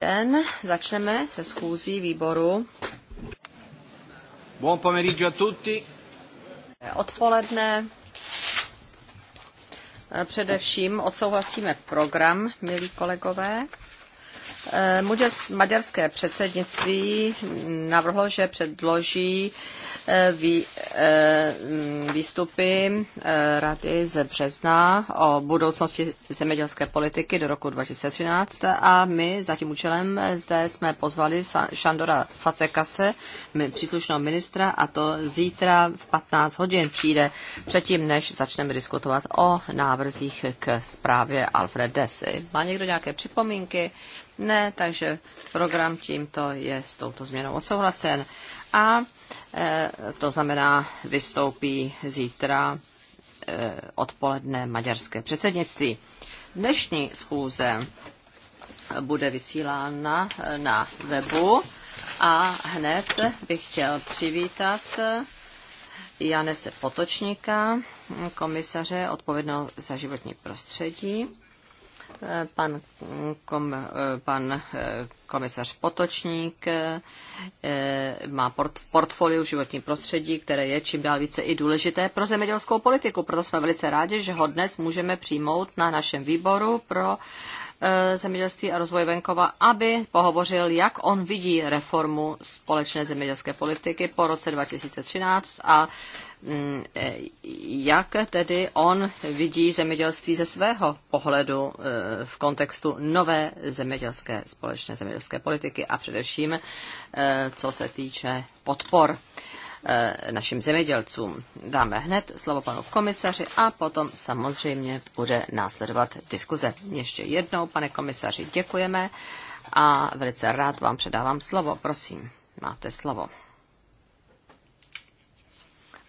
den začneme se schůzí výboru. Buon pomeriggio a tutti. Odpoledne. Především odsouhlasíme program, milí kolegové. Maďarské předsednictví navrhlo, že předloží eh, eh, výstupy eh, Rady ze března o budoucnosti zemědělské politiky do roku 2013 a my za tím účelem zde jsme pozvali Šandora Facekase, příslušného ministra, a to zítra v 15 hodin přijde předtím, než začneme diskutovat o návrzích k zprávě Alfred Desy. Má někdo nějaké připomínky? Ne, takže program tímto je s touto změnou odsouhlasen. A e, to znamená, vystoupí zítra e, odpoledne maďarské předsednictví. Dnešní schůze bude vysílána e, na webu a hned bych chtěl přivítat e, Janese Potočníka, komisaře odpovědného za životní prostředí pan, kom, pan eh, komisař Potočník eh, má port, v portfoliu životní prostředí, které je čím dál více i důležité pro zemědělskou politiku. Proto jsme velice rádi, že ho dnes můžeme přijmout na našem výboru pro eh, zemědělství a rozvoj venkova, aby pohovořil, jak on vidí reformu společné zemědělské politiky po roce 2013 a Mm, eh, jak tedy on vidí zemědělství ze svého pohledu eh, v kontextu nové zemědělské společné zemědělské politiky a především eh, co se týče podpor našim zemědělcům. Dáme hned slovo panu komisaři a potom samozřejmě bude následovat diskuze. Ještě jednou, pane komisaři, děkujeme a velice rád vám předávám slovo. Prosím, máte slovo.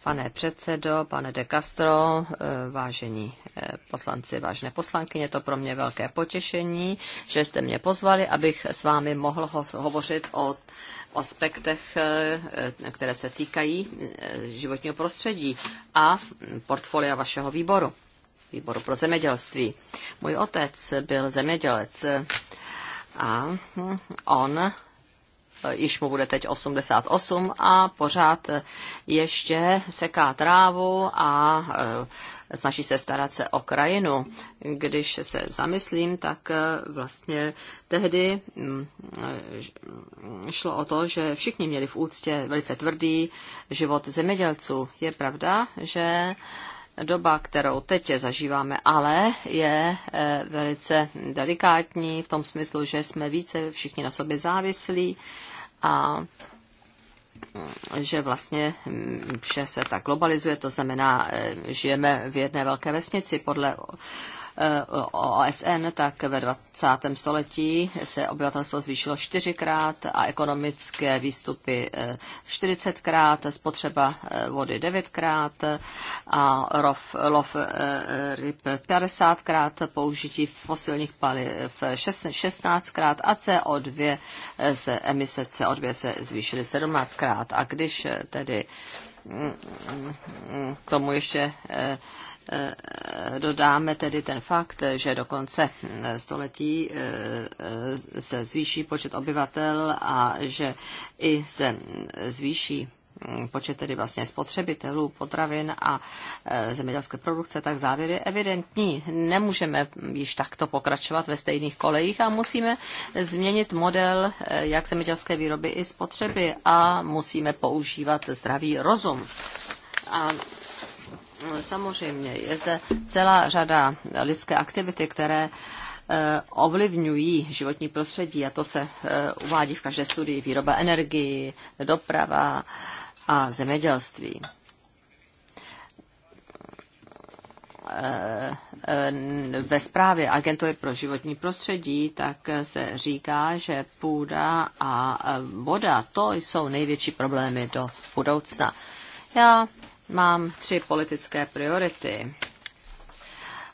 Pane předsedo, pane de Castro, eh, vážení eh, poslanci, vážné poslankyně, to pro mě velké potěšení, že jste mě pozvali, abych s vámi mohl hovořit o aspektech, eh, které se týkají životního prostředí a mm, portfolia vašeho výboru, výboru pro zemědělství. Můj otec byl zemědělec a hm, on Eh, již mu bude teď 88 a pořád ještě seká trávu a eh, snaží se starat se o krajinu. Když se zamyslím, tak eh, vlastně tehdy mm, šlo o to, že všichni měli v úctě velice tvrdý život zemědělců. Je pravda, že doba, kterou teď zažíváme, ale je velice delikátní v tom smyslu, že jsme více všichni na sobě závislí a že vlastně, vše hm, se tak globalizuje, to znamená, eh, žijeme v jedné velké vesnici podle OSN, tak ve 20. století se obyvatelstvo zvýšilo čtyřikrát a ekonomické výstupy 40krát, eh, spotřeba eh, vody 9krát a rov, lov eh, ryb 50krát, použití fosilních paliv 16krát a CO2 se, emise CO2 se zvýšily 17krát. A když tedy mm, mm, k tomu ještě dodáme tedy ten fakt, že do konce století eh, eh, se zvýší počet obyvatel a že i se zvýší hm, počet tedy vlastně spotřebitelů potravin a eh, zemědělské produkce, tak závěr je evidentní. Nemůžeme již takto pokračovat ve stejných kolejích a musíme změnit model jak zemědělské výroby i spotřeby a musíme používat zdravý rozum. A samozřejmě je zde celá řada lidské aktivity, které eh, ovlivňují životní prostředí a to se eh, uvádí v každé studii výroba energii, doprava a zemědělství. Eh, ve zprávě Agentury pro životní prostředí tak se říká, že půda a voda to jsou největší problémy do budoucna. Já Mám tři politické priority.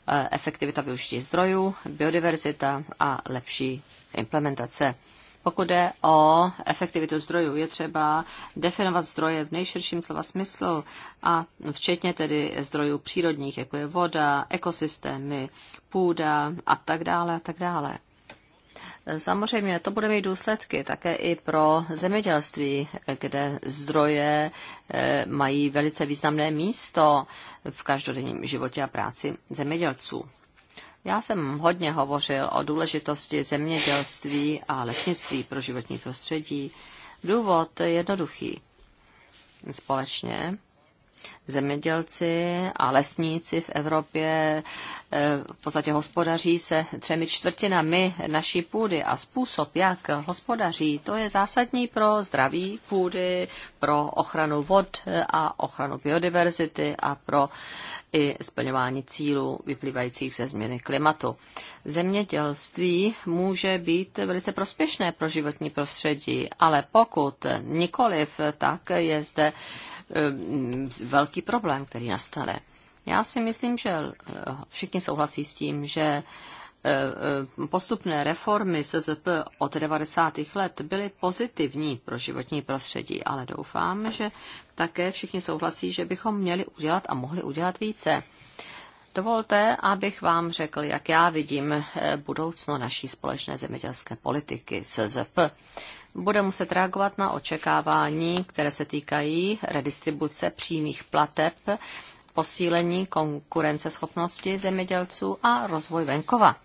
E, efektivita využití zdrojů, biodiverzita a lepší implementace. Pokud jde o efektivitu zdrojů, je třeba definovat zdroje v nejširším slova smyslu a včetně tedy zdrojů přírodních, jako je voda, ekosystémy, půda a tak dále a tak dále. Samozřejmě to bude mít důsledky také i pro zemědělství, kde zdroje eh, mají velice významné místo v každodenním životě a práci zemědělců. Já jsem hodně hovořil o důležitosti zemědělství a lesnictví pro životní prostředí. Důvod je jednoduchý. Společně zemědělci a lesníci v Evropě eh, v podstatě hospodaří se třemi čtvrtinami naší půdy a způsob, jak hospodaří, to je zásadní pro zdraví půdy, pro ochranu vod a ochranu biodiverzity a pro i splňování cílů vyplývajících ze změny klimatu. Zemědělství může být velice prospěšné pro životní prostředí, ale pokud nikoliv, tak je zde Eh, velký problém, který nastane. Já si myslím, že eh, všichni souhlasí s tím, že eh, postupné reformy SZP od 90. let byly pozitivní pro životní prostředí, ale doufám, že také všichni souhlasí, že bychom měli udělat a mohli udělat více. Dovolte, abych vám řekl, jak já vidím eh, budoucno naší společné zemědělské politiky SZP. Bude muset reagovat na očekávání, které se týkají redistribuce přímých plateb, posílení konkurenceschopnosti zemědělců a rozvoj venkova.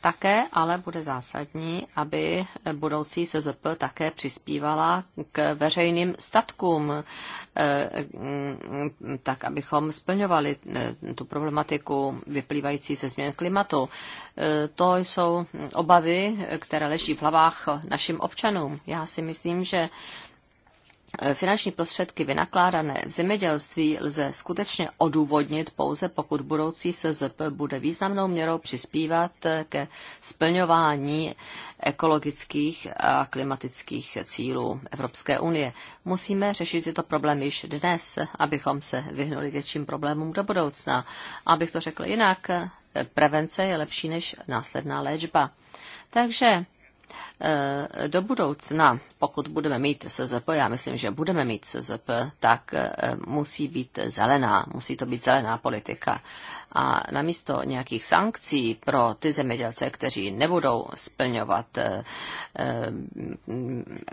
Také ale bude zásadní, aby budoucí SZP také přispívala k veřejným statkům, eh, mm, tak abychom splňovali eh, tu problematiku vyplývající ze změn klimatu. Eh, to jsou obavy, které leží v hlavách našim občanům. Já si myslím, že Eh, finanční prostředky vynakládané v zemědělství lze skutečně odůvodnit pouze, pokud budoucí SZP bude významnou měrou přispívat eh, ke splňování ekologických a klimatických cílů Evropské unie. Musíme řešit tyto problémy již dnes, abychom se vyhnuli větším problémům do budoucna. Abych to řekl jinak, eh, prevence je lepší než následná léčba. Takže Eh, do budoucna, pokud budeme mít SZP, já myslím, že budeme mít SZP, tak eh, musí být zelená, musí to být zelená politika. A namísto nějakých sankcí pro ty zemědělce, kteří nebudou splňovat eh,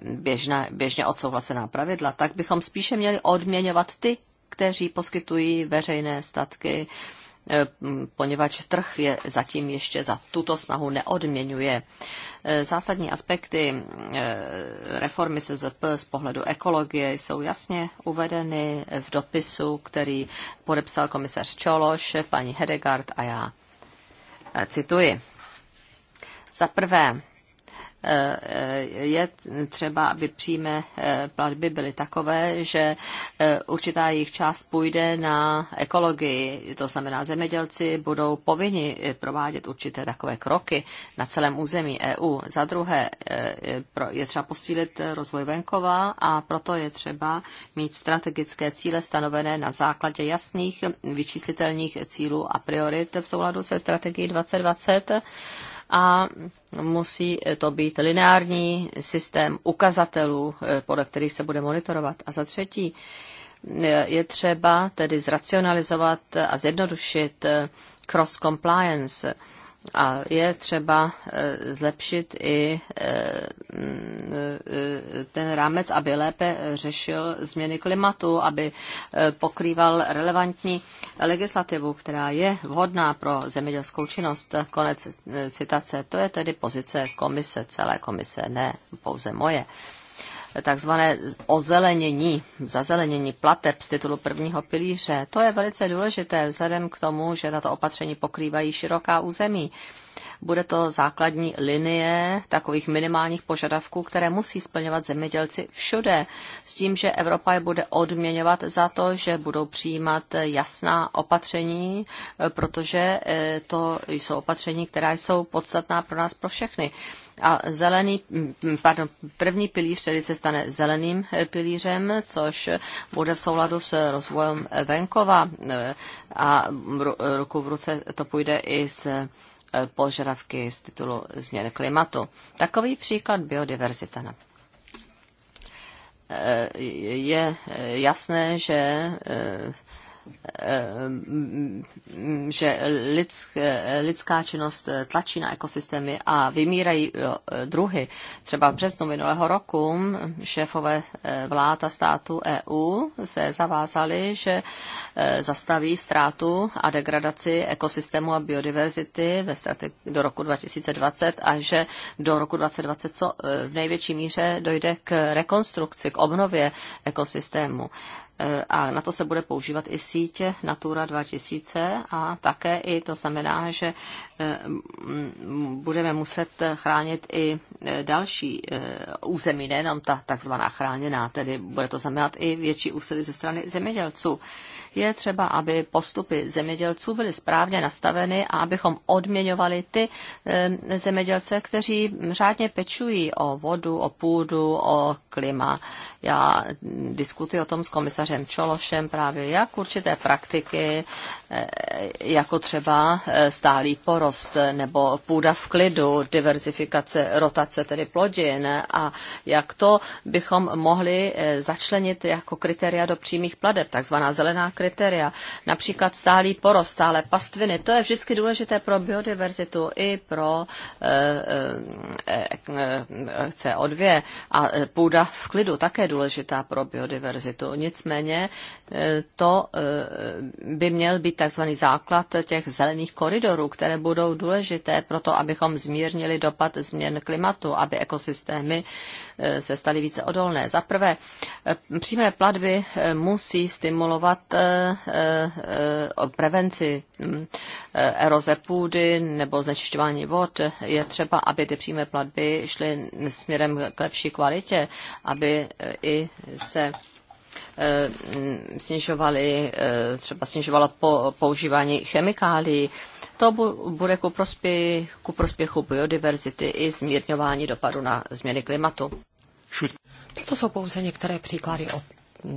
běžná, běžně odsouhlasená pravidla, tak bychom spíše měli odměňovat ty, kteří poskytují veřejné statky, E, poněvadž trh je zatím ještě za tuto snahu neodměňuje. E, zásadní aspekty e, reformy SZP z pohledu ekologie jsou jasně uvedeny v dopisu, který podepsal komisař Čološ, paní Hedegard a já. Cituji. Za prvé, je třeba, aby příjme eh, platby byly takové, že eh, určitá jejich část půjde na ekologii. To znamená, zemědělci budou povinni eh, provádět určité takové kroky na celém území EU. Za druhé, je třeba posílit rozvoj venkova a proto je třeba mít strategické cíle stanovené na základě jasných vyčíslitelných cílů a priorit v souladu se strategií 2020 a musí to být lineární systém ukazatelů, eh, podle kterých se bude monitorovat. A za třetí, eh, je třeba tedy zracionalizovat a zjednodušit eh, cross-compliance a je třeba eh, zlepšit i eh, mm, eh, ten rámec, aby lépe řešil změny klimatu, aby pokrýval relevantní legislativu, která je vhodná pro zemědělskou činnost. Konec citace. To je tedy pozice komise, celé komise, ne pouze moje takzvané ozelenění, zazelenění plateb z titulu prvního pilíře. To je velice důležité vzhledem k tomu, že tato opatření pokrývají široká území. Bude to základní linie takových minimálních požadavků, které musí splňovat zemědělci všude, s tím, že Evropa je bude odměňovat za to, že budou přijímat jasná opatření, protože e, to jsou opatření, která jsou podstatná pro nás, pro všechny a zelený, pardon, první pilíř tedy se stane zeleným e, pilířem, což bude v souladu s rozvojem venkova e, a ruku v ruce to půjde i s Eh, požadavky z titulu změn klimatu. Takový příklad biodiverzita eh, je jasné, že eh, Eh, že eh, lidská činnost tlačí na ekosystémy a vymírají eh, druhy. Třeba v březnu minulého roku šéfové vlád a států EU se zavázali, že zastaví ztrátu a degradaci ekosystému a biodiverzity ve do roku 2020 a že do roku 2020 co v největší míře dojde k rekonstrukci, k obnově ekosystému a na to se bude používat i sítě Natura 2000 a také i to znamená, že eh, budeme muset chránit i eh, další eh, území, nejenom ta takzvaná chráněná, tedy bude to znamenat i větší úsilí ze strany zemědělců. Je třeba, aby postupy zemědělců byly správně nastaveny a abychom odměňovali ty zemědělce, kteří řádně pečují o vodu, o půdu, o klima. Já diskutuji o tom s komisařem Čološem právě, jak určité praktiky, eh, jako třeba eh, stálý porost nebo půda v klidu, diverzifikace, rotace tedy plodin a jak to bychom mohli eh, začlenit jako kritéria do přímých pladeb, takzvaná zelená kritéria. Například stálý porost, stále pastviny, to je vždycky důležité pro biodiverzitu i pro CO2 a půda v klidu také důležité důležitá pro biodiverzitu. Nicméně e, to e, by měl být takzvaný základ těch zelených koridorů, které budou důležité pro to, abychom zmírnili dopad změn klimatu, aby ekosystémy Eh, se staly více odolné. Za prvé, eh, přímé platby eh, musí stimulovat prevenci hm, eroze půdy nebo znečišťování vod. Je třeba, aby ty přímé platby šly směrem k lepší kvalitě, aby i se hm, snižovaly, třeba snižovala používání chemikálií to bude ku, prospěch, ku prospěchu biodiverzity i zmírňování dopadu na změny klimatu. To jsou pouze některé příklady o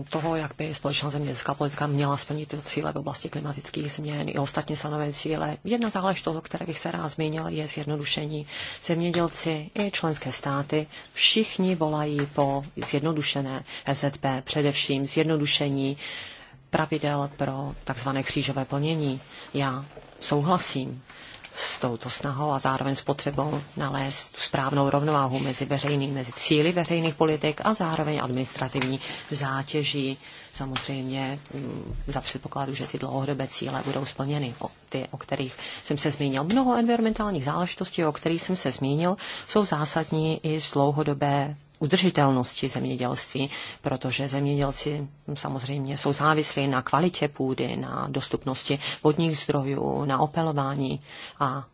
toho, jak by společná zemědělská politika měla splnit tyto cíle v oblasti klimatických změn i ostatně stanové cíle. Jedna záležitost, o které bych se rád zmínil, je zjednodušení. Zemědělci i členské státy všichni volají po zjednodušené SZP, především zjednodušení pravidel pro takzvané křížové plnění. Já souhlasím s touto snahou a zároveň s potřebou nalézt správnou rovnováhu mezi veřejnými, mezi cíly veřejných politik a zároveň administrativní zátěží, samozřejmě mm, za předpokladu, že ty dlouhodobé cíle budou splněny, o, ty, o kterých jsem se zmínil. Mnoho environmentálních záležitostí, o kterých jsem se zmínil, jsou zásadní i z dlouhodobé udržitelnosti zemědělství, protože zemědělci samozřejmě jsou závislí na kvalitě půdy, na dostupnosti vodních zdrojů, na opelování a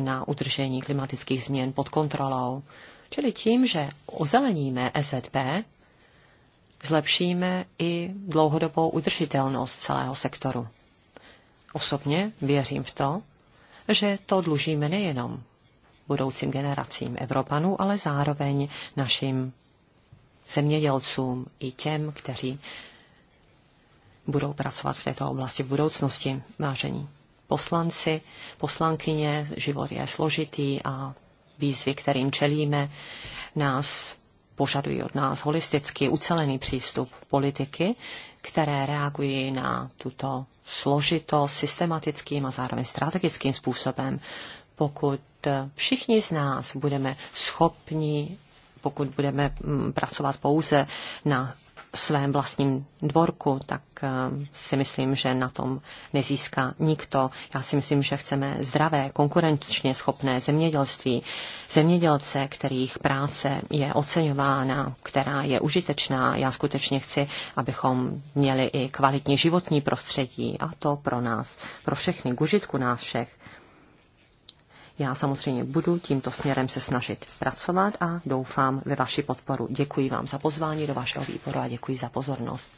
na udržení klimatických změn pod kontrolou. Čili tím, že ozeleníme SZP, zlepšíme i dlouhodobou udržitelnost celého sektoru. Osobně věřím v to, že to dlužíme nejenom budoucím generacím Evropanů, ale zároveň našim zemědělcům i těm, kteří budou pracovat v této oblasti v budoucnosti. Vážení poslanci, poslankyně, život je složitý a výzvy, kterým čelíme, nás požadují od nás holistický, ucelený přístup politiky, které reagují na tuto složitost systematickým a zároveň strategickým způsobem. Pokud Eh, všichni z nás budeme schopni, pokud budeme mm, pracovat pouze na svém vlastním dvorku, tak eh, si myslím, že na tom nezíská nikto. Já si myslím, že chceme zdravé, konkurenčně schopné zemědělství, zemědělce, kterých práce je oceňována, která je užitečná. Já skutečně chci, abychom měli i kvalitní životní prostředí a to pro nás, pro všechny, k užitku nás všech. Já samozřejmě budu tímto směrem se snažit pracovat a doufám ve vaši podporu. Děkuji vám za pozvání do vašeho výboru a děkuji za pozornost.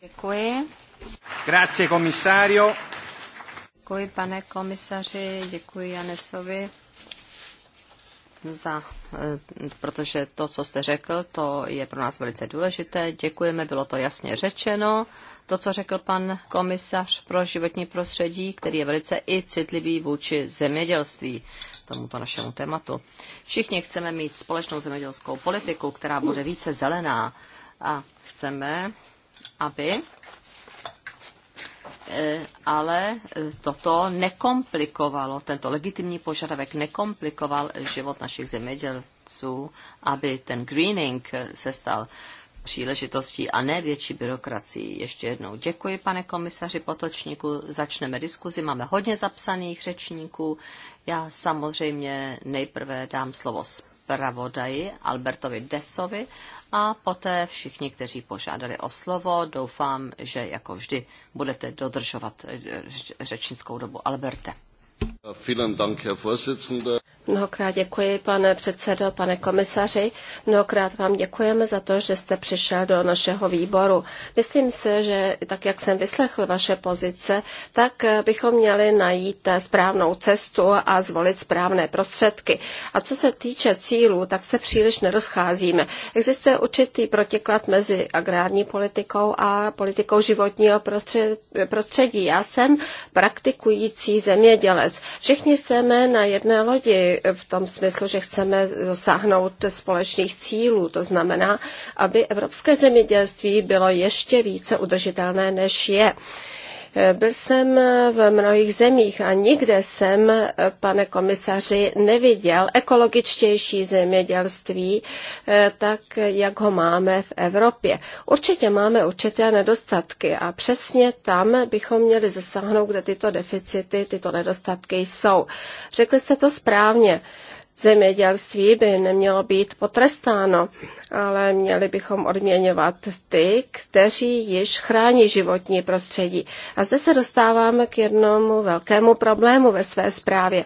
Děkuji. Grazie, komisario. Děkuji, pane komisaři, děkuji Janesovi za, eh, protože to, co jste řekl, to je pro nás velice důležité. Děkujeme, bylo to jasně řečeno to, co řekl pan komisař pro životní prostředí, který je velice i citlivý vůči zemědělství, tomuto našemu tématu. Všichni chceme mít společnou zemědělskou politiku, která bude více zelená a chceme, aby eh, ale toto nekomplikovalo, tento legitimní požadavek nekomplikoval život našich zemědělců, aby ten greening eh, se stal příležitostí a ne větší byrokracii. Ještě jednou děkuji, pane komisaři Potočníku. Začneme diskuzi. Máme hodně zapsaných řečníků. Já samozřejmě nejprve dám slovo zpravodaji Albertovi Desovi a poté všichni, kteří požádali o slovo. Doufám, že jako vždy budete dodržovat eh, řečnickou dobu. Alberte. Vielen Dank, Herr Vorsitzender. Mnohokrát děkuji, pane předsedo, pane komisaři. Mnohokrát vám děkujeme za to, že jste přišel do našeho výboru. Myslím si, že tak, jak jsem vyslechl vaše pozice, tak bychom měli najít správnou cestu a zvolit správné prostředky. A co se týče cílů, tak se příliš nerozcházíme. Existuje určitý protiklad mezi agrární politikou a politikou životního prostředí. Já jsem praktikující zemědělec. Všichni jsme na jedné lodi v tom smyslu, že chceme dosáhnout společných cílů. To znamená, aby evropské zemědělství bylo ještě více udržitelné, než je. Byl jsem v mnohých zemích a nikde jsem, pane komisaři, neviděl ekologičtější zemědělství, eh, tak jak ho máme v Evropě. Určitě máme určité nedostatky a přesně tam bychom měli zasáhnout, kde tyto deficity, tyto nedostatky jsou. Řekli jste to správně zemědělství by nemělo být potrestáno, ale měli bychom odměňovat ty, kteří již chrání životní prostředí. A zde se dostáváme k jednomu velkému problému ve své zprávě.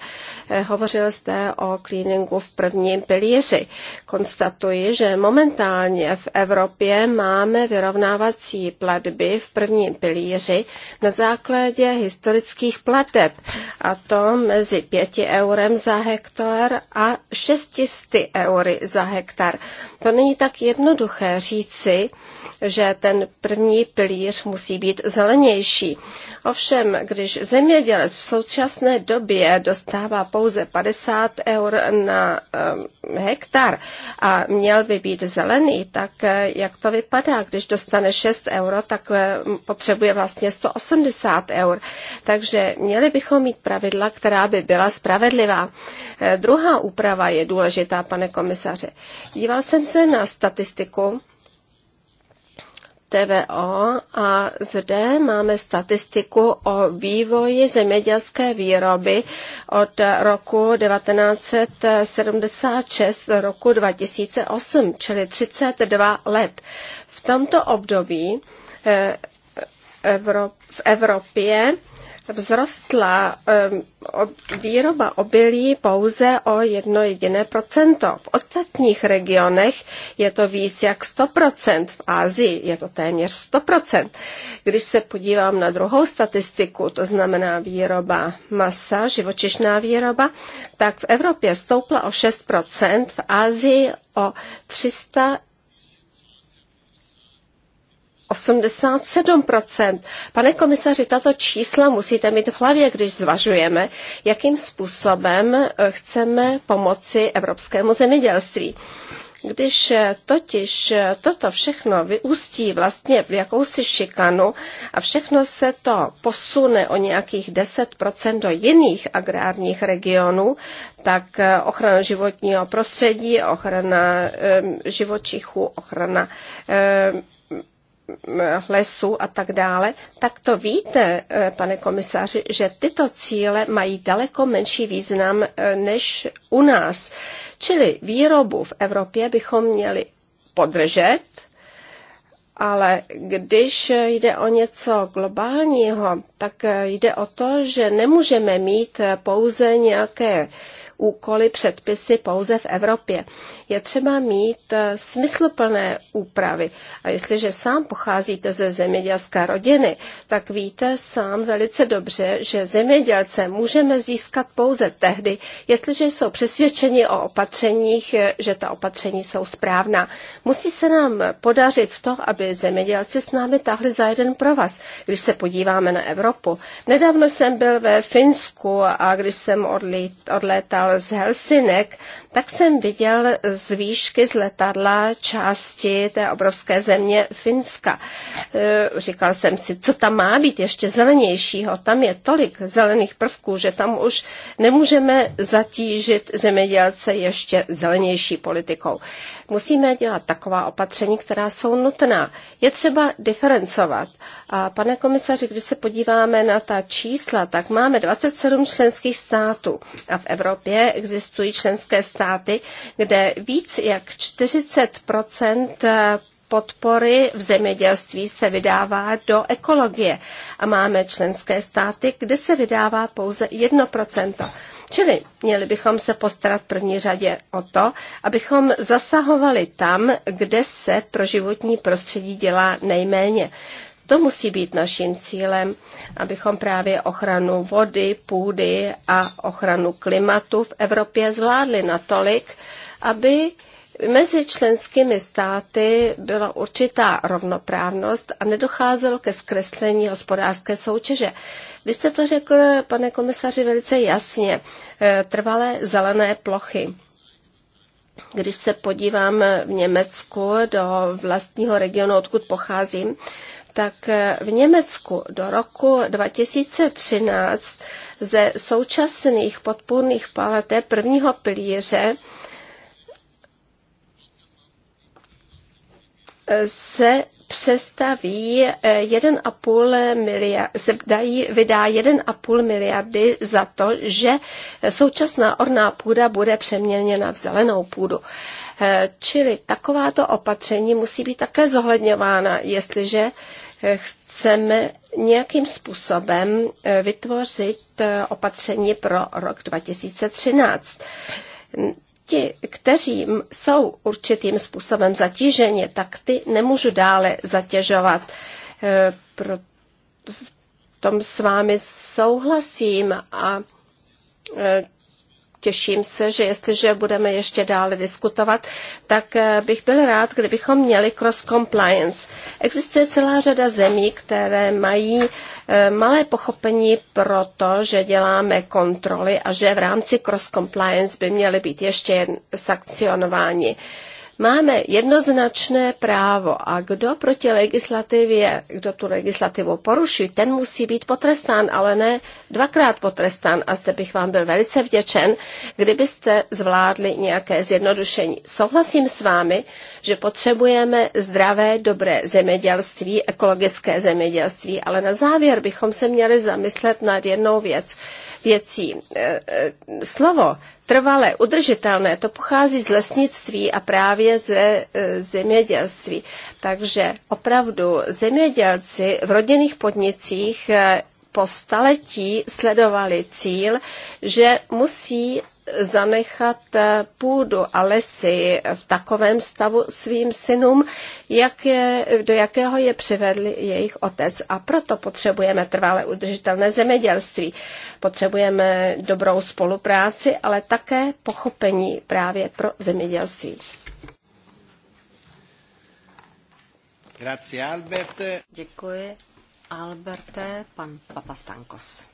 Eh, hovořil jste o cleaningu v prvním pilíři. Konstatuji, že momentálně v Evropě máme vyrovnávací platby v prvním pilíři na základě historických plateb, a to mezi 5 eurem za hektar a 600 eury za hektar. To není tak jednoduché říci, že ten první pilíř musí být zelenější. Ovšem, když zemědělec v současné době dostává pouze 50 eur na um, hektar a měl by být zelený, tak eh, jak to vypadá? Když dostane 6 euro, tak eh, potřebuje vlastně 180 eur. Takže měli bychom mít pravidla, která by byla spravedlivá. Eh, druhá úprava je důležitá, pane komisaře. Díval jsem se na statistiku TVO a zde máme statistiku o vývoji zemědělské výroby od roku 1976 do roku 2008, čili 32 let. V tomto období eh, v Evropě vzrostla výroba obilí pouze o jedno jediné procento. V ostatních regionech je to víc jak 100%, v Ázii je to téměř 100%. Když se podívám na druhou statistiku, to znamená výroba masa, živočišná výroba, tak v Evropě stoupla o 6%, v Ázii o 300 87%. Pane komisaři, tato čísla musíte mít v hlavě, když zvažujeme, jakým způsobem eh, chceme pomoci evropskému zemědělství. Když eh, totiž eh, toto všechno vyústí vlastně v jakousi šikanu a všechno se to posune o nějakých 10% do jiných agrárních regionů, tak ochrana životního prostředí, ochrana živočichů, ochrana lesů a tak dále, tak to víte, eh, pane komisaři, že tyto cíle mají daleko menší význam eh, než u nás. Čili výrobu v Evropě bychom měli podržet, ale když jde o něco globálního, tak eh, jde o to, že nemůžeme mít pouze nějaké úkoly, předpisy pouze v Evropě je třeba mít eh, smysluplné úpravy. A jestliže sám pocházíte ze zemědělské rodiny, tak víte sám velice dobře, že zemědělce můžeme získat pouze tehdy, jestliže jsou přesvědčeni o opatřeních, eh, že ta opatření jsou správná. Musí se nám podařit to, aby zemědělci s námi tahli za jeden provaz, když se podíváme na Evropu. Nedávno jsem byl ve Finsku a když jsem odlít, odlétal z Helsinek, tak jsem viděl z výšky z letadla části té obrovské země Finska. E, říkal jsem si, co tam má být ještě zelenějšího. Tam je tolik zelených prvků, že tam už nemůžeme zatížit zemědělce ještě zelenější politikou. Musíme dělat taková opatření, která jsou nutná. Je třeba diferencovat. A pane komisaři, když se podíváme na ta čísla, tak máme 27 členských států a v Evropě existují členské státy, kde víc jak 40 podpory v zemědělství se vydává do ekologie a máme členské státy, kde se vydává pouze 1%. Čili měli bychom se postarat v první řadě o to, abychom zasahovali tam, kde se pro životní prostředí dělá nejméně. To musí být naším cílem, abychom právě ochranu vody, půdy a ochranu klimatu v Evropě zvládli natolik, aby Mezi členskými státy byla určitá rovnoprávnost a nedocházelo ke zkreslení hospodářské soutěže. Vy jste to řekl, pane komisaři, velice jasně. E, trvalé zelené plochy. Když se podívám v Německu do vlastního regionu, odkud pocházím, tak v Německu do roku 2013 ze současných podpůrných paleté prvního pilíře se přestaví 1,5 eh, miliard, se dají, vydá 1,5 miliardy za to, že současná orná půda bude přeměněna v zelenou půdu. Eh, čili takováto opatření musí být také zohledňována, jestliže eh, chceme nějakým způsobem vytvořit opatření pro rok 2013 ti, kteří jsou určitým způsobem zatíženi, tak ty nemůžu dále zatěžovat. E, pro v tom s vámi souhlasím a e, těším se, že jestliže budeme ještě dále diskutovat, tak eh, bych byl rád, kdybychom měli cross-compliance. Existuje celá řada zemí, které mají eh, malé pochopení pro to, že děláme kontroly a že v rámci cross-compliance by měly být ještě sankcionováni. Máme jednoznačné právo a kdo proti legislativě, kdo tu legislativu poruší, ten musí být potrestán, ale ne dvakrát potrestán. A zde bych vám byl velice vděčen, kdybyste zvládli nějaké zjednodušení. Souhlasím s vámi, že potřebujeme zdravé, dobré zemědělství, ekologické zemědělství, ale na závěr bychom se měli zamyslet nad jednou věc věcí. E, e, slovo trvalé, udržitelné, to pochází z lesnictví a právě ze e, zemědělství. Takže opravdu zemědělci v rodinných podnicích po staletí sledovali cíl, že musí zanechat eh, půdu a lesy v takovém stavu svým synům, jak je, do jakého je přivedl jejich otec. A proto potřebujeme trvalé udržitelné zemědělství. Potřebujeme dobrou spolupráci, ale také pochopení právě pro zemědělství. Grazie, Albert. Děkuji, Alberte, pan Papastankos.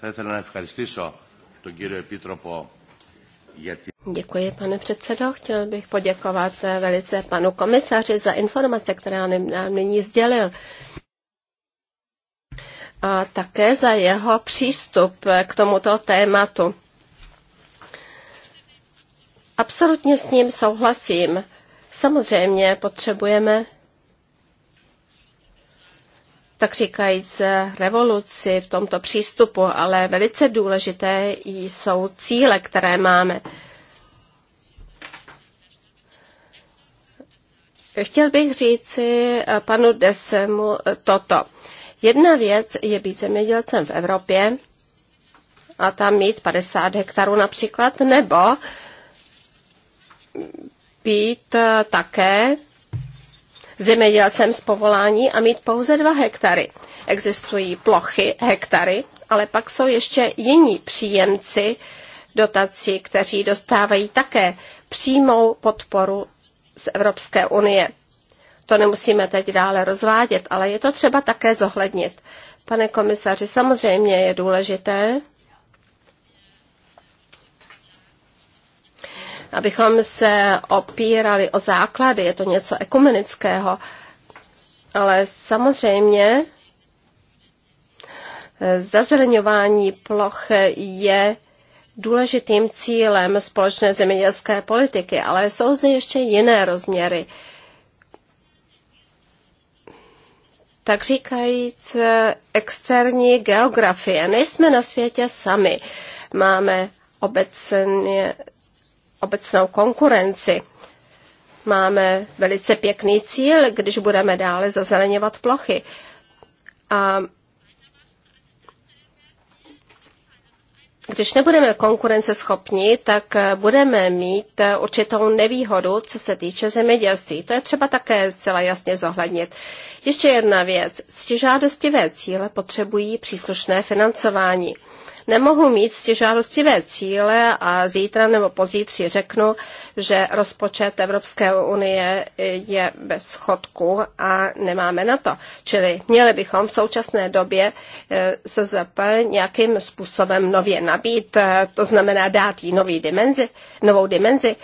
Θα ήθελα να ευχαριστήσω Děkuji, pane předsedo. Chtěl bych poděkovat eh, velice panu komisaři za informace, které nám nyní sdělil. A také za jeho přístup eh, k tomuto tématu. Absolutně s ním souhlasím. Samozřejmě potřebujeme tak říkajíc revoluci v tomto přístupu, ale velice důležité jsou cíle, které máme. Chtěl bych říci panu Desemu toto. Jedna věc je být zemědělcem v Evropě a tam mít 50 hektarů například, nebo být také zemědělcem z povolání a mít pouze dva hektary. Existují plochy, hektary, ale pak jsou ještě jiní příjemci dotací, kteří dostávají také přímou podporu z Evropské unie. To nemusíme teď dále rozvádět, ale je to třeba také zohlednit. Pane komisaři, samozřejmě je důležité, abychom se opírali o základy, je to něco ekumenického. Ale samozřejmě eh, zazeleňování ploch je důležitým cílem společné zemědělské politiky, ale jsou zde ještě jiné rozměry. tak říkajíc externí geografie. Nejsme na světě sami. Máme obecně obecnou konkurenci. Máme velice pěkný cíl, když budeme dále zazeleněvat plochy. A když nebudeme konkurenceschopní, tak budeme mít určitou nevýhodu, co se týče zemědělství. To je třeba také zcela jasně zohlednit. Ještě jedna věc. Stěžádostivé cíle potřebují příslušné financování. Nemohu mít stěžádostivé cíle a zítra nebo pozítří řeknu, že rozpočet Evropské unie je bez schodku a nemáme na to. Čili měli bychom v současné době eh, se nějakým způsobem nově nabít, eh, to znamená dát jí nový dimenzi, novou dimenzi.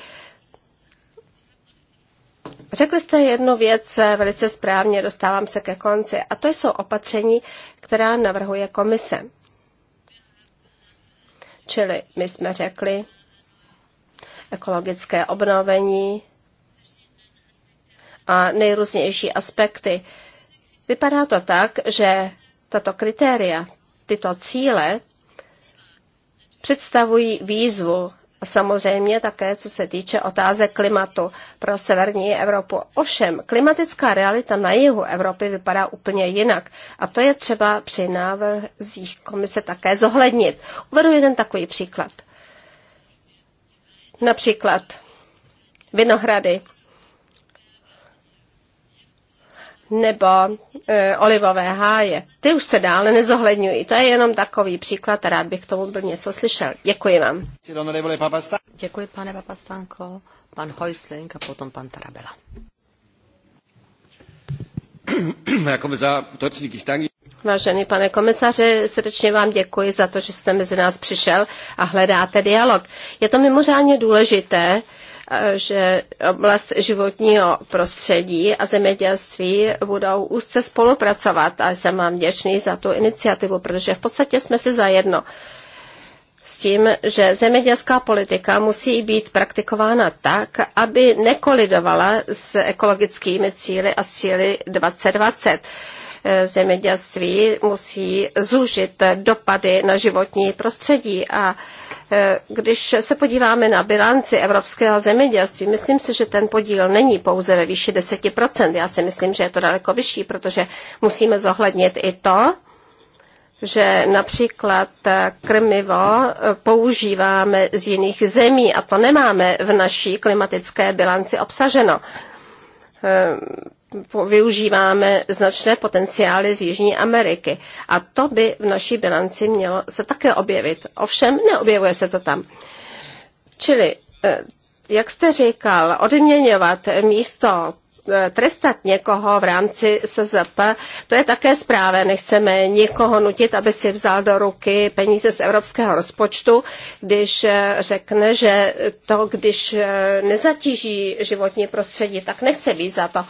Řekli jste jednu věc eh, velice správně, dostávám se ke konci, a to jsou opatření, která navrhuje komise. Čili my jsme řekli, ekologické obnovení a nejrůznější aspekty. Vypadá to tak, že tato kritéria, tyto cíle představují výzvu samozřejmě také, co se týče otázek klimatu pro severní Evropu. Ovšem, klimatická realita na jihu Evropy vypadá úplně jinak. A to je třeba při návrzích komise také zohlednit. Uvedu jeden takový příklad. Například vinohrady nebo e, olivové háje. Ty už se dále nezohledňují. To je jenom takový příklad a rád bych k tomu byl něco slyšel. Děkuji vám. Děkuji, pane Papastánko, pan Hojsling a potom pan Tarabela. Vážený pane komisaři, srdečně vám děkuji za to, že jste mezi nás přišel a hledáte dialog. Je to mimořádně důležité, že oblast životního prostředí a zemědělství budou úzce spolupracovat a jsem vám vděčný za tu iniciativu, protože v podstatě jsme si zajedno s tím, že zemědělská politika musí být praktikována tak, aby nekolidovala s ekologickými cíly a s cíly 2020. Eh, zemědělství musí zúžit dopady na životní prostředí a eh, když se podíváme na bilanci evropského zemědělství, myslím si, že ten podíl není pouze ve výši 10%. Já si myslím, že je to daleko vyšší, protože musíme zohlednit i to, že například eh, krmivo používáme z jiných zemí a to nemáme v naší klimatické bilanci obsaženo využíváme značné potenciály z Jižní Ameriky. A to by v naší bilanci mělo se také objevit. Ovšem neobjevuje se to tam. Čili, eh, jak jste říkal, odměňovat místo Eh, trestat někoho v rámci SZP, to je také správné. Nechceme nikoho nutit, aby si vzal do ruky peníze z evropského rozpočtu, když eh, řekne, že to, když eh, nezatíží životní prostředí, tak nechce být za to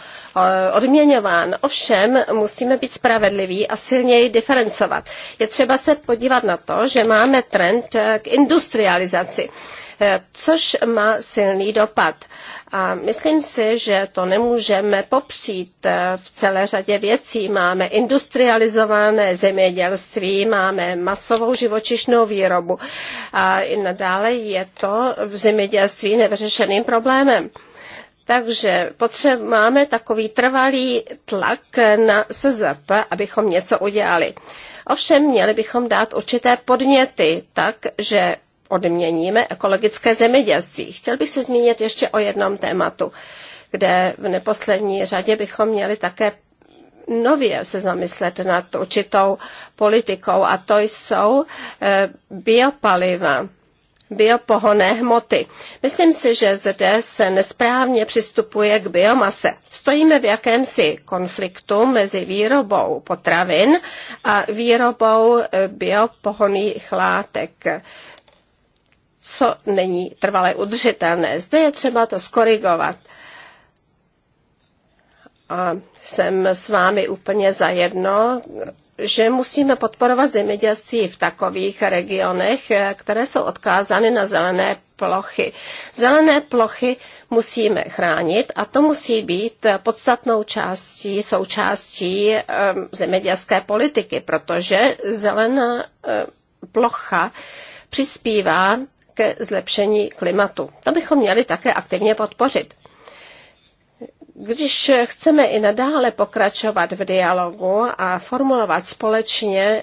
odměňován. Ovšem musíme být spravedliví a silněji diferencovat. Je třeba se podívat na to, že máme trend k industrializaci což má silný dopad. A myslím si, že to nemůžeme popřít. Eh, v celé řadě věcí máme industrializované zemědělství, máme masovou živočišnou výrobu a i nadále je to v zemědělství nevyřešeným problémem. Takže potřeb, máme takový trvalý tlak na SZP, abychom něco udělali. Ovšem měli bychom dát určité podněty, tak, že odměníme ekologické zemědělství. Chtěl bych se zmínit ještě o jednom tématu, kde v neposlední řadě bychom měli také nově se zamyslet nad určitou politikou a to jsou eh, biopaliva biopohonné hmoty. Myslím si, že zde se nesprávně přistupuje k biomase. Stojíme v jakémsi konfliktu mezi výrobou potravin a výrobou eh, biopohonných látek co není trvale udržitelné. Zde je třeba to skorigovat. A jsem s vámi úplně zajedno, že musíme podporovat zemědělství v takových regionech, které jsou odkázány na zelené plochy. Zelené plochy musíme chránit a to musí být podstatnou částí, součástí zemědělské politiky, protože zelená plocha přispívá ke zlepšení klimatu. To bychom měli také aktivně podpořit. Když chceme i nadále pokračovat v dialogu a formulovat společně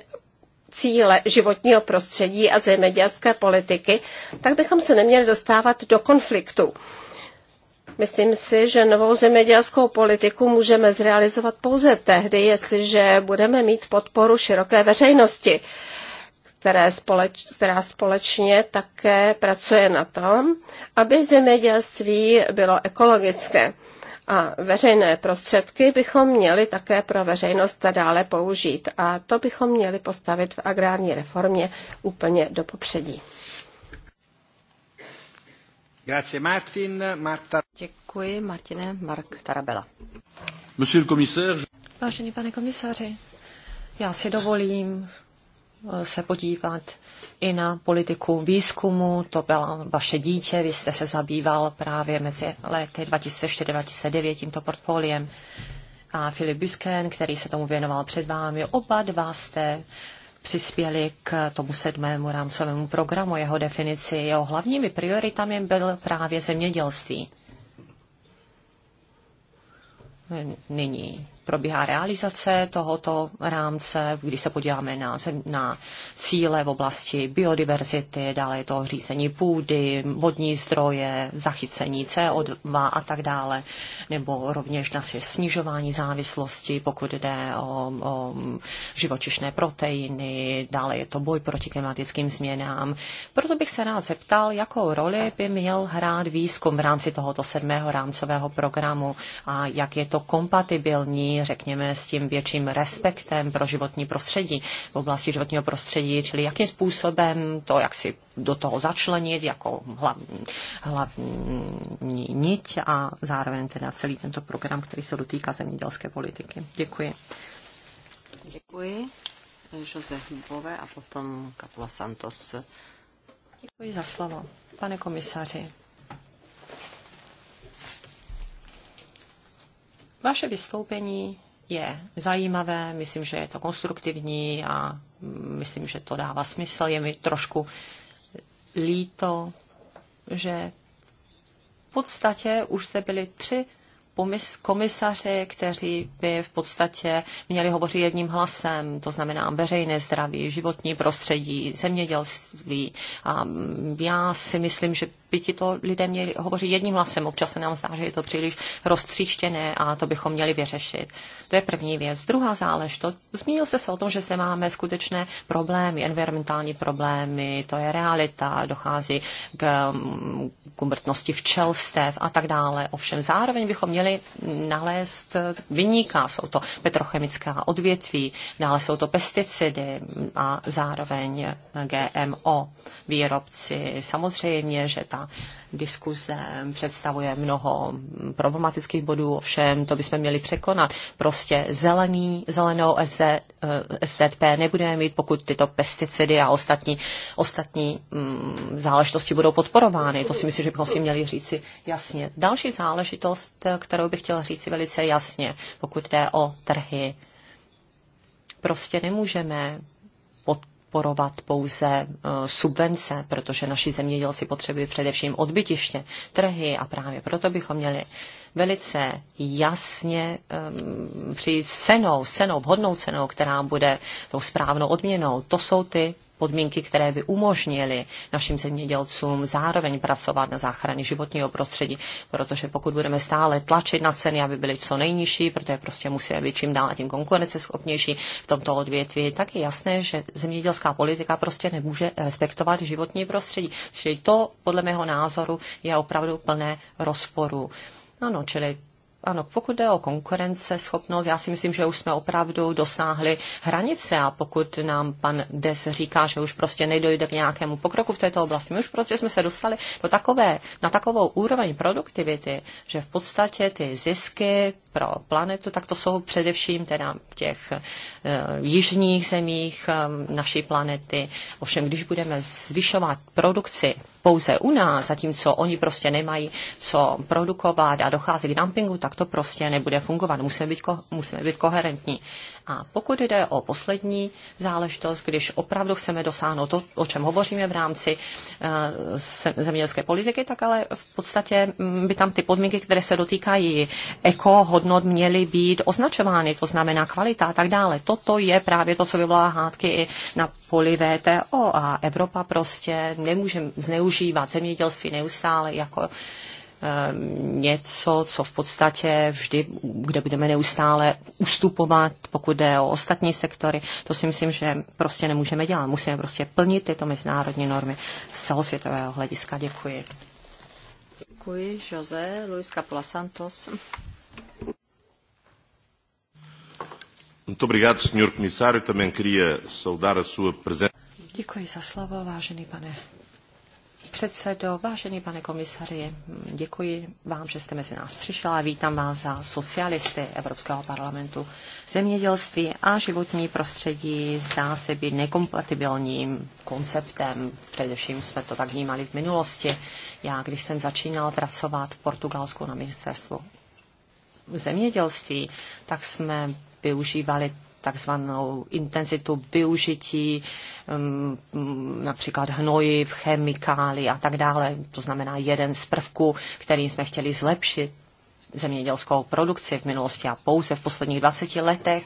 cíle životního prostředí a zemědělské politiky, tak bychom se neměli dostávat do konfliktu. Myslím si, že novou zemědělskou politiku můžeme zrealizovat pouze tehdy, jestliže budeme mít podporu široké veřejnosti které společ, která společně také pracuje na tom, aby zemědělství bylo ekologické. A veřejné prostředky bychom měli také pro veřejnost dále použít. A to bychom měli postavit v agrární reformě úplně do popředí. Grazie Martin, Marta. Děkuji, Martine, Mark Tarabela. Monsieur le commissaire. Vážený pane komisaři, já si dovolím se podívat i na politiku výzkumu. To byla vaše dítě, vy jste se zabýval právě mezi lety 2004-2009 tímto portfoliem. A Filip Busken, který se tomu věnoval před vámi, oba dva jste přispěli k tomu sedmému rámcovému programu, jeho definici. Jeho hlavními prioritami byl právě zemědělství. Nyní probíhá realizace tohoto rámce, když se podíváme na, zem, na cíle v oblasti biodiverzity, dále je to řízení půdy, vodní zdroje, zachycení CO2 a tak dále, nebo rovněž na snižování závislosti, pokud jde o, o živočišné proteiny, dále je to boj proti klimatickým změnám. Proto bych se rád zeptal, jakou roli by měl hrát výzkum v rámci tohoto sedmého rámcového programu a jak je to kompatibilní řekněme, s tím větším respektem pro životní prostředí v oblasti životního prostředí, čili jakým způsobem to, jak si do toho začlenit jako hlavní, hlavní niť a zároveň teda celý tento program, který se dotýká zemědělské politiky. Děkuji. Děkuji. Jose Bové a potom Kapula Santos. Děkuji za slovo, pane komisaři. Vaše vystoupení je zajímavé, myslím, že je to konstruktivní a myslím, že to dává smysl. Je mi trošku líto, že v podstatě už se byli tři komisaři, kteří by v podstatě měli hovořit jedním hlasem, to znamená veřejné zdraví, životní prostředí, zemědělství. A já si myslím, že by to lidé měli hovořit jedním hlasem. Občas se nám zdá, že je to příliš roztříštěné a to bychom měli vyřešit. To je první věc. Druhá záležitost, zmínil jste se o tom, že se máme skutečné problémy, environmentální problémy, to je realita, dochází k, mm, k umrtnosti včelstev a tak dále. Ovšem zároveň bychom měli nalézt vyníka, jsou to petrochemická odvětví, dále jsou to pesticidy a zároveň GMO výrobci. Samozřejmě, že ta diskuze představuje mnoho problematických bodů, ovšem to bychom měli překonat. Prostě zelený, zelenou SZ, eh, SZP nebudeme mít, pokud tyto pesticidy a ostatní, ostatní mm, záležitosti budou podporovány. To si myslím, že bychom si měli říci jasně. Další záležitost, kterou bych chtěla říci velice jasně, pokud jde o trhy, prostě nemůžeme podporovat pouze eh, subvence, protože naši zemědělci potřebují především odbytiště, trhy a právě proto bychom měli velice jasně um, ehm, přijít cenou, senou, vhodnou cenou, která bude tou správnou odměnou. To jsou ty podmínky, které by umožnily našim zemědělcům zároveň pracovat na záchraně životního prostředí, protože pokud budeme stále tlačit na ceny, aby byly co nejnižší, protože prostě musí být čím dál tím konkurenceschopnější v tomto odvětví, tak je jasné, že zemědělská politika prostě nemůže respektovat životní prostředí. Čili to podle mého názoru je opravdu plné rozporu. Ano, čili ano, pokud jde o konkurenceschopnost, já si myslím, že už jsme opravdu dosáhli hranice a pokud nám pan Des říká, že už prostě nedojde k nějakému pokroku v této oblasti, my už prostě jsme se dostali do takové, na takovou úroveň produktivity, že v podstatě ty zisky pro planetu, tak to jsou především teda těch eh, jižních zemích eh, naší planety. Ovšem, když budeme zvyšovat produkci pouze u nás, zatímco oni prostě nemají co produkovat a dochází k dumpingu, tak to prostě nebude fungovat. Musíme být, ko- musíme být koherentní. A pokud jde o poslední záležitost, když opravdu chceme dosáhnout to, o čem hovoříme v rámci eh, zemědělské politiky, tak ale v podstatě mm, by tam ty podmínky, které se dotýkají ekohodnot, měly být označovány, to znamená kvalita a tak dále. Toto je právě to, co vyvolá hádky i na poli VTO a Evropa prostě nemůže zneužívat zemědělství neustále jako Ehm, něco, co v podstatě vždy, kde budeme neustále ustupovat, pokud jde o ostatní sektory. To si myslím, že prostě nemůžeme dělat. Musíme prostě plnit tyto mezinárodní normy z celosvětového hlediska. Děkuji. Děkuji, Jose Luis Capola Santos. Muito obrigado, Sr. Comissário. Também queria saudar a sua presença. Děkuji za slovo, vážený pane předsedo, vážený pane komisaři, děkuji vám, že jste mezi nás přišla a vítám vás za socialisty Evropského parlamentu. Zemědělství a životní prostředí zdá se být nekompatibilním konceptem. Především jsme to tak vnímali v minulosti. Já, když jsem začínal pracovat v Portugalsku na ministerstvu zemědělství, tak jsme využívali takzvanou intenzitu využití mm, mm, například hnojiv, chemikály a tak dále. To znamená jeden z prvků, kterým jsme chtěli zlepšit zemědělskou produkci v minulosti a pouze v posledních 20 letech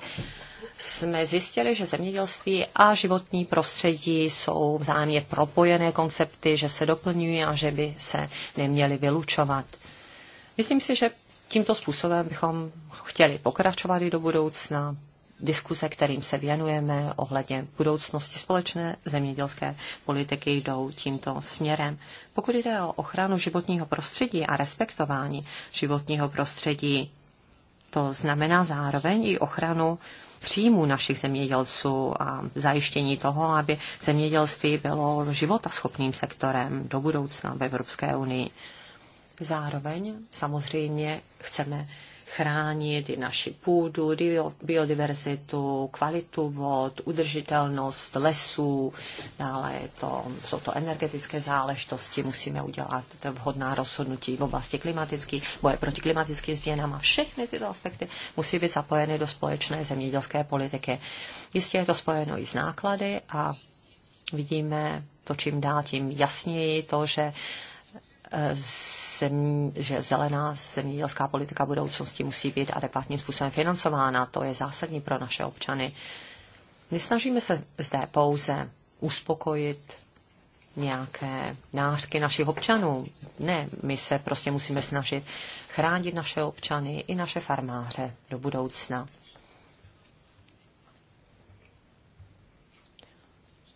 jsme zjistili, že zemědělství a životní prostředí jsou vzájemně propojené koncepty, že se doplňují a že by se neměly vylučovat. Myslím si, že tímto způsobem bychom chtěli pokračovat i do budoucna diskuse, kterým se věnujeme ohledně budoucnosti společné zemědělské politiky, jdou tímto směrem. Pokud jde o ochranu životního prostředí a respektování životního prostředí, to znamená zároveň i ochranu příjmů našich zemědělců a zajištění toho, aby zemědělství bylo životaschopným sektorem do budoucna v Evropské unii. Zároveň samozřejmě chceme chránit i naši půdu, biodiverzitu, kvalitu vod, udržitelnost lesů, dále je to, jsou to energetické záležitosti, musíme udělat vhodná rozhodnutí v oblasti klimatických, boje proti klimatickým změnám a všechny tyto aspekty musí být zapojeny do společné zemědělské politiky. Jistě je to spojeno i s náklady a vidíme to čím dál tím jasněji, to, že zem, že zelená zemědělská politika budoucnosti musí být adekvátním způsobem financována. To je zásadní pro naše občany. Nesnažíme se zde pouze uspokojit nějaké nářky našich občanů. Ne, my se prostě musíme snažit chránit naše občany i naše farmáře do budoucna.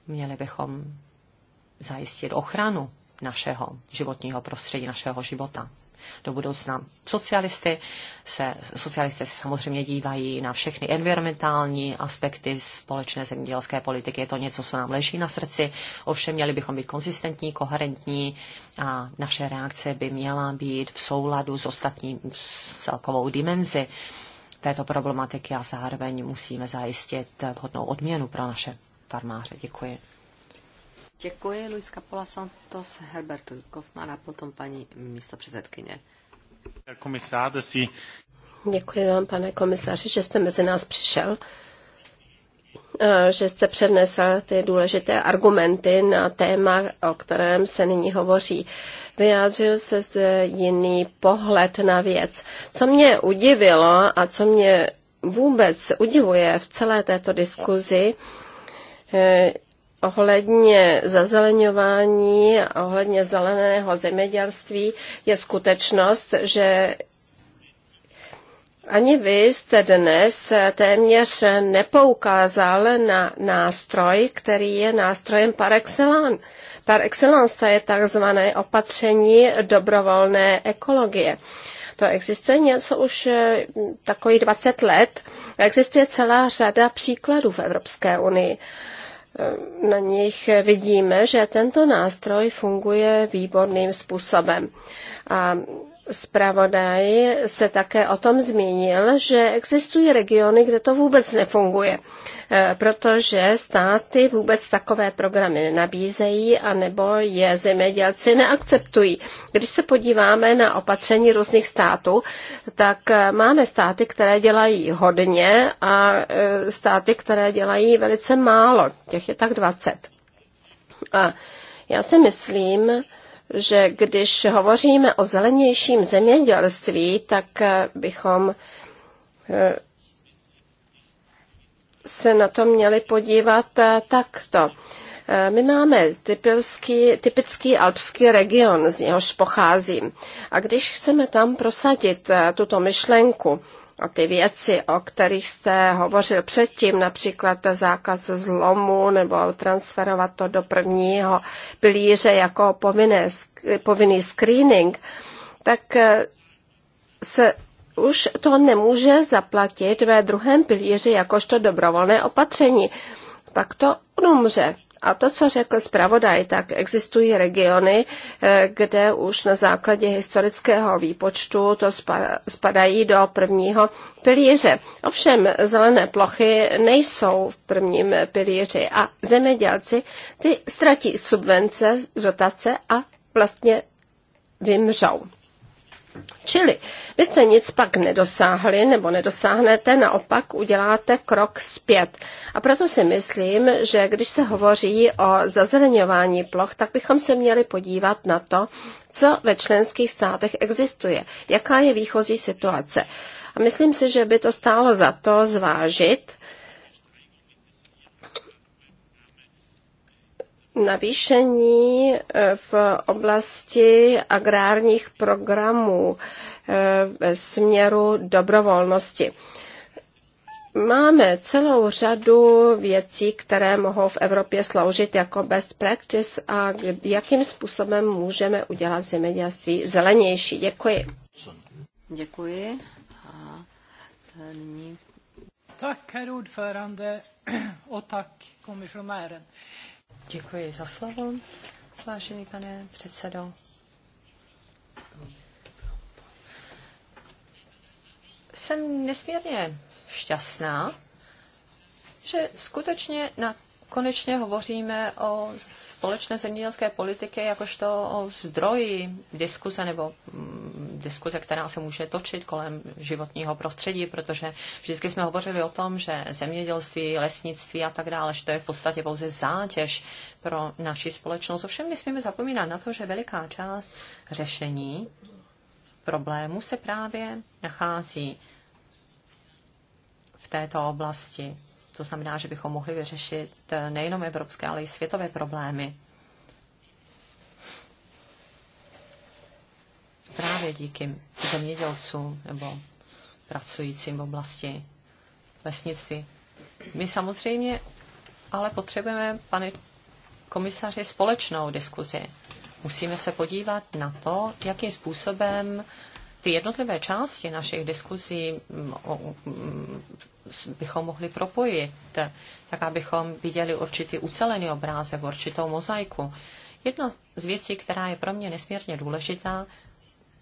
Měli bychom zajistit ochranu našeho životního prostředí, našeho života do budoucna. Socialisty se, socialisté se samozřejmě dívají na všechny environmentální aspekty společné zemědělské politiky. Je to něco, co nám leží na srdci. Ovšem měli bychom být konzistentní, koherentní a naše reakce by měla být v souladu s ostatní celkovou dimenzi této problematiky a zároveň musíme zajistit vhodnou odměnu pro naše farmáře. Děkuji. Děkuji Luis Pola Santos, Herbert Kaufmann a potom paní místopředsedkyně. Děkuji vám, pane komisaři, že jste mezi nás přišel že jste přednesl ty důležité argumenty na téma, o kterém se nyní hovoří. Vyjádřil se zde jiný pohled na věc. Co mě udivilo a co mě vůbec udivuje v celé této diskuzi, e, ohledně zazeleňování a ohledně zeleného zemědělství je skutečnost, že ani vy jste dnes téměř nepoukázal na nástroj, který je nástrojem par excellence. Par excellence je takzvané opatření dobrovolné ekologie. To existuje něco už eh, takových 20 let. Existuje celá řada příkladů v Evropské unii na nich vidíme, že tento nástroj funguje výborným způsobem. A zpravodaj se také o tom zmínil, že existují regiony, kde to vůbec nefunguje, eh, protože státy vůbec takové programy nenabízejí, nebo je zemědělci neakceptují. Když se podíváme na opatření různých států, tak eh, máme státy, které dělají hodně a eh, státy, které dělají velice málo. Těch je tak 20. A já si myslím, že když hovoříme o zelenějším zemědělství, tak eh, bychom eh, se na to měli podívat eh, takto. My máme typický, typický alpský region, z něhož pocházím. A když chceme tam prosadit tuto myšlenku, o ty věci, o kterých jste hovořil předtím, například zákaz zlomu nebo transferovat to do prvního pilíře jako povinné, povinný screening, tak eh, se už to nemůže zaplatit ve druhém pilíři jakožto dobrovolné opatření. Pak to umře. A to, co řekl zpravodaj, tak existují regiony, eh, kde už na základě historického výpočtu to spadají do prvního pilíře. Ovšem zelené plochy nejsou v prvním pilíři a zemědělci ty ztratí subvence, dotace a vlastně vymřou. Čili vy jste nic pak nedosáhli nebo nedosáhnete, naopak uděláte krok zpět. A proto si myslím, že když se hovoří o zazeleňování ploch, tak bychom se měli podívat na to, co ve členských státech existuje, jaká je výchozí situace. A myslím si, že by to stálo za to zvážit, navýšení eh, v oblasti agrárních programů eh, ve směru dobrovolnosti. Máme celou řadu věcí, které mohou v Evropě sloužit jako best practice a jakým způsobem můžeme udělat zemědělství zelenější. Děkuji. Děkuji. A e, nyní... Tak, herr ordförande, och tack, kommissionären. Děkuji za slovo, vážený pane předsedo. Jsem nesmírně šťastná, že skutečně na konečně hovoříme o společné zemědělské politiky jakožto o zdroji diskuse nebo mm, diskuze, která se může točit kolem životního prostředí, protože vždycky jsme hovořili o tom, že zemědělství, lesnictví a tak dále, že to je v podstatě pouze zátěž pro naši společnost. Ovšem nesmíme zapomínat na to, že veliká část řešení problému se právě nachází v této oblasti. To znamená, že bychom mohli vyřešit nejenom evropské, ale i světové problémy. právě díky zemědělcům nebo pracujícím v oblasti lesnictví. My samozřejmě ale potřebujeme, pane komisaři, společnou diskuzi. Musíme se podívat na to, jakým způsobem ty jednotlivé části našich diskuzí mm, mm, bychom mohli propojit, tak abychom viděli určitý ucelený obrázek, určitou mozaiku. Jedna z věcí, která je pro mě nesmírně důležitá,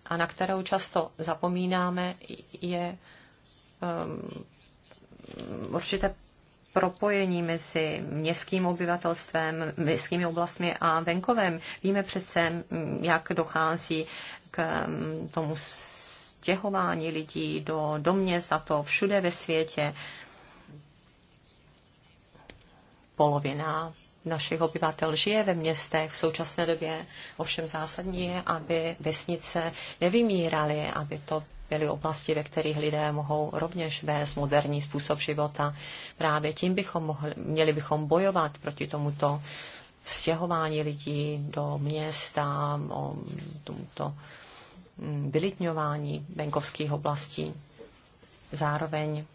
a na kterou často zapomínáme, je um, určité propojení mezi městským obyvatelstvem, městskými oblastmi a venkovem. Víme přece, jak dochází k um, tomu stěhování lidí do, do měst a to všude ve světě. Polovina našich obyvatel žije ve městech v současné době. Ovšem zásadní je, aby vesnice nevymíraly, aby to byly oblasti, ve kterých lidé mohou rovněž vést moderní způsob života. Právě tím bychom mohli, měli bychom bojovat proti tomuto stěhování lidí do města, o tomuto mm, vylitňování venkovských oblastí. Zároveň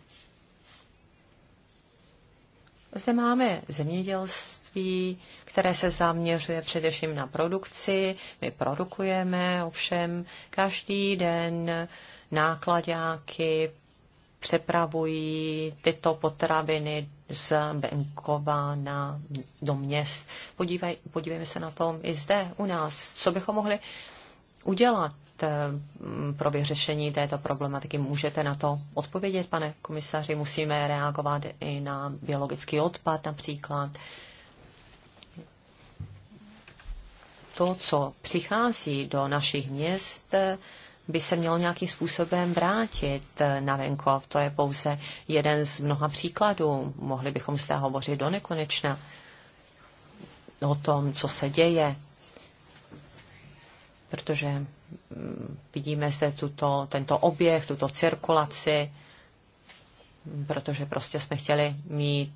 zde máme zemědělství, které se zaměřuje především na produkci. My produkujeme ovšem každý den nákladáky přepravují tyto potraviny z Benkova na, do měst. Podívej, podívejme se na tom i zde u nás. Co bychom mohli udělat Eh, pro vyřešení této problematiky. Můžete na to odpovědět, pane komisaři? Musíme reagovat i na biologický odpad například. To, co přichází do našich měst, by se mělo nějakým způsobem vrátit na venkov. To je pouze jeden z mnoha příkladů. Mohli bychom z toho hovořit do nekonečna o tom, co se děje, protože vidíme zde tuto, tento oběh, tuto cirkulaci, protože prostě jsme chtěli mít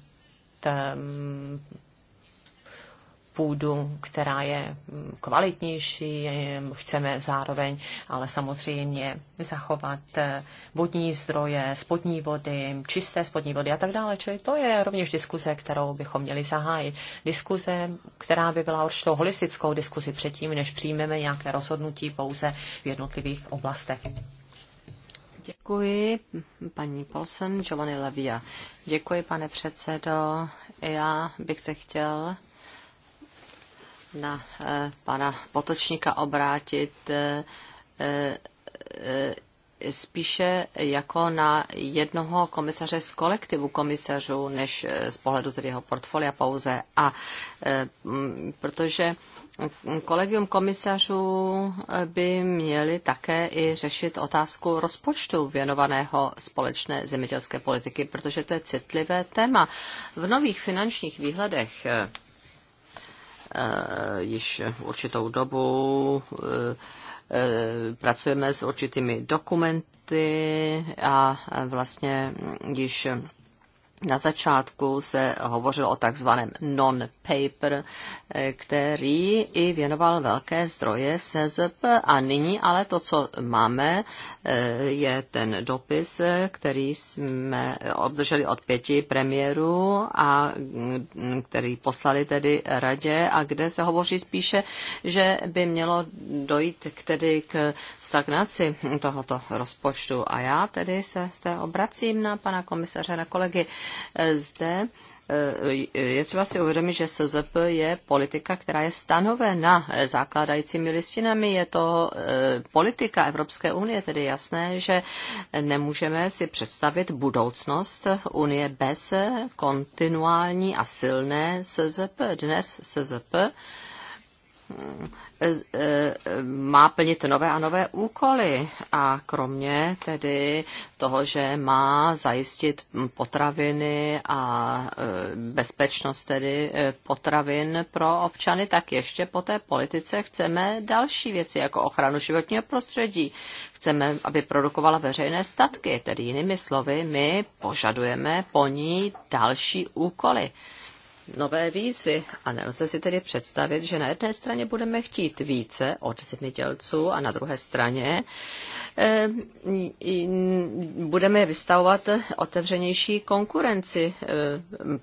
půdu, která je mm, kvalitnější, chceme zároveň ale samozřejmě zachovat eh, vodní zdroje, spodní vody, čisté spodní vody a tak dále. Čili to je rovněž diskuze, kterou bychom měli zahájit. Diskuze, která by byla určitou holistickou diskuzi předtím, než přijmeme nějaké rozhodnutí pouze v jednotlivých oblastech. Děkuji, paní Polsen, Giovanni Levia. Děkuji, pane předsedo. Já bych se chtěl na eh, pana Potočníka obrátit eh, eh, spíše jako na jednoho komisaře z kolektivu komisařů, než z pohledu tedy jeho portfolia pouze. A protože kolegium komisařů by měli také i řešit otázku rozpočtu věnovaného společné zemědělské politiky, protože to je citlivé téma. V nových finančních výhledech Eh, již určitou dobu eh, pracujeme s určitými dokumenty a vlastně již na začátku se hovořilo o takzvaném non-paper, eh, který i věnoval velké zdroje SZP a nyní ale to, co máme, eh, je ten dopis, který jsme obdrželi od pěti premiérů a mm, který poslali tedy radě a kde se hovoří spíše, že by mělo dojít k tedy k stagnaci tohoto rozpočtu. A já tedy se obracím na pana komisaře, na kolegy Eh, zde eh, je třeba si uvědomit, že SZP je politika, která je stanovena eh, základajícími listinami. Je to politika Evropské unie, tedy jasné, že nemůžeme si představit budoucnost unie bez kontinuální a silné SZP. Dnes SZP Eh, má plnit nové a nové úkoly. A kromě tedy toho, že má zajistit potraviny a eh, bezpečnost tedy eh, potravin pro občany, tak ještě po té politice chceme další věci, jako ochranu životního prostředí. Chceme, aby produkovala veřejné statky, tedy jinými slovy, my požadujeme po ní další úkoly nové výzvy a nelze si tedy představit, že na jedné straně budeme chtít více od zemědělců a na druhé straně eh, budeme vystavovat otevřenější konkurenci, eh,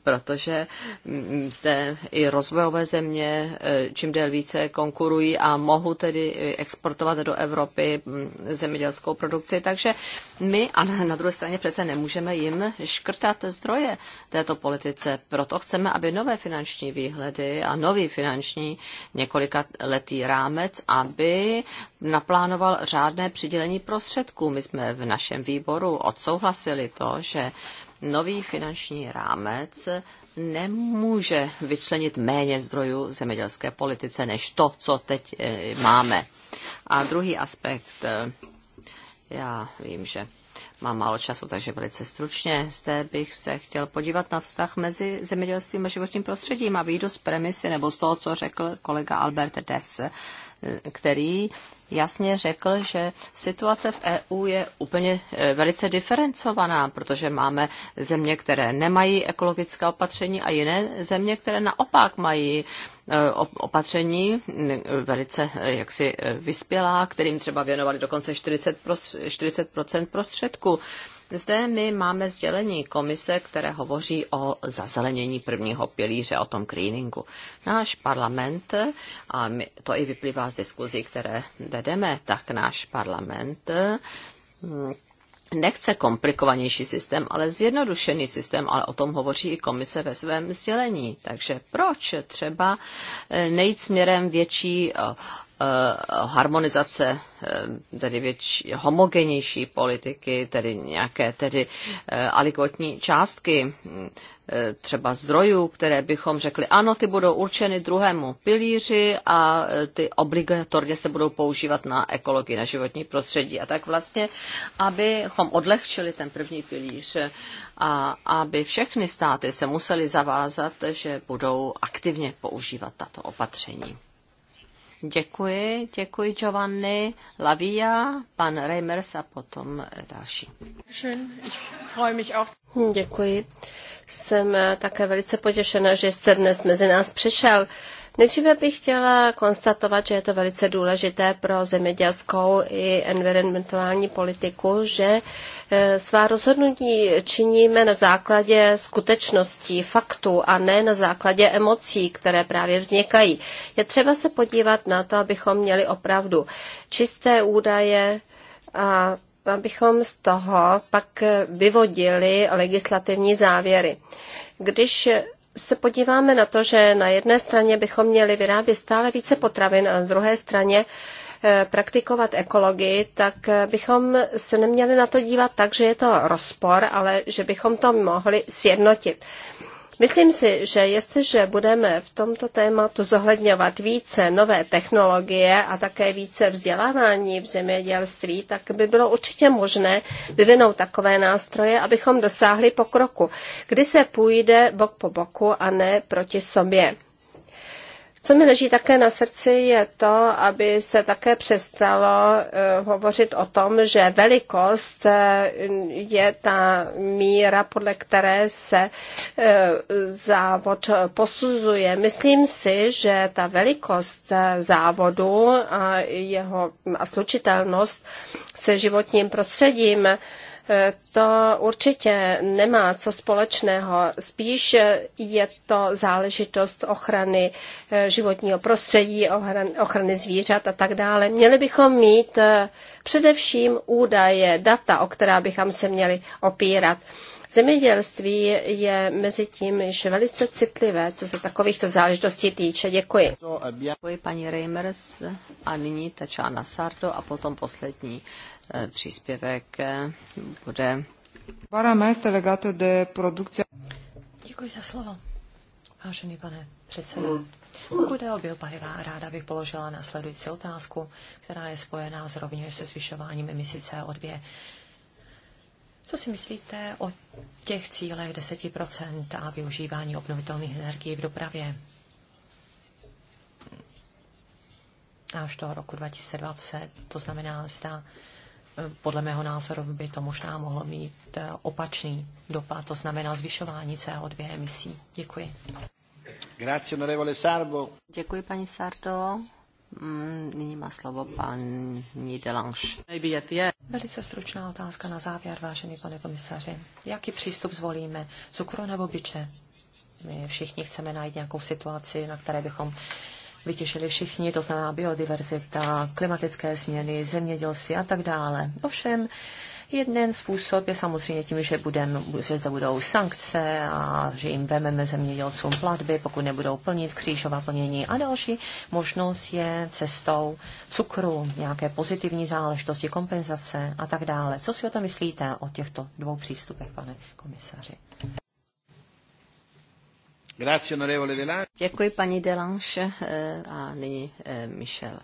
protože mm, zde i rozvojové země eh, čím déle více konkurují a mohou tedy exportovat do Evropy mm, zemědělskou produkci, takže my a na druhé straně přece nemůžeme jim škrtat zdroje této politice. Proto chceme, aby nové finanční výhledy a nový finanční několika letý rámec, aby naplánoval řádné přidělení prostředků. My jsme v našem výboru odsouhlasili to, že nový finanční rámec nemůže vyčlenit méně zdrojů zemědělské politice než to, co teď eh, máme. A druhý aspekt, eh, já vím, že Mám málo času, takže velice stručně. Zde bych se chtěl podívat na vztah mezi zemědělstvím a životním prostředím a výjdu z premisy nebo z toho, co řekl kolega Albert Dess, který jasně řekl, že situace v EU je úplně eh, velice diferencovaná, protože máme země, které nemají ekologická opatření a jiné země, které naopak mají Eh, opatření, velice eh, jaksi eh, vyspělá, kterým třeba věnovali dokonce 40, prostředků. Zde my máme sdělení komise, které hovoří o zazelenění prvního pilíře, o tom greeningu. Náš parlament, a my, to i vyplývá z diskuzí, které vedeme, tak náš parlament hm, nechce komplikovanější systém, ale zjednodušený systém, ale o tom hovoří i komise ve svém sdělení. Takže proč třeba eh, nejít směrem větší eh, eh, harmonizace, tedy větší, homogenější politiky, tedy nějaké tedy alikvotní částky, hm, E, třeba zdrojů, které bychom řekli, ano, ty budou určeny druhému pilíři a e, ty obligatorně se budou používat na ekologii, na životní prostředí. A tak vlastně, abychom odlehčili ten první pilíř a aby všechny státy se musely zavázat, že budou aktivně používat tato opatření. Děkuji, děkuji Giovanni Lavia, pan Reimers a potom eh, další. Děkuji. Jsem eh, také velice potěšena, že jste dnes mezi nás přišel. Nejdříve bych chtěla konstatovat, že je to velice důležité pro zemědělskou i environmentální politiku, že e, svá rozhodnutí činíme na základě skutečností, faktů a ne na základě emocí, které právě vznikají. Je třeba se podívat na to, abychom měli opravdu čisté údaje a abychom z toho pak vyvodili legislativní závěry. Když se podíváme na to, že na jedné straně bychom měli vyrábět stále více potravin a na druhé straně eh, praktikovat ekologii, tak eh, bychom se neměli na to dívat tak, že je to rozpor, ale že bychom to mohli sjednotit. Myslím si, že jestliže budeme v tomto tématu zohledňovat více nové technologie a také více vzdělávání v zemědělství, tak by bylo určitě možné vyvinout takové nástroje, abychom dosáhli pokroku, kdy se půjde bok po boku a ne proti sobě. Co mi leží také na srdci je to, aby se také přestalo eh, hovořit o tom, že velikost eh, je ta míra, podle které se eh, závod posuzuje. Myslím si, že ta velikost závodu a jeho a slučitelnost se životním prostředím to určitě nemá co společného. Spíš je to záležitost ochrany eh, životního prostředí, ochrany zvířat a tak dále. Měli bychom mít eh, především údaje, data, o která bychom se měli opírat. Zemědělství je mezi tím již velice citlivé, co se takovýchto záležitostí týče. Děkuji. Děkuji paní Reimers a nyní Tačána Sardo a potom poslední E, příspěvek e, bude. de Děkuji za slovo, vážený pane předsedo. Pokud je o biopaliva, ráda bych položila následující otázku, která je spojená s rovněž se zvyšováním emisí CO2. Co si myslíte o těch cílech 10% a využívání obnovitelných energií v dopravě? Až do roku 2020, to znamená, zda podle mého názoru by to možná mohlo mít eh, opačný dopad, to znamená zvyšování CO2 emisí. Děkuji. Grazie, onorevole Sarbo. Děkuji, paní Sardo. Mm, nyní má slovo paní Delange. Velice stručná otázka na závěr, vážený pane komisaři. Jaký přístup zvolíme? Cukru nebo biče? My všichni chceme najít nějakou situaci, na které bychom vytěšili všichni, to znamená biodiverzita, klimatické změny, zemědělství a tak dále. Ovšem, Jeden způsob je samozřejmě tím, že, budem, že zde budou sankce a že jim vememe zemědělcům platby, pokud nebudou plnit křížová plnění. A další možnost je cestou cukru, nějaké pozitivní záležitosti, kompenzace a tak dále. Co si o tom myslíte, o těchto dvou přístupech, pane komisaři? Děkuji paní Delange eh, a nyní eh, Michel.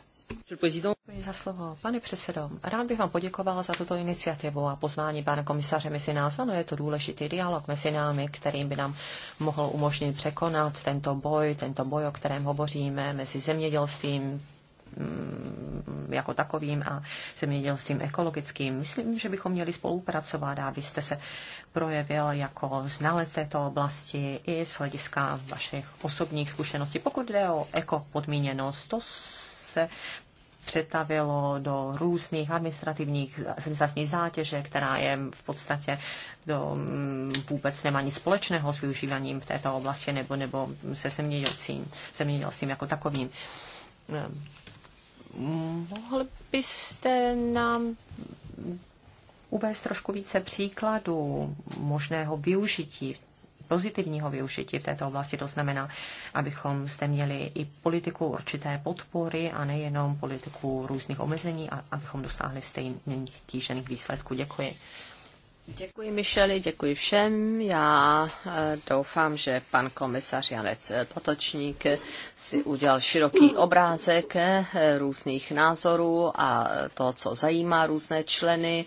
Děkuji za slovo. Pane předsedo, rád bych vám poděkovala za tuto iniciativu a pozvání pana komisaře mezi nás. Ano, je to důležitý dialog mezi námi, kterým by nám mohl umožnit překonat tento boj, tento boj, o kterém hovoříme, mezi zemědělstvím, Mm, jako takovým a zemědělstvím ekologickým. Myslím, že bychom měli spolupracovat a abyste se projevil jako znalec této oblasti i z hlediska vašich osobních zkušeností. Pokud jde o ekopodmíněnost, to se přetavilo do různých administrativních, zátěže, která je v podstatě do, mm, vůbec nemá nic společného s využíváním v této oblasti nebo, nebo se zemědělcím, zemědělcím jako takovým. Mohl byste nám uvést trošku více příkladů možného využití, pozitivního využití v této oblasti. To znamená, abychom zde měli i politiku určité podpory a nejenom politiku různých omezení a abychom dosáhli stejných kýžených výsledků. Děkuji. Děkuji, Micheli, děkuji všem. Já eh, doufám, že pan komisař Janec eh, Potočník eh, si udělal široký obrázek různých názorů a to, co zajímá různé členy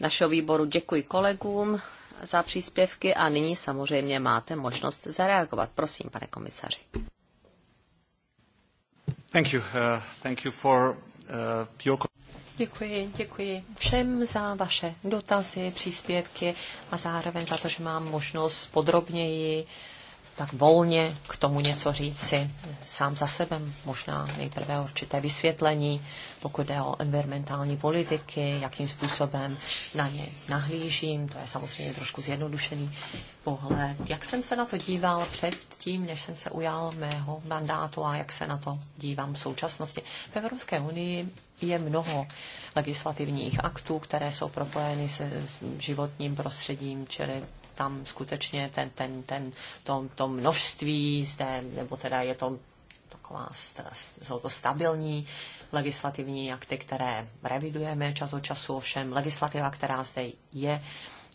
našeho výboru. Děkuji kolegům za příspěvky a nyní samozřejmě máte možnost zareagovat. Prosím, pane komisaři. Thank you. Uh, thank you for, uh, your... Děkuji, děkuji všem za vaše dotazy, příspěvky a zároveň za to, že mám možnost podrobněji, tak volně k tomu něco říci. Sám za sebe možná nejprve určité vysvětlení, pokud jde o environmentální politiky, jakým způsobem na ně nahlížím, to je samozřejmě trošku zjednodušený pohled. Jak jsem se na to díval před tím, než jsem se ujal mého mandátu a jak se na to dívám v současnosti. V Evropské unii je mnoho legislativních aktů, které jsou propojeny se životním prostředím, čili tam skutečně ten, ten, ten, to, to množství zde, nebo teda je to taková, jsou to stabilní legislativní akty, které revidujeme čas od času, ovšem legislativa, která zde je,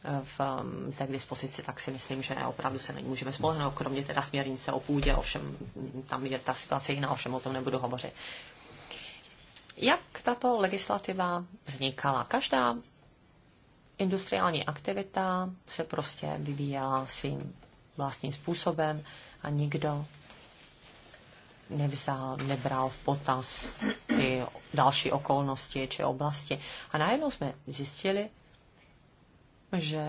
eh, v, mm, zde k dispozici, tak si myslím, že opravdu se na ní můžeme spolehnout, kromě teda směrnice o půdě, ovšem mm, tam je ta situace jiná, ovšem o tom nebudu hovořit. Jak tato legislativa vznikala? Každá industriální aktivita se prostě vyvíjela svým vlastním způsobem a nikdo nevzal, nebral v potaz ty další okolnosti či oblasti. A najednou jsme zjistili, že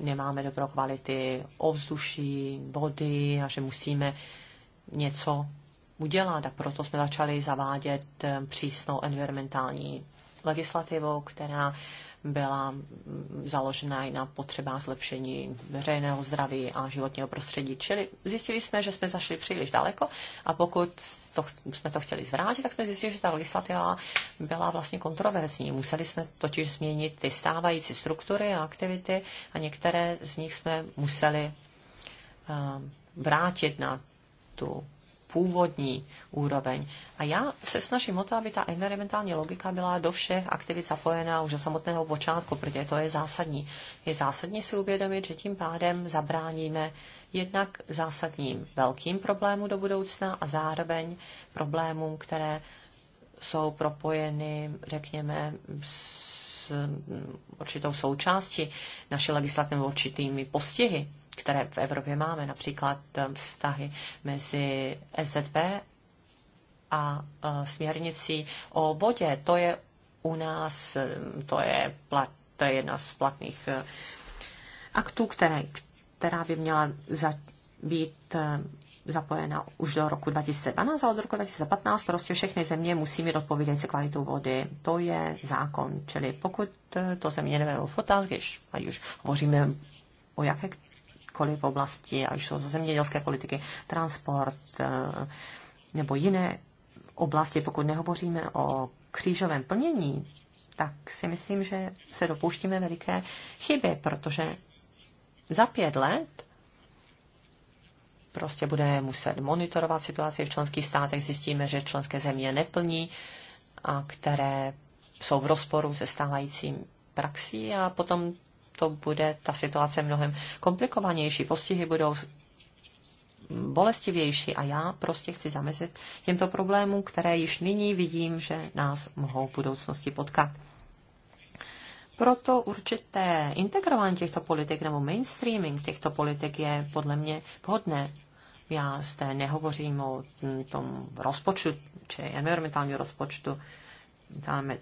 nemáme dobrou kvality ovzduší, vody a že musíme něco udělat a proto jsme začali zavádět eh, přísnou environmentální legislativu, která byla mm, založena i na potřeba zlepšení veřejného zdraví a životního prostředí. Čili zjistili jsme, že jsme zašli příliš daleko a pokud to, jsme to chtěli zvrátit, tak jsme zjistili, že ta legislativa byla vlastně kontroverzní. Museli jsme totiž změnit ty stávající struktury a aktivity a některé z nich jsme museli eh, vrátit na tu původní úroveň. A já se snažím o to, aby ta environmentální logika byla do všech aktivit zapojená už od samotného počátku, protože to je zásadní. Je zásadní si uvědomit, že tím pádem zabráníme jednak zásadním velkým problémům do budoucna a zároveň problémům, které jsou propojeny, řekněme, s určitou součástí naše legislativní určitými postihy které v Evropě máme, například eh, vztahy mezi SZP a eh, směrnicí o vodě. To je u nás, eh, to je, plat, to je jedna z platných aktů, které, která by měla za, být zapojena už do roku 2012 a od roku 2015 prostě všechny země musí mít se kvalitou vody. To je zákon, čili pokud to země nebude v otázky, když ať už hovoříme o jaké, jakékoliv oblasti, ať jsou to zemědělské politiky, transport eh, nebo jiné oblasti, pokud nehovoříme o křížovém plnění, tak si myslím, že se dopouštíme veliké chyby, protože za pět let prostě budeme muset monitorovat situaci v členských státech, zjistíme, že členské země neplní a které jsou v rozporu se stávajícím praxí a potom to bude ta situace mnohem komplikovanější, postihy budou bolestivější a já prostě chci zamezit těmto problémům, které již nyní vidím, že nás mohou v budoucnosti potkat. Proto určité integrování těchto politik nebo mainstreaming těchto politik je podle mě vhodné. Já zde nehovořím o tom rozpočtu, či environmentálním rozpočtu. Dáme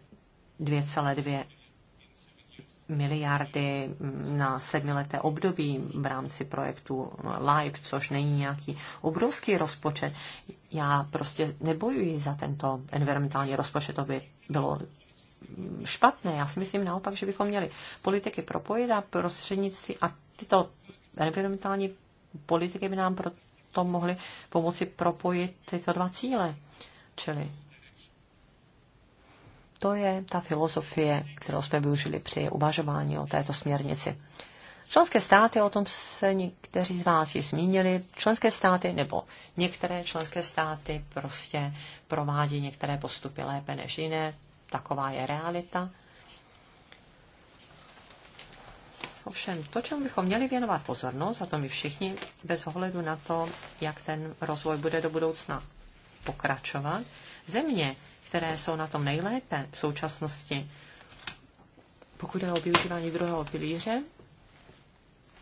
miliardy na sedmileté období v rámci projektu LIFE, což není nějaký obrovský rozpočet. Já prostě nebojuji za tento environmentální rozpočet, to by bylo špatné. Já si myslím naopak, že bychom měli politiky propojit a prostřednictví a tyto environmentální politiky by nám proto mohly pomoci propojit tyto dva cíle. Čili to je ta filozofie, kterou jsme využili při uvažování o této směrnici. Členské státy, o tom se někteří z vás již zmínili, členské státy nebo některé členské státy prostě provádí některé postupy lépe než jiné. Taková je realita. Ovšem, to, čemu bychom měli věnovat pozornost, a to my všichni, bez ohledu na to, jak ten rozvoj bude do budoucna pokračovat, země, které jsou na tom nejlépe v současnosti, pokud je o využívání druhého pilíře,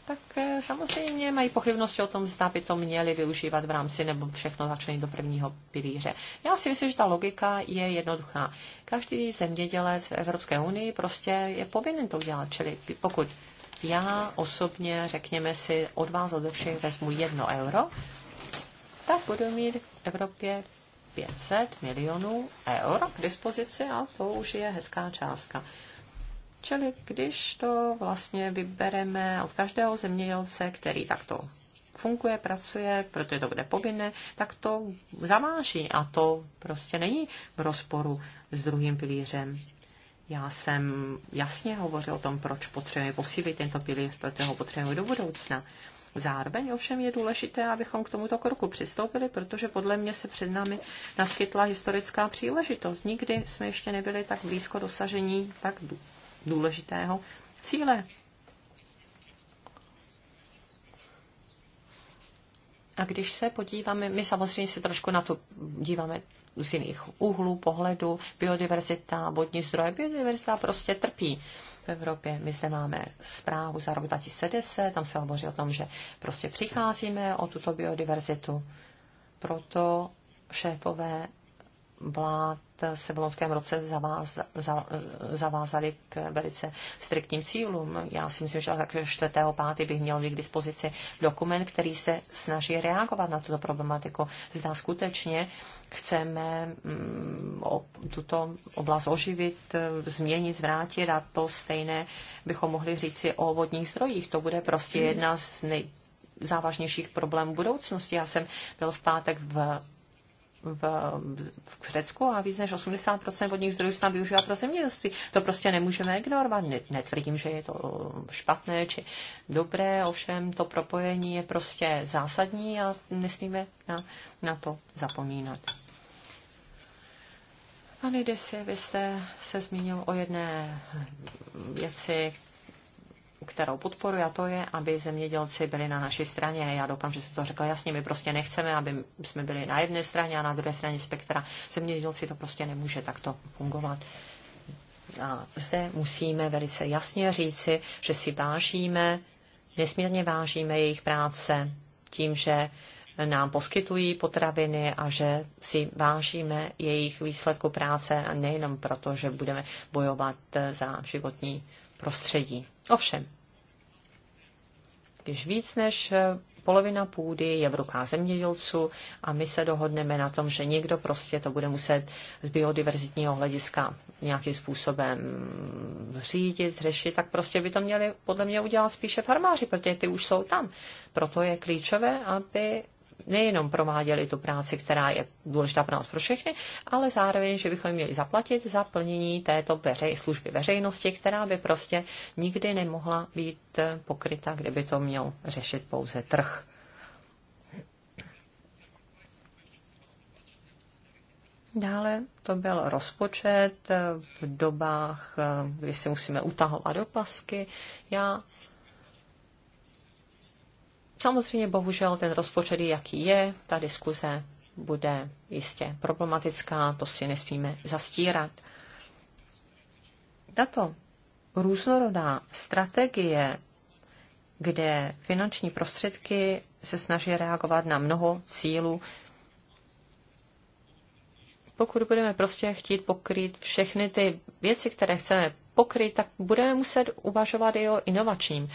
tak eh, samozřejmě mají pochybnosti o tom, zda by to měli využívat v rámci nebo všechno začne do prvního pilíře. Já si myslím, že ta logika je jednoduchá. Každý zemědělec v Evropské unii prostě je povinen to dělat. Čili pokud já osobně, řekněme si, od vás ode všech vezmu jedno euro, tak budu mít v Evropě 500 milionů eur k dispozici a to už je hezká částka. Čili když to vlastně vybereme od každého zemědělce, který takto funguje, pracuje, protože to bude povinné, tak to zaváží a to prostě není v rozporu s druhým pilířem. Já jsem jasně hovořil o tom, proč potřebujeme posílit tento pilíř, protože ho potřebujeme do budoucna. Zároveň ovšem je důležité, abychom k tomuto kroku přistoupili, protože podle mě se před námi naskytla historická příležitost. Nikdy jsme ještě nebyli tak blízko dosažení tak důležitého cíle. A když se podíváme, my samozřejmě se trošku na to díváme z jiných úhlů, pohledu, biodiverzita, vodní zdroje, biodiverzita prostě trpí Evropě. My zde máme zprávu za rok 2010, tam se hovoří o tom, že prostě přicházíme o tuto biodiverzitu. Proto šéfové vlád se v loňském roce zaváz, za, zavázali k velice striktním cílům. Já si myslím, že tak 4. 5. bych měl k dispozici dokument, který se snaží reagovat na tuto problematiku. Zdá skutečně, chceme mm, tuto oblast oživit, změnit, zvrátit a to stejné bychom mohli říci o vodních zdrojích. To bude prostě jedna z nej, závažnějších problémů budoucnosti. Já jsem byl v pátek v v, v Řecku a víc než 80% vodních zdrojů se tam využívá pro zemědělství. To prostě nemůžeme ignorovat. Netvrdím, že je to špatné či dobré, ovšem to propojení je prostě zásadní a nesmíme na, na to zapomínat. Pane Desi, vy jste se zmínil o jedné věci, kterou podporuji, a to je, aby zemědělci byli na naší straně. Já doufám, že jsem to řekla jasně. My prostě nechceme, aby jsme byli na jedné straně a na druhé straně spektra. Zemědělci to prostě nemůže takto fungovat. A zde musíme velice jasně říci, že si vážíme, nesmírně vážíme jejich práce tím, že nám poskytují potraviny a že si vážíme jejich výsledku práce a nejenom proto, že budeme bojovat za životní prostředí. Ovšem, když víc než eh, polovina půdy je v rukách zemědělců a my se dohodneme na tom, že někdo prostě to bude muset z biodiverzitního hlediska nějakým způsobem řídit, řešit, tak prostě by to měli podle mě udělat spíše farmáři, protože ty už jsou tam. Proto je klíčové, aby nejenom prováděli tu práci, která je důležitá pro nás pro všechny, ale zároveň, že bychom měli zaplatit za plnění této veřej, služby veřejnosti, která by prostě nikdy nemohla být eh, pokryta, kdyby to měl řešit pouze trh. Dále to byl rozpočet eh, v dobách, eh, kdy si musíme utahovat opasky. Já Samozřejmě bohužel ten rozpočet, jaký je, ta diskuze bude jistě problematická, to si nesmíme zastírat. Tato různorodá strategie, kde finanční prostředky se snaží reagovat na mnoho cílů, pokud budeme prostě chtít pokryt všechny ty věci, které chceme pokryt, tak budeme muset uvažovat i o inovačním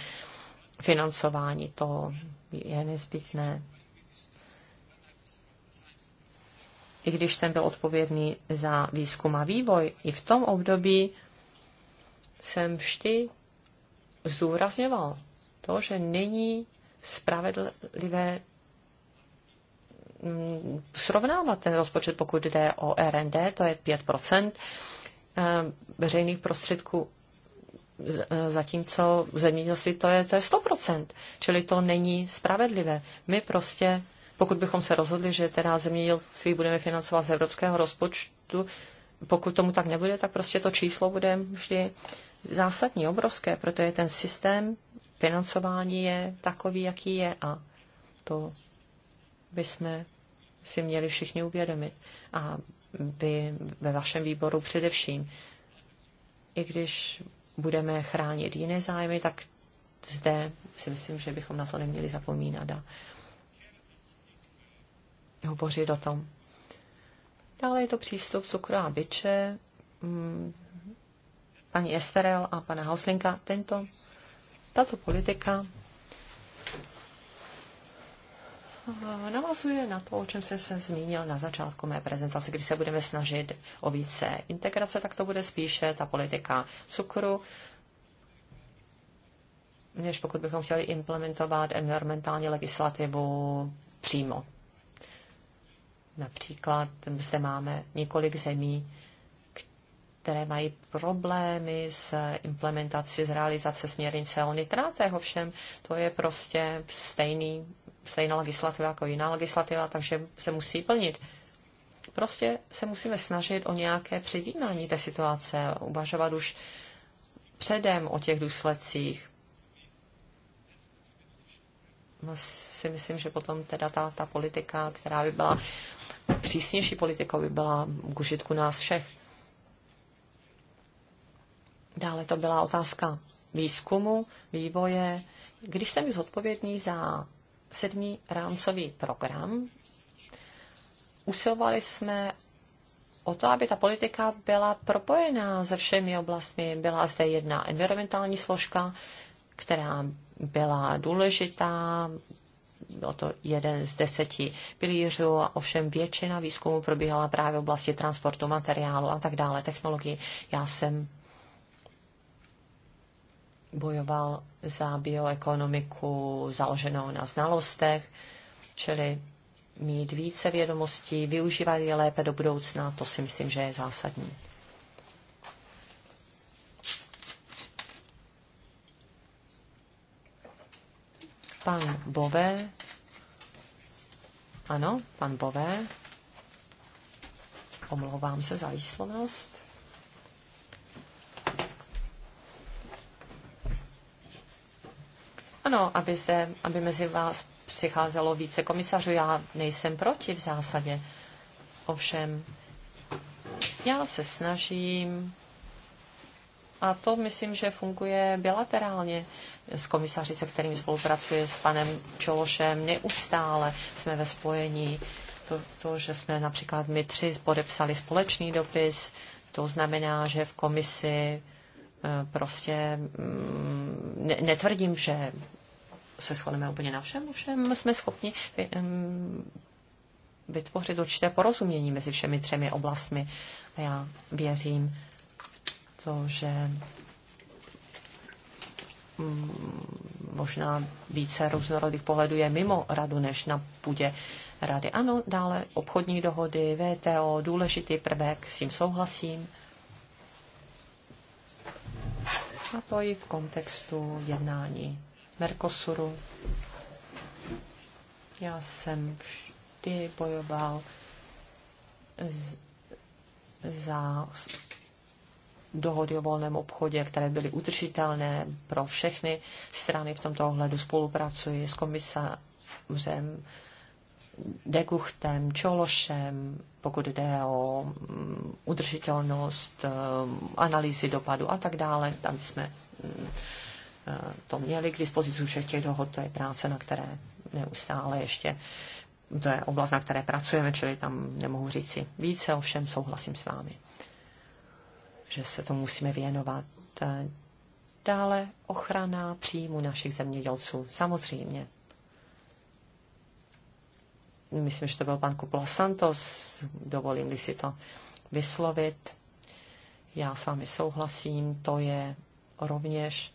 financování, to je nezbytné. I když jsem byl odpovědný za výzkum a vývoj, i v tom období jsem vždy zdůrazňoval to, že není spravedlivé mm, srovnávat ten rozpočet, pokud jde o RND, to je 5 eh, veřejných prostředků E, zatímco v zemědělství to je, to je 100%, čili to není spravedlivé. My prostě, pokud bychom se rozhodli, že teda zemědělství budeme financovat z evropského rozpočtu, pokud tomu tak nebude, tak prostě to číslo bude vždy zásadní, obrovské, protože ten systém financování je takový, jaký je a to bychom si měli všichni uvědomit. A vy ve vašem výboru především. I když budeme chránit jiné zájmy, tak zde si myslím, že bychom na to neměli zapomínat a hovořit o tom. Dále je to přístup cukru a byče, mm, paní Esterel a pana Hauslinka. Tento, tato politika navazuje na to, o čem jsem se zmínil na začátku mé prezentace, když se budeme snažit o více integrace, tak to bude spíše ta politika cukru, než pokud bychom chtěli implementovat environmentální legislativu přímo. Například zde máme několik zemí, které mají problémy s implementací, s realizace směrnice o nitrátech. Ovšem, to je prostě stejný stejná legislativa jako jiná legislativa, takže se musí plnit. Prostě se musíme snažit o nějaké předjímání té situace, uvažovat už předem o těch důsledcích. No, si myslím, že potom teda ta, ta politika, která by byla přísnější politikou, by byla k užitku nás všech. Dále to byla otázka výzkumu, vývoje. Když jsem zodpovědný za sedmý rámcový program usilovali jsme o to, aby ta politika byla propojená se všemi oblastmi. Byla zde jedna environmentální složka, která byla důležitá, byl to jeden z deseti pilířů a ovšem většina výzkumu probíhala právě v oblasti transportu materiálu a tak dále, technologii. Já jsem bojoval za bioekonomiku založenou na znalostech, čili mít více vědomostí, využívat je lépe do budoucna, to si myslím, že je zásadní. Pan Bové. Ano, pan Bové. Omlouvám se za výslovnost. Ano, aby, zde, aby mezi vás přicházelo více komisařů. Já nejsem proti v zásadě. Ovšem, já se snažím a to myslím, že funguje bilaterálně s komisaři, se kterým spolupracuje s panem Čološem. Neustále jsme ve spojení. To, to, že jsme například my tři podepsali společný dopis, to znamená, že v komisi Eh, prostě mm, ne, netvrdím, že se shodneme úplně na všem, všem jsme schopni vytvořit určité porozumění mezi všemi třemi oblastmi. A já věřím to, že mm, možná více různorodých pohledů je mimo radu než na půdě rady. Ano, dále obchodní dohody, VTO, důležitý prvek, s tím souhlasím. a to i v kontextu jednání Mercosuru. Já jsem vždy bojoval z, za dohody o volném obchodě, které byly udržitelné pro všechny strany v tomto ohledu. Spolupracuji s komisařem Deguchtem, Čološem, pokud jde o mm, udržitelnost, eh, analýzy dopadu a tak dále. Tam jsme mm, eh, to měli k dispozici všech těch dohod, to je práce, na které neustále ještě, to je oblast, na které pracujeme, čili tam nemohu říci více, ovšem souhlasím s vámi, že se to musíme věnovat. Eh, dále ochrana příjmu našich zemědělců, samozřejmě myslím, že to byl pan Kupola Santos, dovolím si to vyslovit. Já s vámi souhlasím, to je rovněž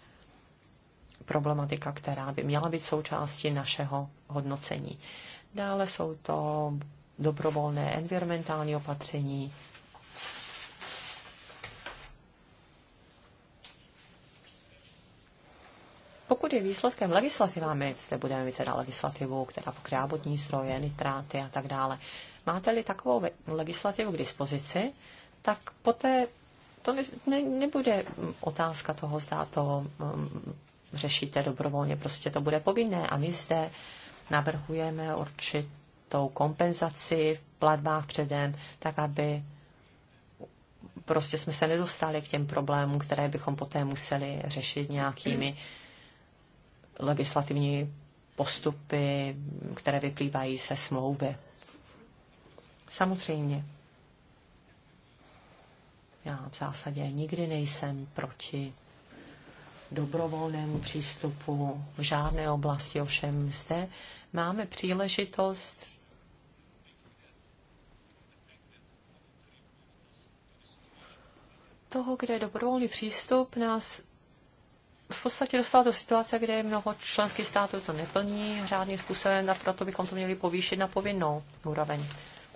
problematika, která by měla být součástí našeho hodnocení. Dále jsou to dobrovolné environmentální opatření, Pokud je výsledkem legislativa, my zde budeme mít teda legislativu, která pokrývá vodní zdroje, nitráty a tak dále. Máte-li takovou legislativu k dispozici, tak poté to ne, ne, nebude otázka toho, zda to um, řešíte dobrovolně, prostě to bude povinné. A my zde navrhujeme určitou kompenzaci v platbách předem, tak aby prostě jsme se nedostali k těm problémům, které bychom poté museli řešit nějakými legislativní postupy, které vyplývají se smlouvy. Samozřejmě. Já v zásadě nikdy nejsem proti dobrovolnému přístupu v žádné oblasti, ovšem zde máme příležitost toho, kde dobrovolný přístup nás v podstatě dostala do situace, kde mnoho členských států to neplní řádným způsobem a proto bychom to měli povýšit na povinnou úroveň.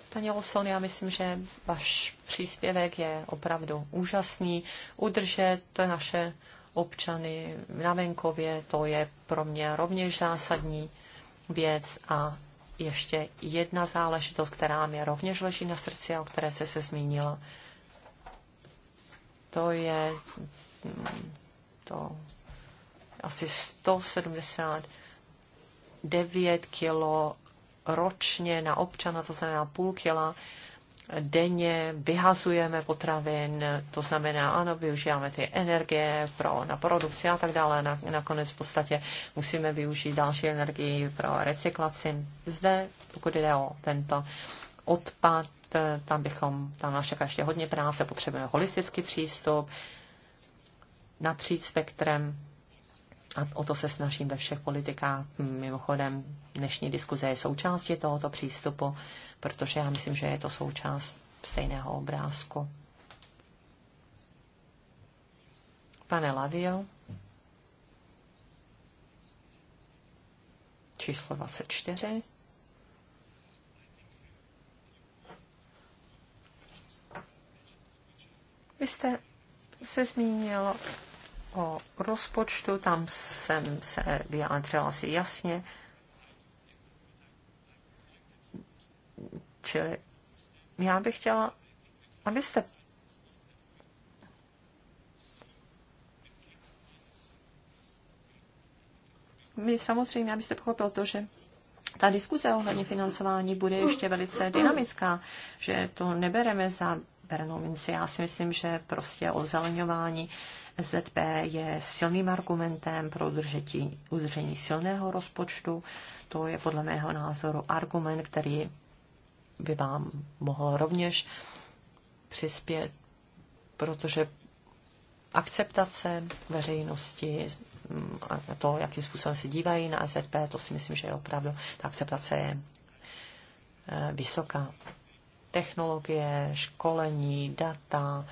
Pani Olson, já myslím, že váš příspěvek je opravdu úžasný. Udržet naše občany na venkově, to je pro mě rovněž zásadní věc a ještě jedna záležitost, která mě rovněž leží na srdci a o které jste se zmínila. To je mm, to asi 179 kilo ročně na občana, to znamená půl kila denně vyhazujeme potravin, to znamená, ano, využíváme ty energie pro, na produkci a tak dále. Na, nakonec v podstatě musíme využít další energii pro recyklaci. Zde, pokud jde o tento odpad, tam bychom, tam nás čeká ještě hodně práce, potřebujeme holistický přístup napříč spektrem a o to se snažím ve všech politikách. Mimochodem, dnešní diskuze je součástí tohoto přístupu, protože já myslím, že je to součást stejného obrázku. Pane Lavio, číslo 24. Vy jste se zmínil o rozpočtu, tam jsem se vyjádřila asi jasně. Čili já bych chtěla, abyste my samozřejmě, abyste pochopil to, že ta diskuze ohledně financování bude ještě velice dynamická, že to nebereme za bernou minci. Já si myslím, že prostě o ozeleňování ZP je silným argumentem pro udržení, udržení silného rozpočtu. To je podle mého názoru argument, který by vám mohl rovněž přispět, protože akceptace veřejnosti mm, a to, jakým způsobem se dívají na ZP, to si myslím, že je opravdu, ta akceptace je eh, vysoká. Technologie, školení, data,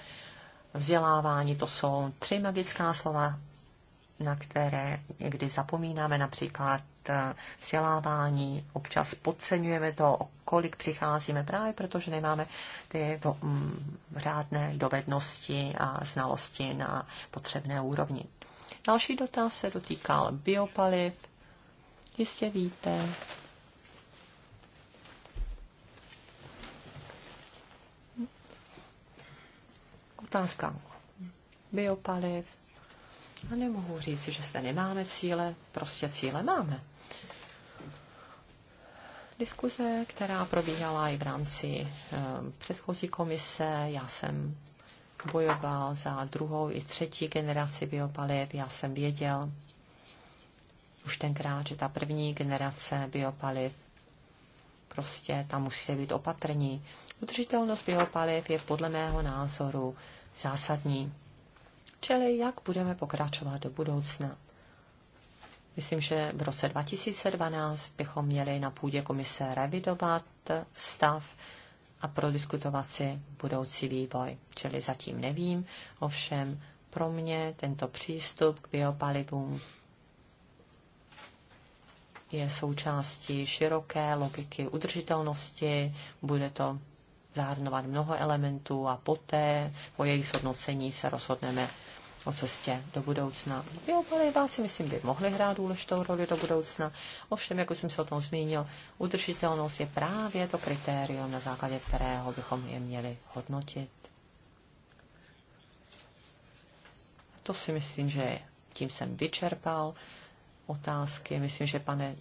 vzdělávání, to jsou tři magická slova, na které někdy zapomínáme, například eh, vzdělávání, občas podceňujeme to, o kolik přicházíme, právě protože nemáme ty mm, řádné dovednosti a znalosti na potřebné úrovni. Další dotaz se dotýkal biopaliv. Jistě víte, otázka biopaliv. A nemohu říct, že zde nemáme cíle, prostě cíle máme. Diskuze, která probíhala i v rámci eh, předchozí komise, já jsem bojoval za druhou i třetí generaci biopaliv. Já jsem věděl už tenkrát, že ta první generace biopaliv prostě tam musíte být opatrní. Udržitelnost biopaliv je podle mého názoru zásadní. Čili jak budeme pokračovat do budoucna? Myslím, že v roce 2012 bychom měli na půdě komise revidovat stav a prodiskutovat si budoucí vývoj. Čili zatím nevím, ovšem pro mě tento přístup k biopalivům je součástí široké logiky udržitelnosti, bude to zahrnovat mnoho elementů a poté po jejich zhodnocení se rozhodneme o cestě do budoucna. Biopaliva si myslím, by mohly hrát důležitou roli do budoucna. Ovšem, jak už jsem se o tom zmínil, udržitelnost je právě to kritérium, na základě kterého bychom je měli hodnotit. To si myslím, že tím jsem vyčerpal otázky. Myslím, že pane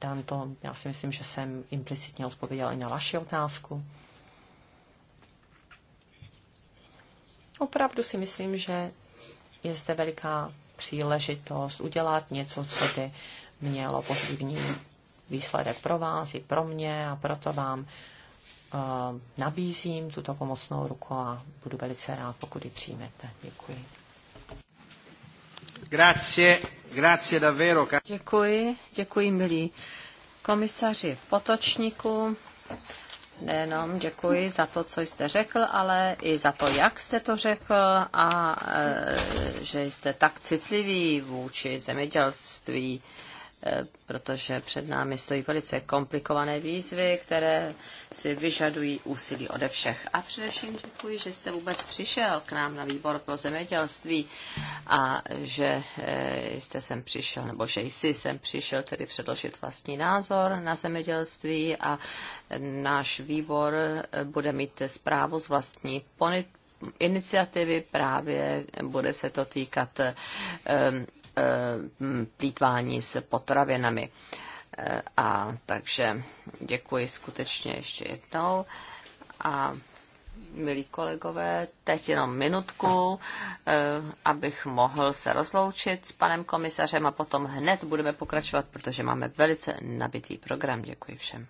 Danto, já si myslím, že jsem implicitně odpověděl i na vaši otázku. Opravdu si myslím, že je zde veliká příležitost udělat něco, co by mělo pozitivní výsledek pro vás i pro mě a proto vám uh, nabízím tuto pomocnou ruku a budu velice rád, pokud ji přijmete. Děkuji. Grazie, grazie davvero. Děkuji, děkuji milí komisaři Potočníku nejenom děkuji za to, co jste řekl, ale i za to, jak jste to řekl a e, že jste tak citlivý vůči zemědělství. Eh, protože před námi stojí velice komplikované výzvy, které si vyžadují úsilí ode všech. A především děkuji, že jste vůbec přišel k nám na výbor pro zemědělství a že eh, jste sem přišel, nebo že jsi sem přišel tedy předložit vlastní názor na zemědělství a náš výbor eh, bude mít zprávu z vlastní iniciativy právě bude se to týkat Eh, plítvání s potravinami. Eh, a takže děkuji skutečně ještě jednou. A milí kolegové, teď jenom minutku, eh, abych mohl se rozloučit s panem komisařem a potom hned budeme pokračovat, protože máme velice nabitý program. Děkuji všem.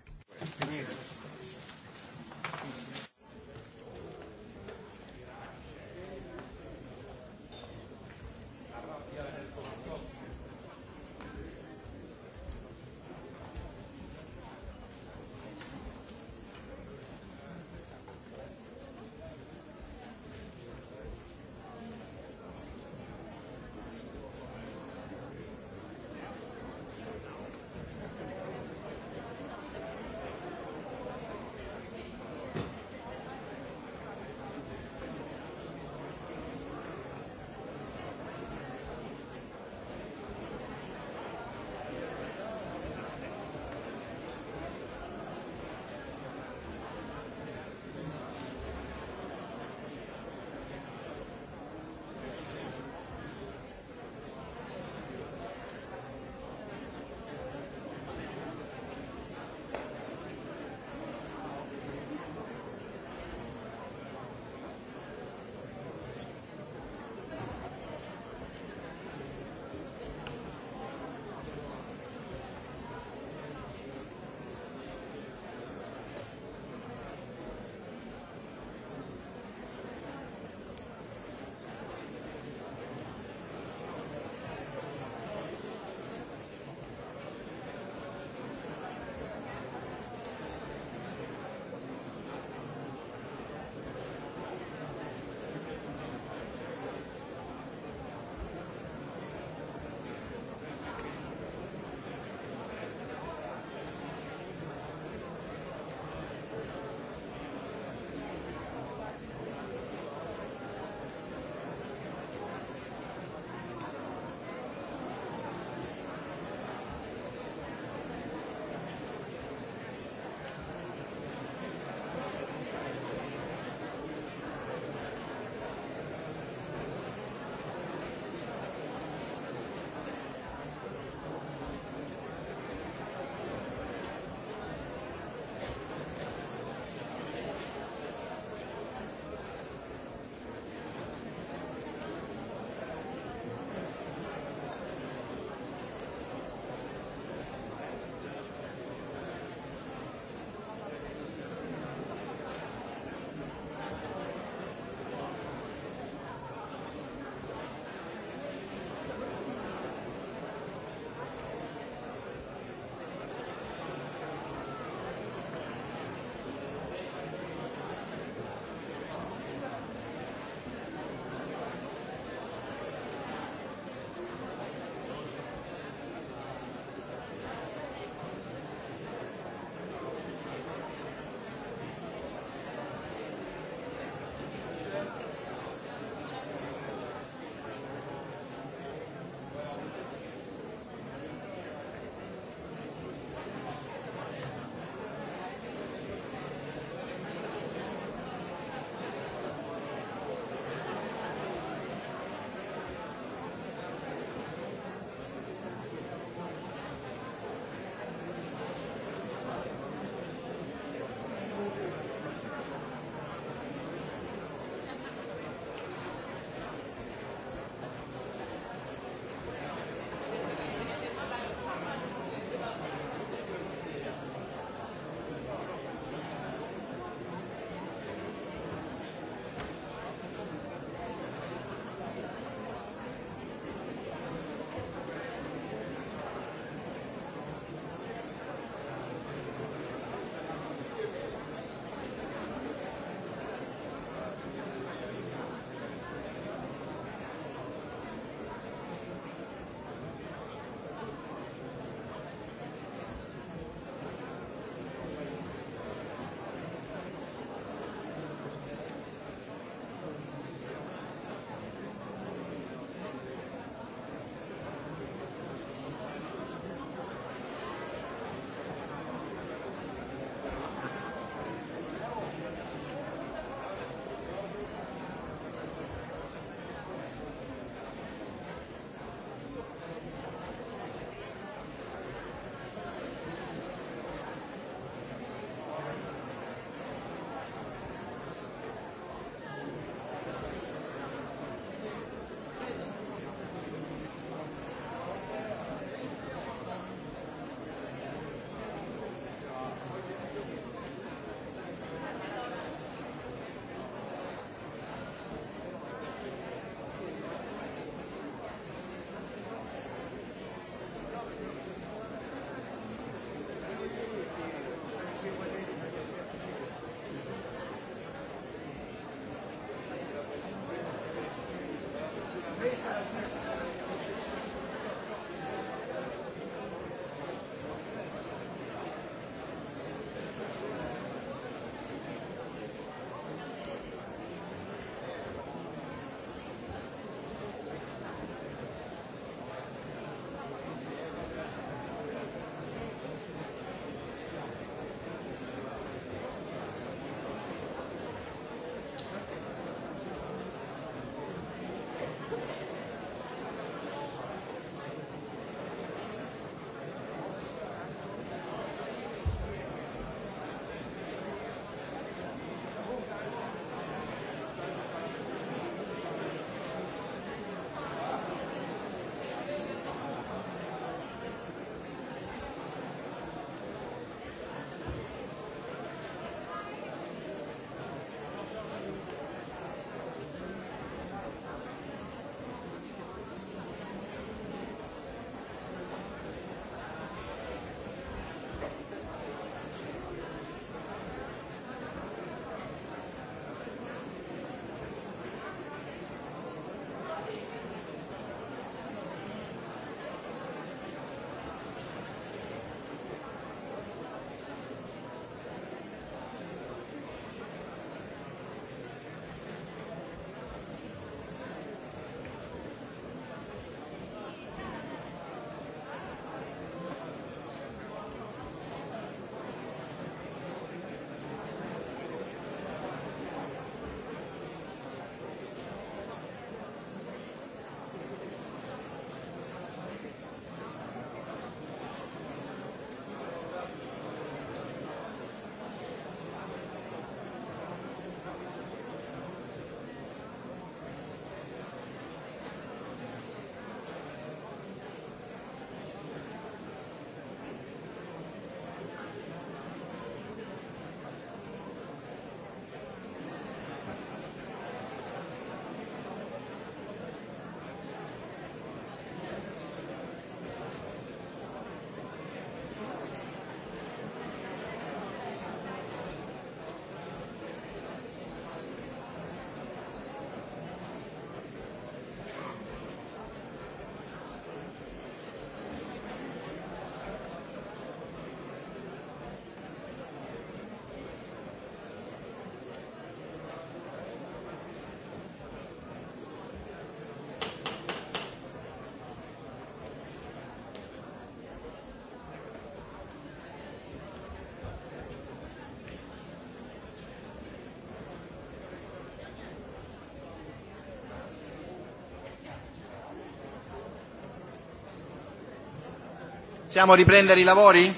Possiamo riprendere i lavori?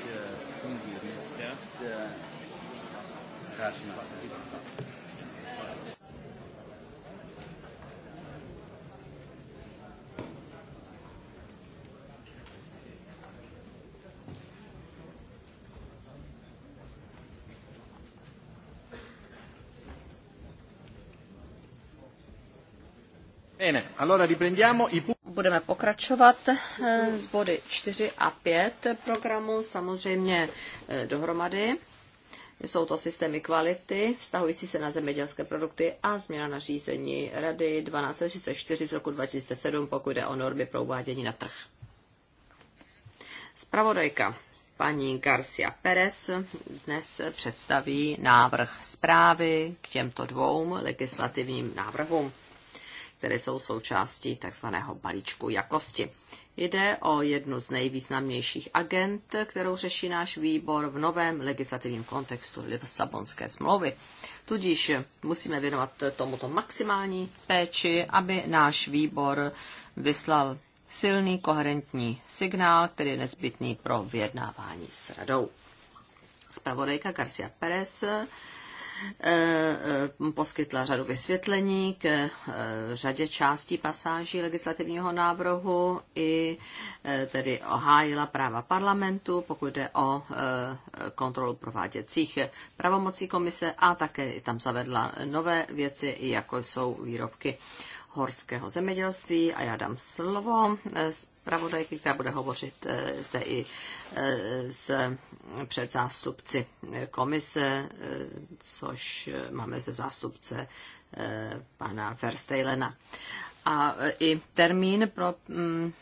Bene, allora riprendiamo i punti budeme pokračovat eh, z body 4 a 5 programu, samozřejmě eh, dohromady. Jsou to systémy kvality, vztahující se na zemědělské produkty a změna nařízení Rady 1234 z roku 2007, pokud jde o normy pro uvádění na trh. Spravodajka paní Garcia Perez dnes představí návrh zprávy k těmto dvou legislativním návrhům které jsou součástí takzvaného balíčku jakosti. Jde o jednu z nejvýznamnějších agent, kterou řeší náš výbor v novém legislativním kontextu Lisabonské smlouvy. Tudíž musíme věnovat tomuto maximální péči, aby náš výbor vyslal silný koherentní signál, který je nezbytný pro vyjednávání s radou. Spravodajka Garcia Perez Eh, eh, poskytla řadu vysvětlení k eh, řadě částí pasáží legislativního návrhu i tedy ohájila práva parlamentu, pokud jde o kontrolu prováděcích pravomocí komise a také tam zavedla nové věci, jako jsou výrobky horského zemědělství a já dám slovo zpravodajky, která bude hovořit eh, zde i eh, s eh, před zástupci komise, což máme ze zástupce pana Verstejlena. A i termín pro mm,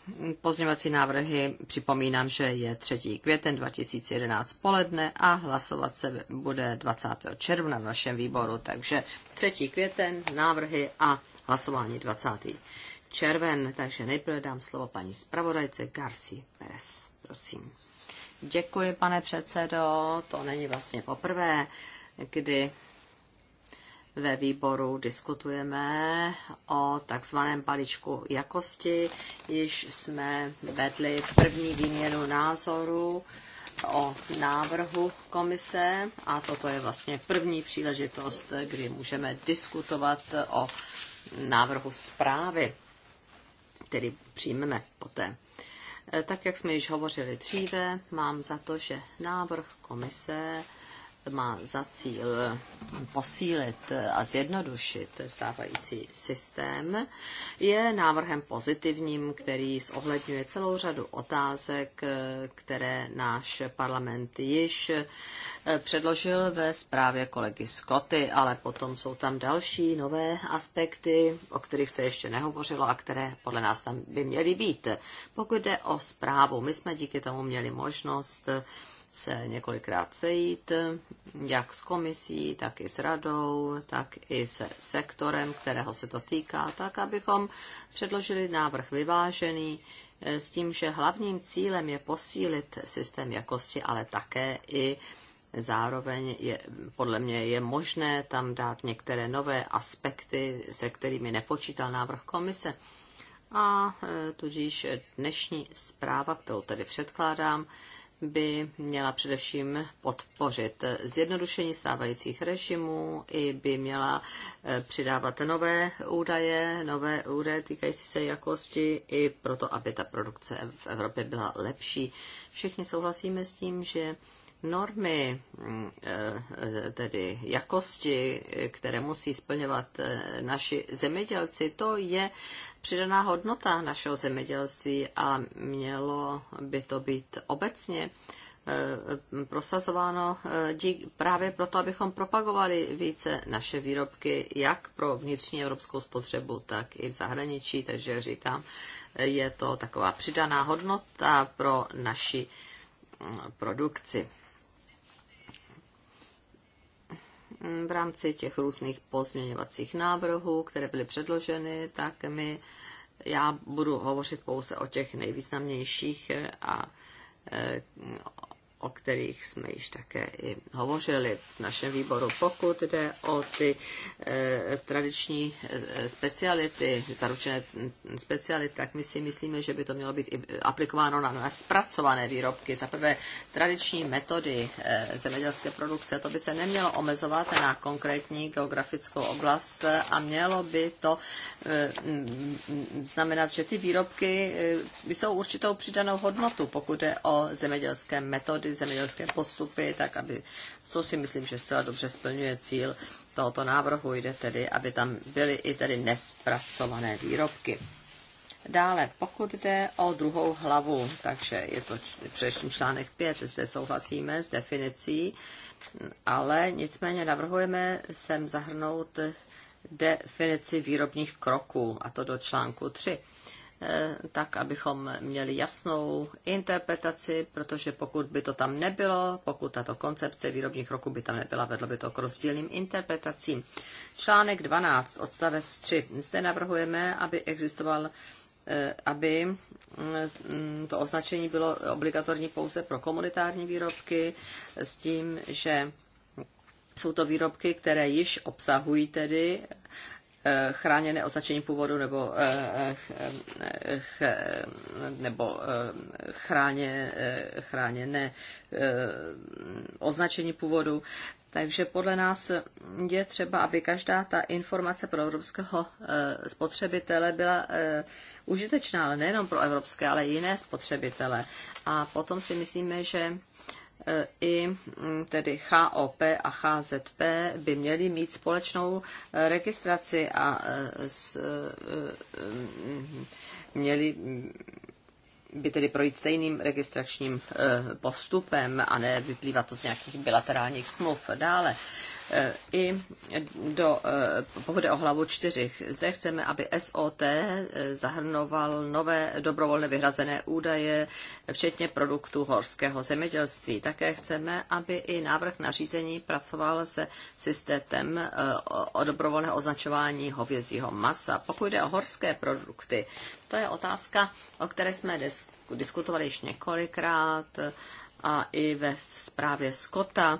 pozměňovací návrhy připomínám, že je 3. květen 2011 poledne a hlasovat se bude 20. června v našem výboru. Takže 3. květen, návrhy a hlasování 20 červen. Takže nejprve dám slovo paní zpravodajce Garci Perez. Prosím. Děkuji, pane předsedo. To není vlastně poprvé, kdy ve výboru diskutujeme o takzvaném balíčku jakosti. Již jsme vedli první výměnu názorů o návrhu komise a toto je vlastně první příležitost, kdy můžeme diskutovat o návrhu zprávy který přijmeme poté. E, tak, jak jsme již hovořili dříve, mám za to, že návrh komise má za cíl eh, posílit eh, a zjednodušit stávající systém, je návrhem pozitivním, který zohledňuje celou řadu otázek, eh, které náš parlament již předložil ve zprávě kolegy Scotty, ale potom jsou tam další nové aspekty, o kterých se ještě nehovořilo a které podle nás tam by měly být. Pokud jde o zprávu, my jsme díky tomu měli možnost se několikrát sejít, jak s komisí, tak i s radou, tak i se sektorem, kterého se to týká, tak abychom předložili návrh vyvážený eh, s tím, že hlavním cílem je posílit systém jakosti, ale také i Zároveň je, podle mě je možné tam dát některé nové aspekty, se kterými nepočítal návrh komise. A eh, tudíž dnešní zpráva, kterou tady předkládám, by měla především podpořit zjednodušení stávajících režimů i by měla eh, přidávat nové údaje, nové údaje týkající se jakosti i proto, aby ta produkce v Evropě byla lepší. Všichni souhlasíme s tím, že normy, mm, eh, tedy jakosti, které musí splňovat eh, naši zemědělci, to je přidaná hodnota našeho zemědělství a mělo by to být obecně eh, prosazováno právě proto, abychom propagovali více naše výrobky, jak pro vnitřní evropskou spotřebu, tak i v zahraničí. Takže říkám, je to taková přidaná hodnota pro naši mm, produkci. v rámci těch různých pozměňovacích návrhů, které byly předloženy, tak my, já budu hovořit pouze o těch nejvýznamnějších a eh, o kterých jsme již také i hovořili v našem výboru. Pokud jde o ty e, tradiční eh, speciality, zaručené speciality, tak my si myslíme, že by to mělo být i aplikováno na, na zpracované výrobky. Za prvé tradiční metody e, zemědělské produkce, to by se nemělo omezovat na konkrétní geografickou oblast a mělo by to e, znamenat, že ty výrobky e, jsou určitou přidanou hodnotu, pokud jde o zemědělské metody ty zemědělské postupy, tak aby, co si myslím, že zcela dobře splňuje cíl tohoto návrhu, jde tedy, aby tam byly i tedy nespracované výrobky. Dále, pokud jde o druhou hlavu, takže je to především článek 5, zde souhlasíme s definicí, ale nicméně navrhujeme sem zahrnout definici výrobních kroků, a to do článku 3. Eh, tak, abychom měli jasnou interpretaci, protože pokud by to tam nebylo, pokud tato koncepce výrobních roků by tam nebyla, vedlo by to k rozdílným interpretacím. Článek 12, odstavec 3. Zde navrhujeme, aby existoval eh, aby mm, to označení bylo obligatorní pouze pro komunitární výrobky s tím, že jsou to výrobky, které již obsahují tedy chráněné označení původu nebo, eh, eh, eh, nebo chráně, chráněné označení původu. Takže podle nás je třeba, aby každá ta informace pro evropského spotřebitele byla užitečná, ale nejenom pro evropské, ale i jiné spotřebitele. A potom si myslíme, že i mm, tedy CHOP a CHZP by měly mít společnou e, registraci a e, s, e, měly mm, by tedy projít stejným registračním postupem a ne vyplývat to z nějakých bilaterálních smluv. Dále i do, eh, pokud je o hlavu čtyřich. Zde chceme, aby SOT eh, zahrnoval nové dobrovolně vyhrazené údaje, včetně produktů horského zemědělství. Také chceme, aby i návrh nařízení pracoval se systémem eh, o dobrovolné označování hovězího masa. Pokud jde o horské produkty, to je otázka, o které jsme diskutovali již několikrát a i ve zprávě Skota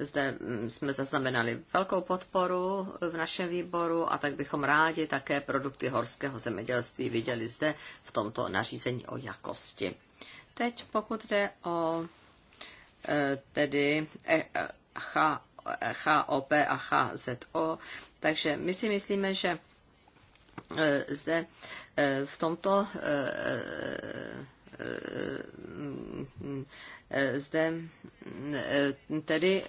zde mm, jsme zaznamenali velkou podporu v našem výboru a tak bychom rádi také produkty horského zemědělství viděli zde v tomto nařízení o jakosti. Teď pokud jde o e, tedy e, e, HOP a HZO, takže my si myslíme, že zde v tomto Eh, eh, zde eh, tedy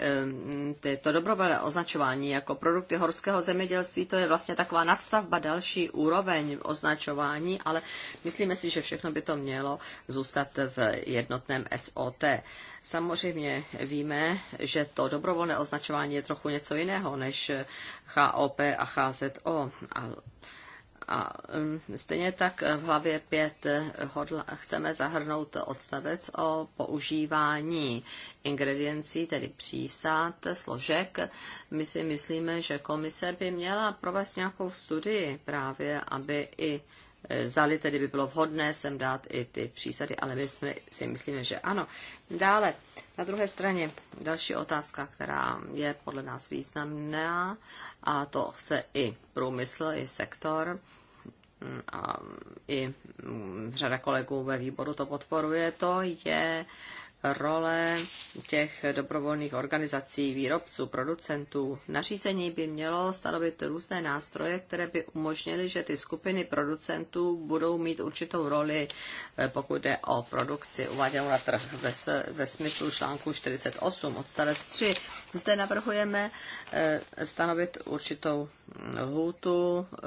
to dobrovolné označování jako produkty horského zemědělství, to je vlastně taková nadstavba další úroveň označování, ale myslíme si, že všechno by to mělo zůstat v jednotném SOT. Samozřejmě víme, že to dobrovolné označování je trochu něco jiného než HOP a HZO, ale a stejně tak v hlavě 5 eh, chceme zahrnout odstavec o používání ingrediencí, tedy přísad, složek. My si myslíme, že komise by měla provést nějakou studii právě, aby i eh, zdali tedy by bylo vhodné sem dát i ty přísady, ale my jsme, si myslíme, že ano. Dále, na druhé straně, další otázka, která je podle nás významná, a to chce i průmysl, i sektor, a i řada kolegů ve výboru to podporuje, to je role těch dobrovolných organizací, výrobců, producentů. Nařízení by mělo stanovit různé nástroje, které by umožnily, že ty skupiny producentů budou mít určitou roli, eh, pokud jde o produkci uváděnou na trh ve, ve smyslu článku 48 odstavec 3. Zde navrhujeme eh, stanovit určitou hůtu eh,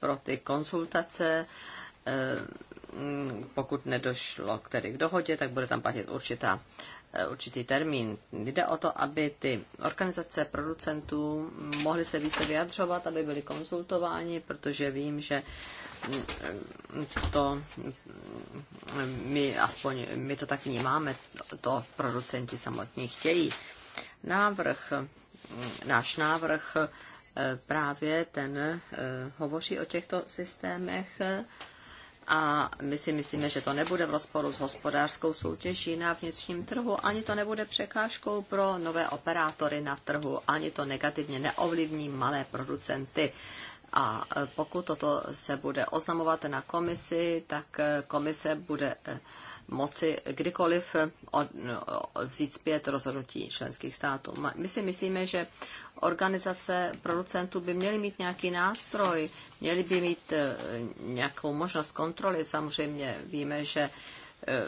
pro ty konzultace. Mm, pokud nedošlo k tedy k dohodě, tak bude tam platit určitá, eh, určitý termín. Jde o to, aby ty organizace producentů mohly se více vyjadřovat, aby byly konzultováni, protože vím, že mm, to mm, my aspoň my to tak vnímáme, to producenti samotní chtějí. Návrh, náš návrh eh, právě ten eh, hovoří o těchto systémech a my si myslíme, že to nebude v rozporu s hospodářskou soutěží na vnitřním trhu, ani to nebude překážkou pro nové operátory na trhu, ani to negativně neovlivní malé producenty. A e, pokud toto se bude oznamovat na komisi, tak e, komise bude e, moci kdykoliv od, vzít zpět rozhodnutí členských států. My si myslíme, že organizace producentů by měly mít nějaký nástroj, měly by mít eh, nějakou možnost kontroly. Samozřejmě víme, že eh,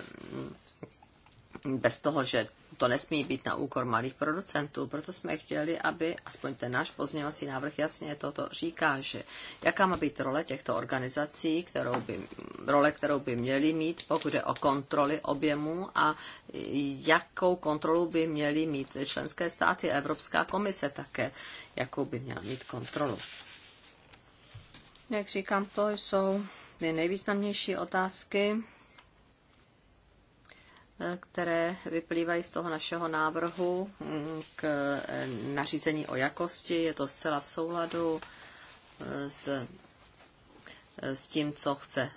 bez toho, že to nesmí být na úkor malých producentů. Proto jsme chtěli, aby aspoň ten náš pozměňovací návrh jasně toto říká, že jaká má být role těchto organizací, kterou by, role, kterou by měly mít, pokud je o kontroly objemu a jakou kontrolu by měly mít členské státy a Evropská komise také, jakou by měla mít kontrolu. Jak říkám, to jsou ty nejvýznamnější otázky, které vyplývají z toho našeho návrhu mm, k eh, nařízení o jakosti. Je to zcela v souladu eh, s, eh, s tím, co chce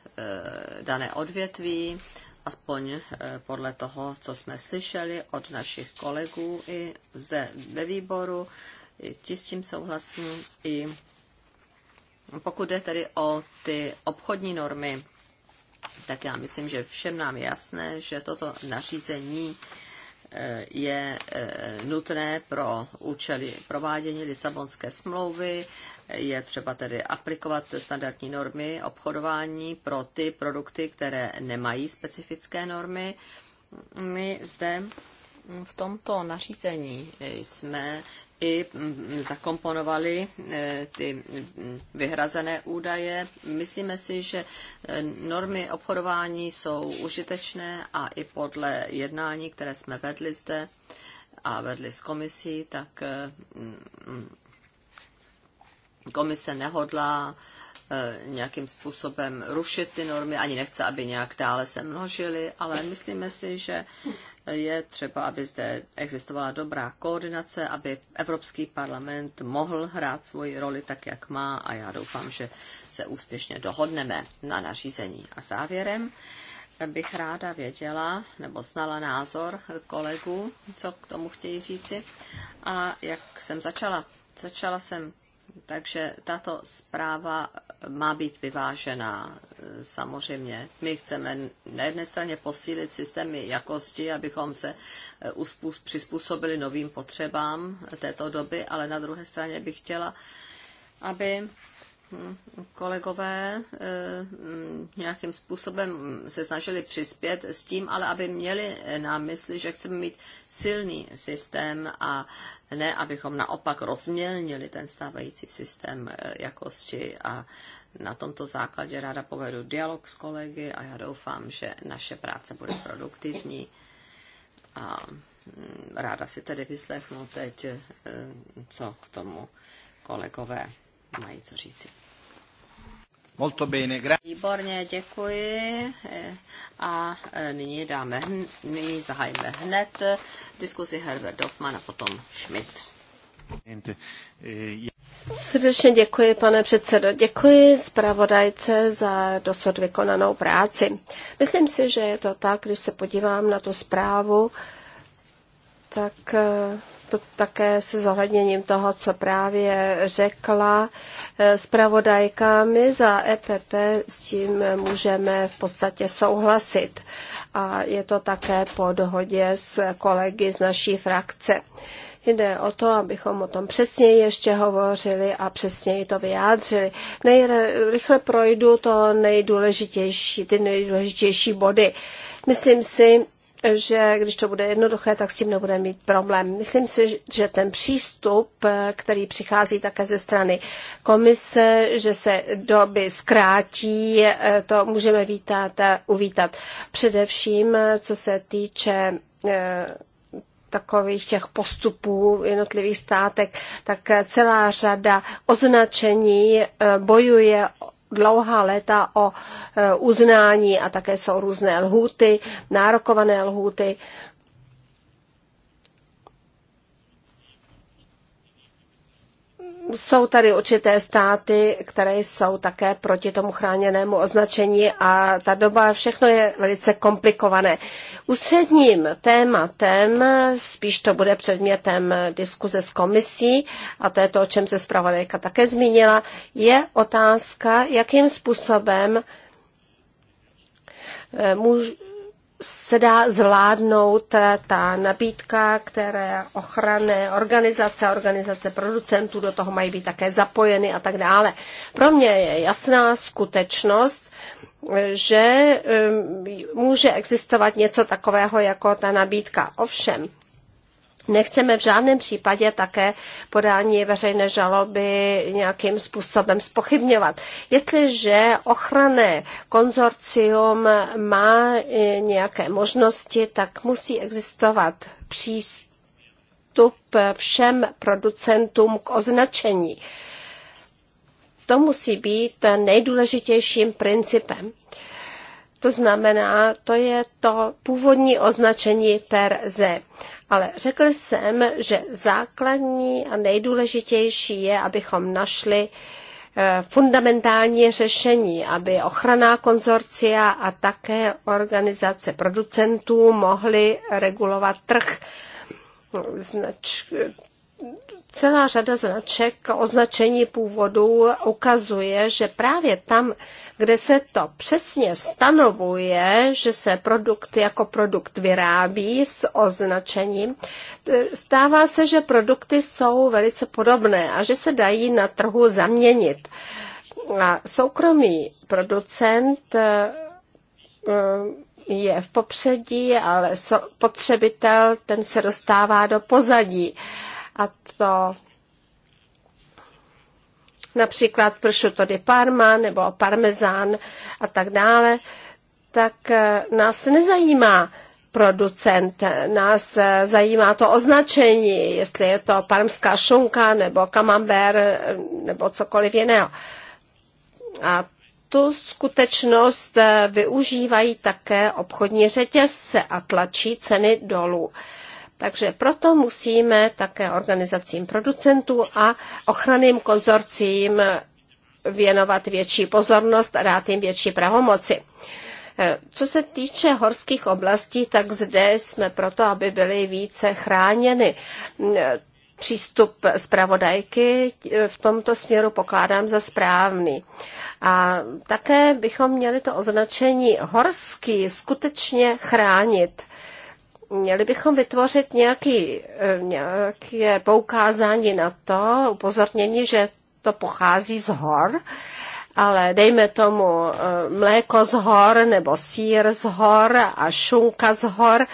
dané odvětví, aspoň podle toho, co jsme slyšeli od našich kolegů i zde ve výboru. Ti s tím souhlasím i pokud jde tedy o ty obchodní normy, tak já myslím, že všem nám je jasné, že toto nařízení eh, je eh, nutné pro účely provádění Lisabonské smlouvy. Je třeba tedy aplikovat standardní normy obchodování pro ty produkty, které nemají specifické normy. My zde v tomto nařízení jsme i zakomponovali e, ty vyhrazené údaje. Myslíme si, že e, normy obchodování jsou užitečné a i podle jednání, které jsme vedli zde a vedli s komisí, tak e, mm, komise nehodlá nějakým způsobem rušit ty normy, ani nechce, aby nějak dále se množily, ale myslíme si, že je třeba, aby zde existovala dobrá koordinace, aby Evropský parlament mohl hrát svoji roli tak, jak má a já doufám, že se úspěšně dohodneme na nařízení. A závěrem bych ráda věděla nebo znala názor kolegů, co k tomu chtějí říci. A jak jsem začala? Začala jsem takže tato zpráva má být vyvážená, samozřejmě. My chceme na jedné straně posílit systémy jakosti, abychom se eh, přizpůsobili novým potřebám této doby, ale na druhé straně bych chtěla, aby kolegové eh, nějakým způsobem se snažili přispět s tím, ale aby měli na mysli, že chceme mít silný systém a ne, abychom naopak rozmělnili ten stávající systém eh, jakosti a na tomto základě ráda povedu dialog s kolegy a já doufám, že naše práce bude produktivní a mm, ráda si tedy vyslechnu teď, eh, co k tomu kolegové mají co říci. Molto bene, gra- Výborně, děkuji. A e, nyní dáme, nyní zahájíme hned diskuzi Herbert Hoffman a potom Schmidt. E, Srdečně děkuji, pane předsedo. Děkuji zpravodajce za dosud vykonanou práci. Myslím si, že je to tak, když se podívám na tu zprávu, tak e, to také se zohledněním toho, co právě řekla eh, zpravodajka. My za EPP s tím můžeme v podstatě souhlasit a je to také po dohodě s kolegy z naší frakce. Jde o to, abychom o tom přesněji ještě hovořili a přesněji to vyjádřili. Nejrychle projdu to nejdůležitější, ty nejdůležitější body. Myslím si, že když to bude jednoduché, tak s tím nebude mít problém. Myslím si, že ten přístup, který přichází také ze strany komise, že se doby zkrátí, to můžeme vítat, uvítat. Především, co se týče eh, takových těch postupů v jednotlivých státek, tak celá řada označení eh, bojuje dlouhá léta o e, uznání a také jsou různé lhůty, nárokované lhůty. Jsou tady určité státy, které jsou také proti tomu chráněnému označení a ta doba všechno je velice komplikované. Ústředním tématem, spíš to bude předmětem diskuze s komisí, a to je to, o čem se zpravodajka také zmínila, je otázka, jakým způsobem eh, se dá zvládnout ta nabídka, které ochranné organizace, organizace producentů do toho mají být také zapojeny a tak dále. Pro mě je jasná skutečnost, že eh, může existovat něco takového jako ta nabídka. Ovšem, Nechceme v žádném případě také podání veřejné žaloby nějakým způsobem spochybňovat. Jestliže ochranné konzorcium má e, nějaké možnosti, tak musí existovat přístup všem producentům k označení. To musí být nejdůležitějším principem. To znamená, to je to původní označení per se. Ale řekl jsem, že základní a nejdůležitější je, abychom našli eh, fundamentální řešení, aby ochraná konzorcia a také organizace producentů mohly regulovat trh. Znač, celá řada značek označení původu ukazuje, že právě tam, kde se to přesně stanovuje, že se produkt jako produkt vyrábí s označením, stává se, že produkty jsou velice podobné a že se dají na trhu zaměnit. A soukromý producent eh, je v popředí, ale potřebitel ten se dostává do pozadí. A to například prosciutto di Parma nebo parmezán a tak dále, tak eh, nás nezajímá producent. Nás eh, zajímá to označení, jestli je to parmská šunka nebo kamamber eh, nebo cokoliv jiného. A tu skutečnost využívají také obchodní řetězce a tlačí ceny dolů. Takže proto musíme také organizacím producentů a ochranným konzorcím věnovat větší pozornost a dát jim větší pravomoci. Eh, co se týče horských oblastí, tak zde jsme proto, aby byly více chráněny. Mm, eh, přístup zpravodajky eh, v tomto směru pokládám za správný. A také bychom měli to označení horský skutečně chránit Měli bychom vytvořit nějaký, eh, nějaké poukázání na to, upozornění, že to pochází z hor, ale dejme tomu eh, mléko z hor nebo sír z hor a šunka z hor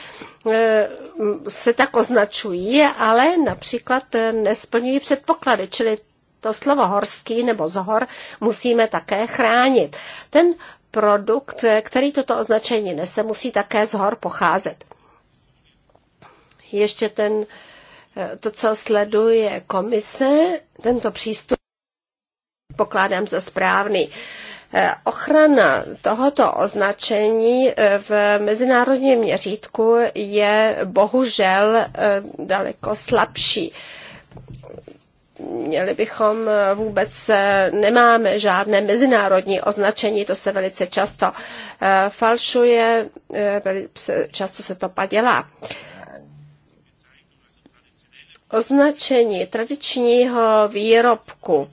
eh, mm, se tak označují, ale například nesplňují předpoklady, čili to slovo horský nebo z hor musíme také chránit. Ten produkt, který toto označení nese, musí také z hor pocházet ještě ten, eh, to, co sleduje komise, tento přístup pokládám za správný. Eh, ochrana tohoto označení eh, v mezinárodním měřítku je bohužel daleko slabší. Měli bychom vůbec, nemáme žádné mezinárodní označení, to se velice často falšuje, velice často se to padělá. dělá označení tradičního výrobku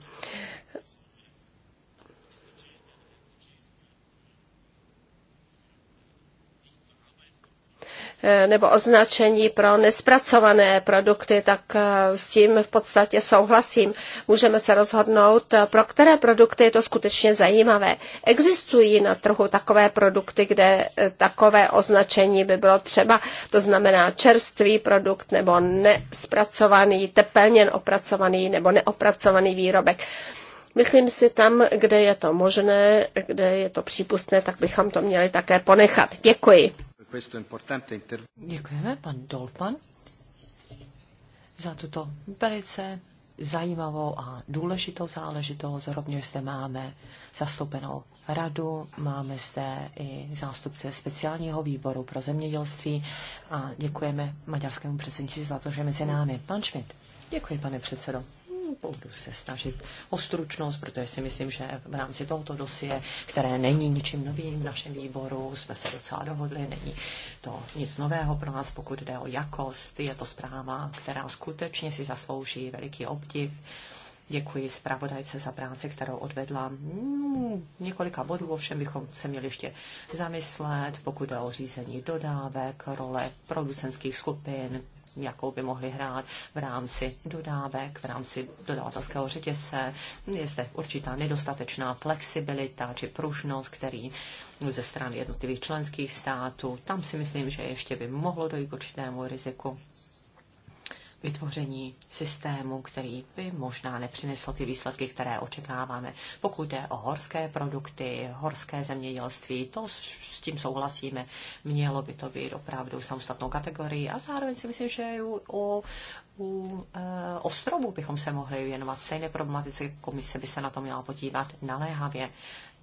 Eh, nebo označení pro nespracované produkty, tak eh, s tím v podstatě souhlasím. Můžeme se rozhodnout, eh, pro které produkty je to skutečně zajímavé. Existují na trhu takové produkty, kde takové označení by bylo třeba, to znamená čerstvý produkt nebo nespracovaný, tepelně opracovaný nebo neopracovaný výrobek. Myslím si, tam, kde je to možné, kde je to přípustné, tak bychom to měli také ponechat. Děkuji questo importante intervento. Děkujeme, pan Dolpan, za tuto velice zajímavou a důležitou záležitost. Rovněž zde máme zastoupenou radu, máme zde i zástupce speciálního výboru pro zemědělství a děkujeme maďarskému předsednictví za to, že mezi námi. Pan Schmidt. Děkuji, pane předsedo. Budu se snažit o stručnost, protože si myslím, že v rámci tohoto dosie, které není ničím novým v našem výboru, jsme se docela dohodli, není to nic nového pro nás, pokud jde o jakost. Je to zpráva, která skutečně si zaslouží veliký obdiv. Děkuji zpravodajce za práci, kterou odvedla. Mm, několika bodů ovšem bychom se měli ještě zamyslet, pokud jde o řízení dodávek, role producentských skupin, jakou by mohli hrát v rámci dodávek, v rámci dodavatelského řetězce. Je zde určitá nedostatečná flexibilita či pružnost, který ze strany jednotlivých členských států. Tam si myslím, že ještě by mohlo dojít k určitému riziku vytvoření systému, který by možná nepřinesl ty výsledky, které očekáváme. Pokud jde o horské produkty, horské zemědělství, to s tím souhlasíme. Mělo by to být opravdu samostatnou kategorii a zároveň si myslím, že u, u u e, ostrovů bychom se mohli věnovat. Stejné problematice komise by se na to měla podívat naléhavě.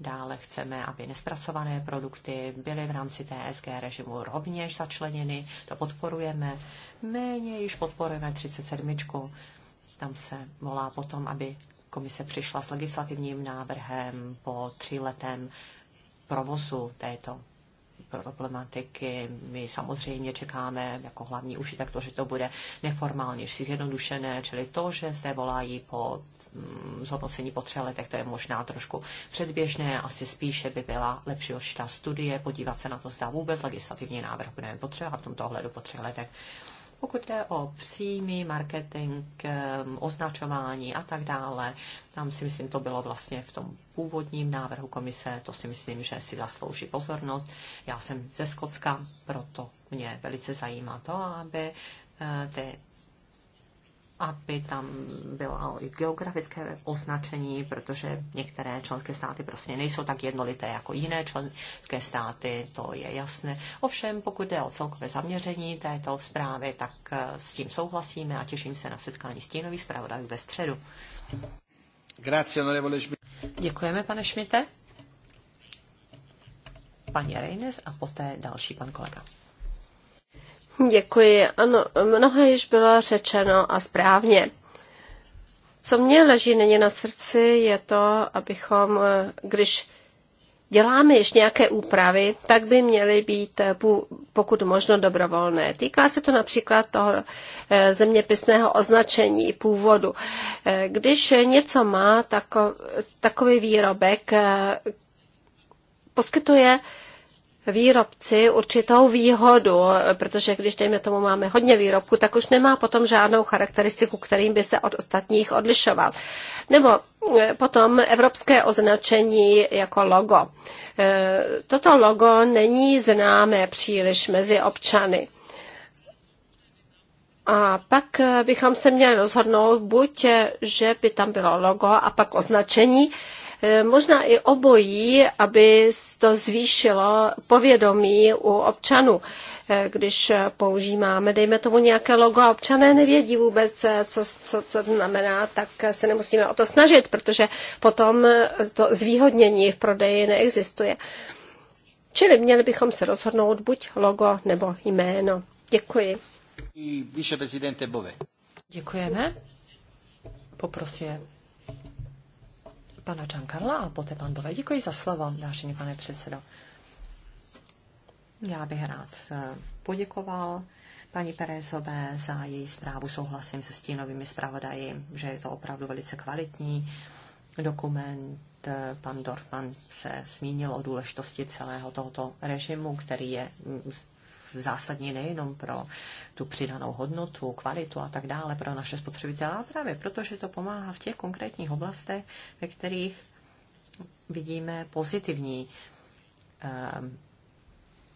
Dále chceme, aby nespracované produkty byly v rámci TSG režimu rovněž začleněny. To podporujeme. Méně již podporujeme 37. Tam se volá potom, aby komise přišla s legislativním návrhem po tříletém provozu této problematiky. My samozřejmě čekáme jako hlavní tak to, že to bude neformálně že zjednodušené, čili to, že zde volají po mm, zhodnocení po třech letech, to je možná trošku předběžné, asi spíše by byla lepší určitá studie, podívat se na to, zda vůbec legislativní návrh budeme potřebovat v tomto ohledu po třech letech. Pokud jde o příjmy, marketing, označování a tak dále, tam si myslím, to bylo vlastně v tom původním návrhu komise, to si myslím, že si zaslouží pozornost. Já jsem ze Skotska, proto mě velice zajímá to, aby eh, ty aby tam bylo i geografické označení, protože některé členské státy prostě nejsou tak jednolité jako jiné členské státy, to je jasné. Ovšem, pokud jde o celkové zaměření této zprávy, tak eh, s tím souhlasíme a těším se na setkání stínových zpravodajů ve středu. Děkujeme, pane Šmite. Paní Reines a poté další pan kolega. Děkuji. Ano, mnohé již bylo řečeno a správně. Co mě leží nyní na srdci, je to, abychom, eh, když děláme ještě nějaké úpravy, tak by měly být eh, pokud možno dobrovolné. Týká se to například toho eh, zeměpisného označení původu. Když něco má takový výrobek, poskytuje výrobci určitou výhodu, protože když, dejme tomu, máme hodně výrobku, tak už nemá potom žádnou charakteristiku, kterým by se od ostatních odlišoval. Nebo eh, potom evropské označení jako logo. Eh, toto logo není známé příliš mezi občany. A pak eh, bychom se měli rozhodnout buď, že by tam bylo logo a pak označení, Eh, možná i obojí, aby to zvýšilo povědomí u občanů. Eh, když používáme, dejme tomu nějaké logo a občané nevědí vůbec, eh, co, co, co znamená, tak se nemusíme o to snažit, protože potom to zvýhodnění v prodeji neexistuje. Čili měli bychom se rozhodnout buď logo nebo jméno. Děkuji. Děkujeme. Poprosím pana Giancarla a poté pan Dole. Děkuji za slovo, vážený pane předsedo. Já bych rád eh, poděkoval paní Perezové za její zprávu. Souhlasím se stínovými zpravodaji, že je to opravdu velice kvalitní dokument. Pan Dorfman se zmínil o důležitosti celého tohoto režimu, který je mm, zásadní nejenom pro tu přidanou hodnotu, kvalitu a tak dále pro naše spotřebitele, ale právě protože to pomáhá v těch konkrétních oblastech, ve kterých vidíme pozitivní eh,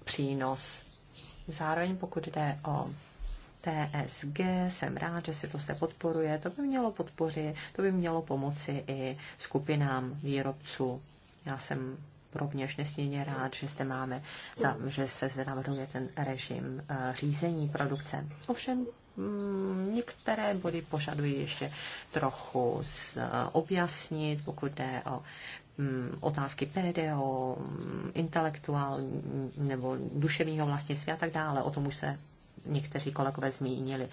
přínos. Zároveň pokud jde o TSG, jsem rád, že se to se podporuje, to by mělo podpořit, to by mělo pomoci i skupinám výrobců. Já jsem rovněž nesmírně rád, že zde máme, za, že se zde navrhuje ten režim eh, řízení produkce. Ovšem mm, některé body požadují ještě trochu z, eh, objasnit, pokud jde o mm, otázky PDO, mm, intelektuální nebo duševního vlastnictví a tak dále. O tom už se někteří kolegové zmínili.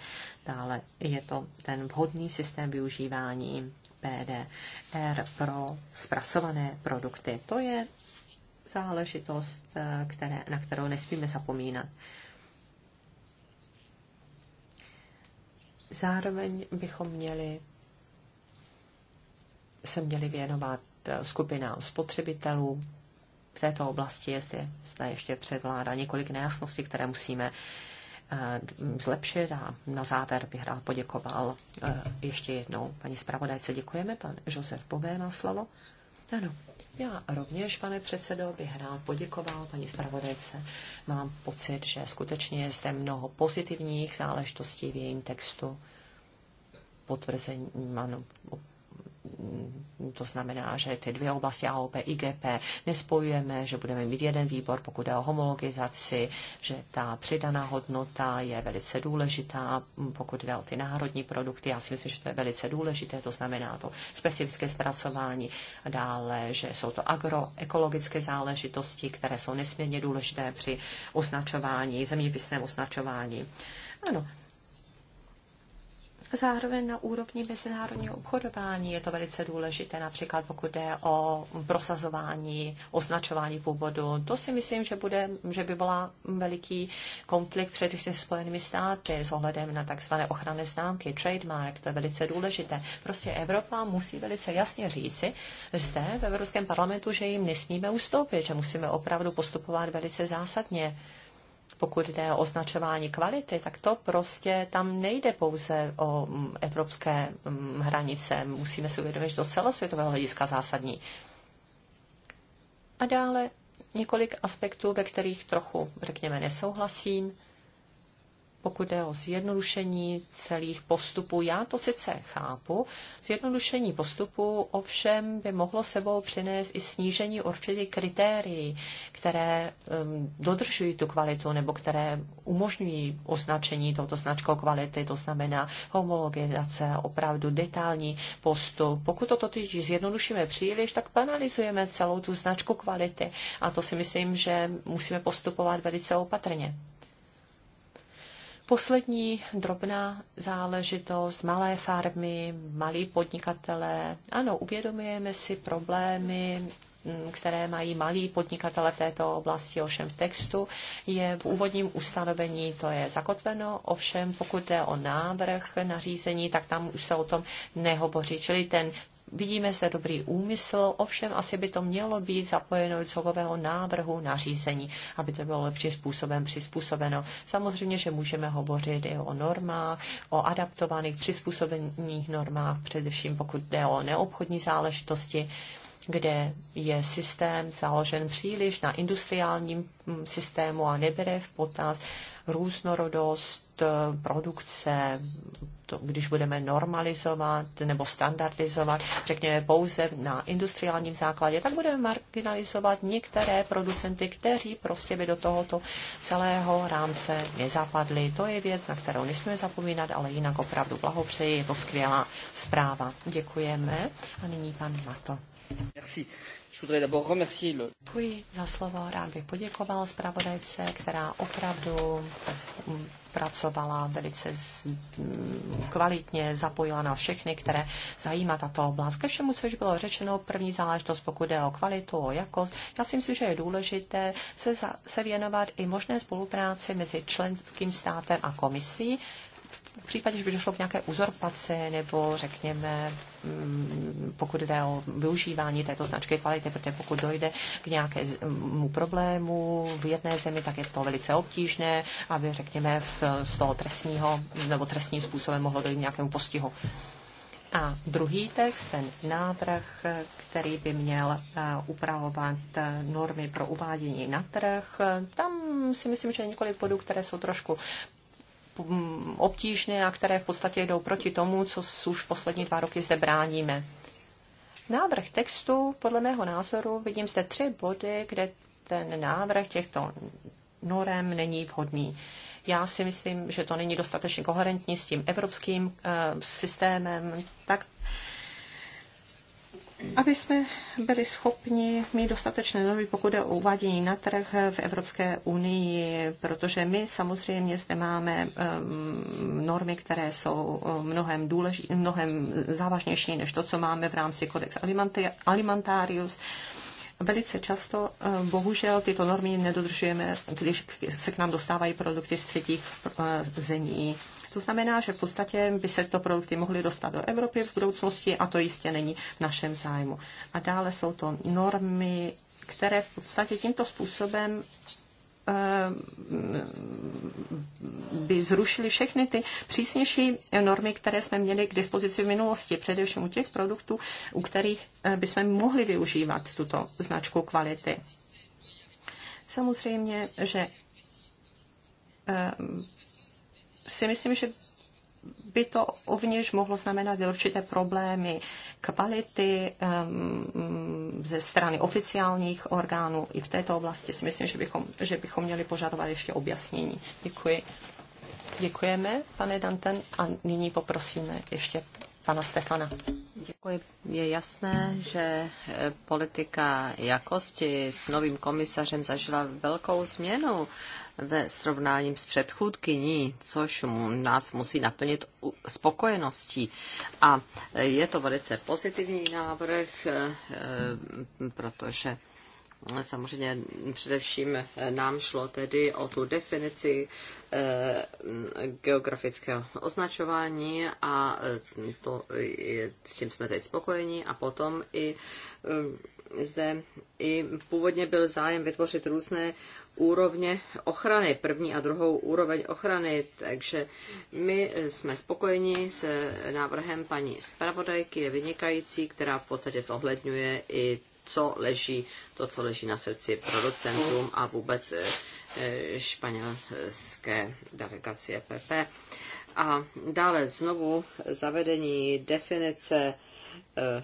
Dále je to ten vhodný systém využívání PDR pro zpracované produkty. To je záležitost, eh, které, na kterou nesmíme zapomínat. Zároveň bychom měli se měli věnovat eh, skupinám spotřebitelů. V této oblasti jestli zde, ještě předvládá několik nejasností, které musíme eh, zlepšit a na závěr bych rád poděkoval ještě jednou paní zpravodajce. Děkujeme, pan Josef Bové má slovo. Ano. Já rovněž, pane předsedo, bych rád poděkoval paní zpravodajce. Mám pocit, že skutečně je zde mnoho pozitivních záležitostí v jejím textu. Potvrzení, ano, Mm, to znamená, že ty dvě oblasti AOP, IGP nespojujeme, že budeme mít jeden výbor, pokud je o homologizaci, že ta přidaná hodnota je velice důležitá, mm, pokud jde o ty národní produkty, já si myslím, že to je velice důležité, to znamená to specifické zpracování, dále, že jsou to agroekologické záležitosti, které jsou nesmírně důležité při označování, zeměpisném označování. Ano, Zároveň na úrovni mezinárodního obchodování je to velice důležité, například pokud jde o prosazování, označování původu. To si myslím, že, bude, že by byla veliký konflikt především s Spojenými státy s ohledem na tzv. ochranné známky, trademark, to je velice důležité. Prostě Evropa musí velice jasně říci zde v Evropském parlamentu, že jim nesmíme ustoupit, že musíme opravdu postupovat velice zásadně pokud jde o označování kvality, tak to prostě tam nejde pouze o mm, evropské mm, hranice. Musíme si uvědomit, že to celosvětového hlediska zásadní. A dále několik aspektů, ve kterých trochu, řekněme, nesouhlasím pokud jde o zjednodušení celých postupů. Já to sice chápu, zjednodušení postupů ovšem by mohlo sebou přinést i snížení určitých kritérií, které um, dodržují tu kvalitu nebo které umožňují označení touto značkou kvality, to znamená homologizace, opravdu detailní postup. Pokud to totiž zjednodušíme příliš, tak penalizujeme celou tu značku kvality a to si myslím, že musíme postupovat velice opatrně. Poslední drobná záležitost, malé farmy, malí podnikatelé. Ano, uvědomujeme si problémy, mm, které mají malí podnikatele v této oblasti, ovšem v textu je v úvodním ustanovení, to je zakotveno, ovšem pokud jde o návrh nařízení, tak tam už se o tom nehovoří. Čili ten Vidíme zde dobrý úmysl, ovšem asi by to mělo být zapojeno do celkového návrhu nařízení, aby to bylo lepším způsobem přizpůsobeno. Samozřejmě, že můžeme hovořit i o normách, o adaptovaných přizpůsobených normách, především pokud jde o neobchodní záležitosti kde je systém založen příliš na industriálním mm, systému a nebere v potaz různorodost eh, produkce, to, když budeme normalizovat nebo standardizovat, řekněme pouze na industriálním základě, tak budeme marginalizovat některé producenty, kteří prostě by do tohoto celého rámce nezapadli. To je věc, na kterou nesmíme zapomínat, ale jinak opravdu blahopřeji, je to skvělá zpráva. Děkujeme. A nyní pan Mato. Merci. Děkuji za slovo. Rád bych poděkoval zpravodajce, která opravdu mm, pracovala velice mm, kvalitně, zapojila na všechny, které zajímá tato oblast. Ke všemu, což bylo řečeno, první záležitost, pokud jde o kvalitu, o jakost, já si myslím, že je důležité se, za, se věnovat i možné spolupráci mezi členským státem a komisí, v případě, že by došlo k nějaké uzorpaci nebo řekněme, mm, pokud jde o využívání této značky kvality, protože pokud dojde k nějakému mm, problému v jedné zemi, tak je to velice obtížné, aby řekněme v, z toho trestního nebo trestním způsobem mohlo dojít k nějakému postihu. A druhý text, ten návrh, který by měl eh, upravovat eh, normy pro uvádění na trh, eh, tam si myslím, že je několik bodů, které jsou trošku Mm, obtížné a které v podstatě jdou proti tomu, co už poslední dva roky zde bráníme. Návrh textu, podle mého názoru, vidím zde tři body, kde ten návrh těchto norem není vhodný. Já si myslím, že to není dostatečně koherentní s tím evropským e, systémem, tak aby jsme byli schopni mít dostatečné normy, pokud je o uvádění na trh v Evropské unii, protože my samozřejmě zde máme um, normy, které jsou ehm, mnohem, důleží, mnohem závažnější než to, co máme v rámci kodex Alimentarius. Velice často, ehm, bohužel, tyto normy nedodržujeme, když se k nám dostávají produkty z třetích zemí. To znamená, že v podstatě by se to produkty mohly dostat do Evropy v budoucnosti a to jistě není v našem zájmu. A dále jsou to normy, které v podstatě tímto způsobem eh, by zrušili všechny ty přísnější normy, které jsme měli k dispozici v minulosti, především u těch produktů, u kterých eh, bychom mohli využívat tuto značku kvality. Samozřejmě, že eh, si myslím, že by to uvnitř mohlo znamenat určité problémy kvality um, ze strany oficiálních orgánů. I v této oblasti si myslím, že bychom, že bychom měli požadovat ještě objasnění. Děkuji. Děkujeme, pane Danten, a nyní poprosíme ještě pana Stefana. Děkuji. Je jasné, že eh, politika jakosti s novým komisařem zažila velkou změnu ve srovnáním s předchůdkyní, což nás musí naplnit spokojeností. A e, je to velice pozitivní návrh, e, e, protože Samozřejmě především nám šlo tedy o tu definici geografického označování a to, s čím jsme teď spokojeni. A potom i zde i původně byl zájem vytvořit různé úrovně ochrany, první a druhou úroveň ochrany. Takže my jsme spokojeni s návrhem paní zpravodajky, je vynikající, která v podstatě zohledňuje i co leží, to, co leží na srdci producentům a vůbec eh, španělské delegaci PP. E a dále znovu zavedení definice eh,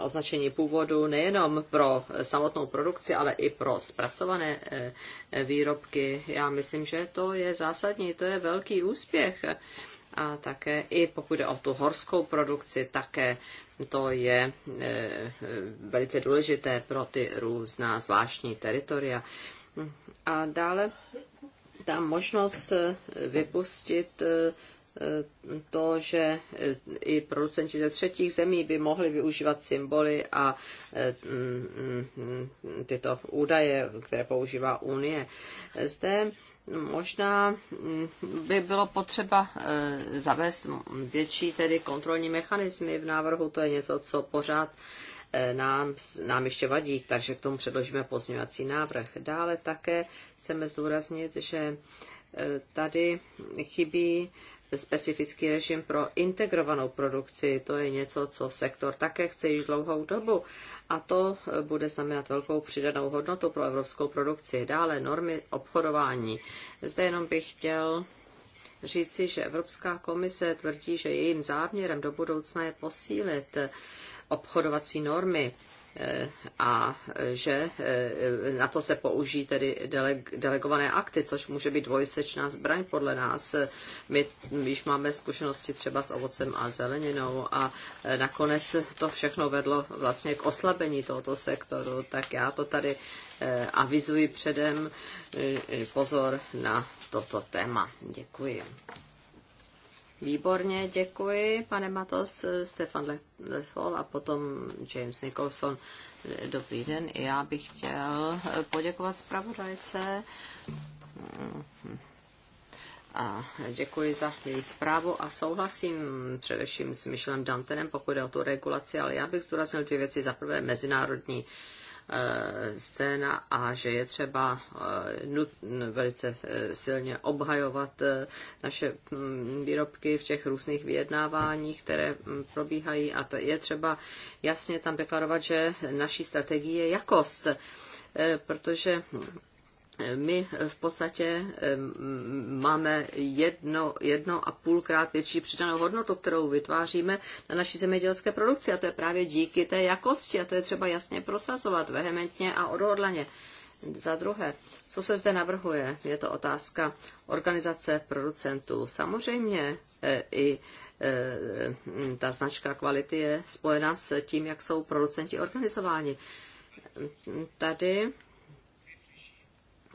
označení původu nejenom pro samotnou produkci, ale i pro zpracované eh, eh, výrobky. Já myslím, že to je zásadní, to je velký úspěch. A také i pokud jde o tu horskou produkci, také to je eh, velice důležité pro ty různá zvláštní teritoria. A dále ta možnost vypustit to, že eh, i producenti ze třetích zemí by mohli využívat symboly a eh, mm, mm, tyto údaje, které používá Unie. Zde možná mm, by bylo potřeba eh, zavést větší tedy kontrolní mechanismy v návrhu. To je něco, co pořád nám, nám ještě vadí, takže k tomu předložíme pozměňovací návrh. Dále také chceme zdůraznit, že tady chybí specifický režim pro integrovanou produkci. To je něco, co sektor také chce již dlouhou dobu a to eh, bude znamenat velkou přidanou hodnotu pro evropskou produkci. Dále normy obchodování. Zde jenom bych chtěl říci, že Evropská komise tvrdí, že jejím záměrem do budoucna je posílit obchodovací normy a že eh, na to se použijí tedy delegované akty, což může být dvojsečná zbraň podle nás. My již máme zkušenosti třeba s ovocem a zeleninou a eh, nakonec to všechno vedlo vlastně k oslabení tohoto sektoru, tak já to tady eh, avizuji předem pozor na toto téma. Děkuji. Výborně, děkuji, pane Matos, Stefan Lefol a potom James Nicholson. Dobrý den, já bych chtěl poděkovat zpravodajce a děkuji za její zprávu a souhlasím především s Michelem Dantenem, pokud jde o tu regulaci, ale já bych zdůraznil dvě věci. Za prvé mezinárodní Eh, scéna a že je třeba eh, velice eh, silně obhajovat naše mm, výrobky v těch různých vyjednáváních, které mm, probíhají a je třeba jasně tam deklarovat, že naší strategií je jakost, protože my v podstatě máme jedno, jedno a půlkrát větší přidanou hodnotu, kterou vytváříme na naší zemědělské produkci. A to je právě díky té jakosti. A to je třeba jasně prosazovat vehementně a odhodlaně. Za druhé, co se zde navrhuje? Je to otázka organizace producentů. Samozřejmě e, i e, ta značka kvality je spojena s tím, jak jsou producenti organizováni. Tady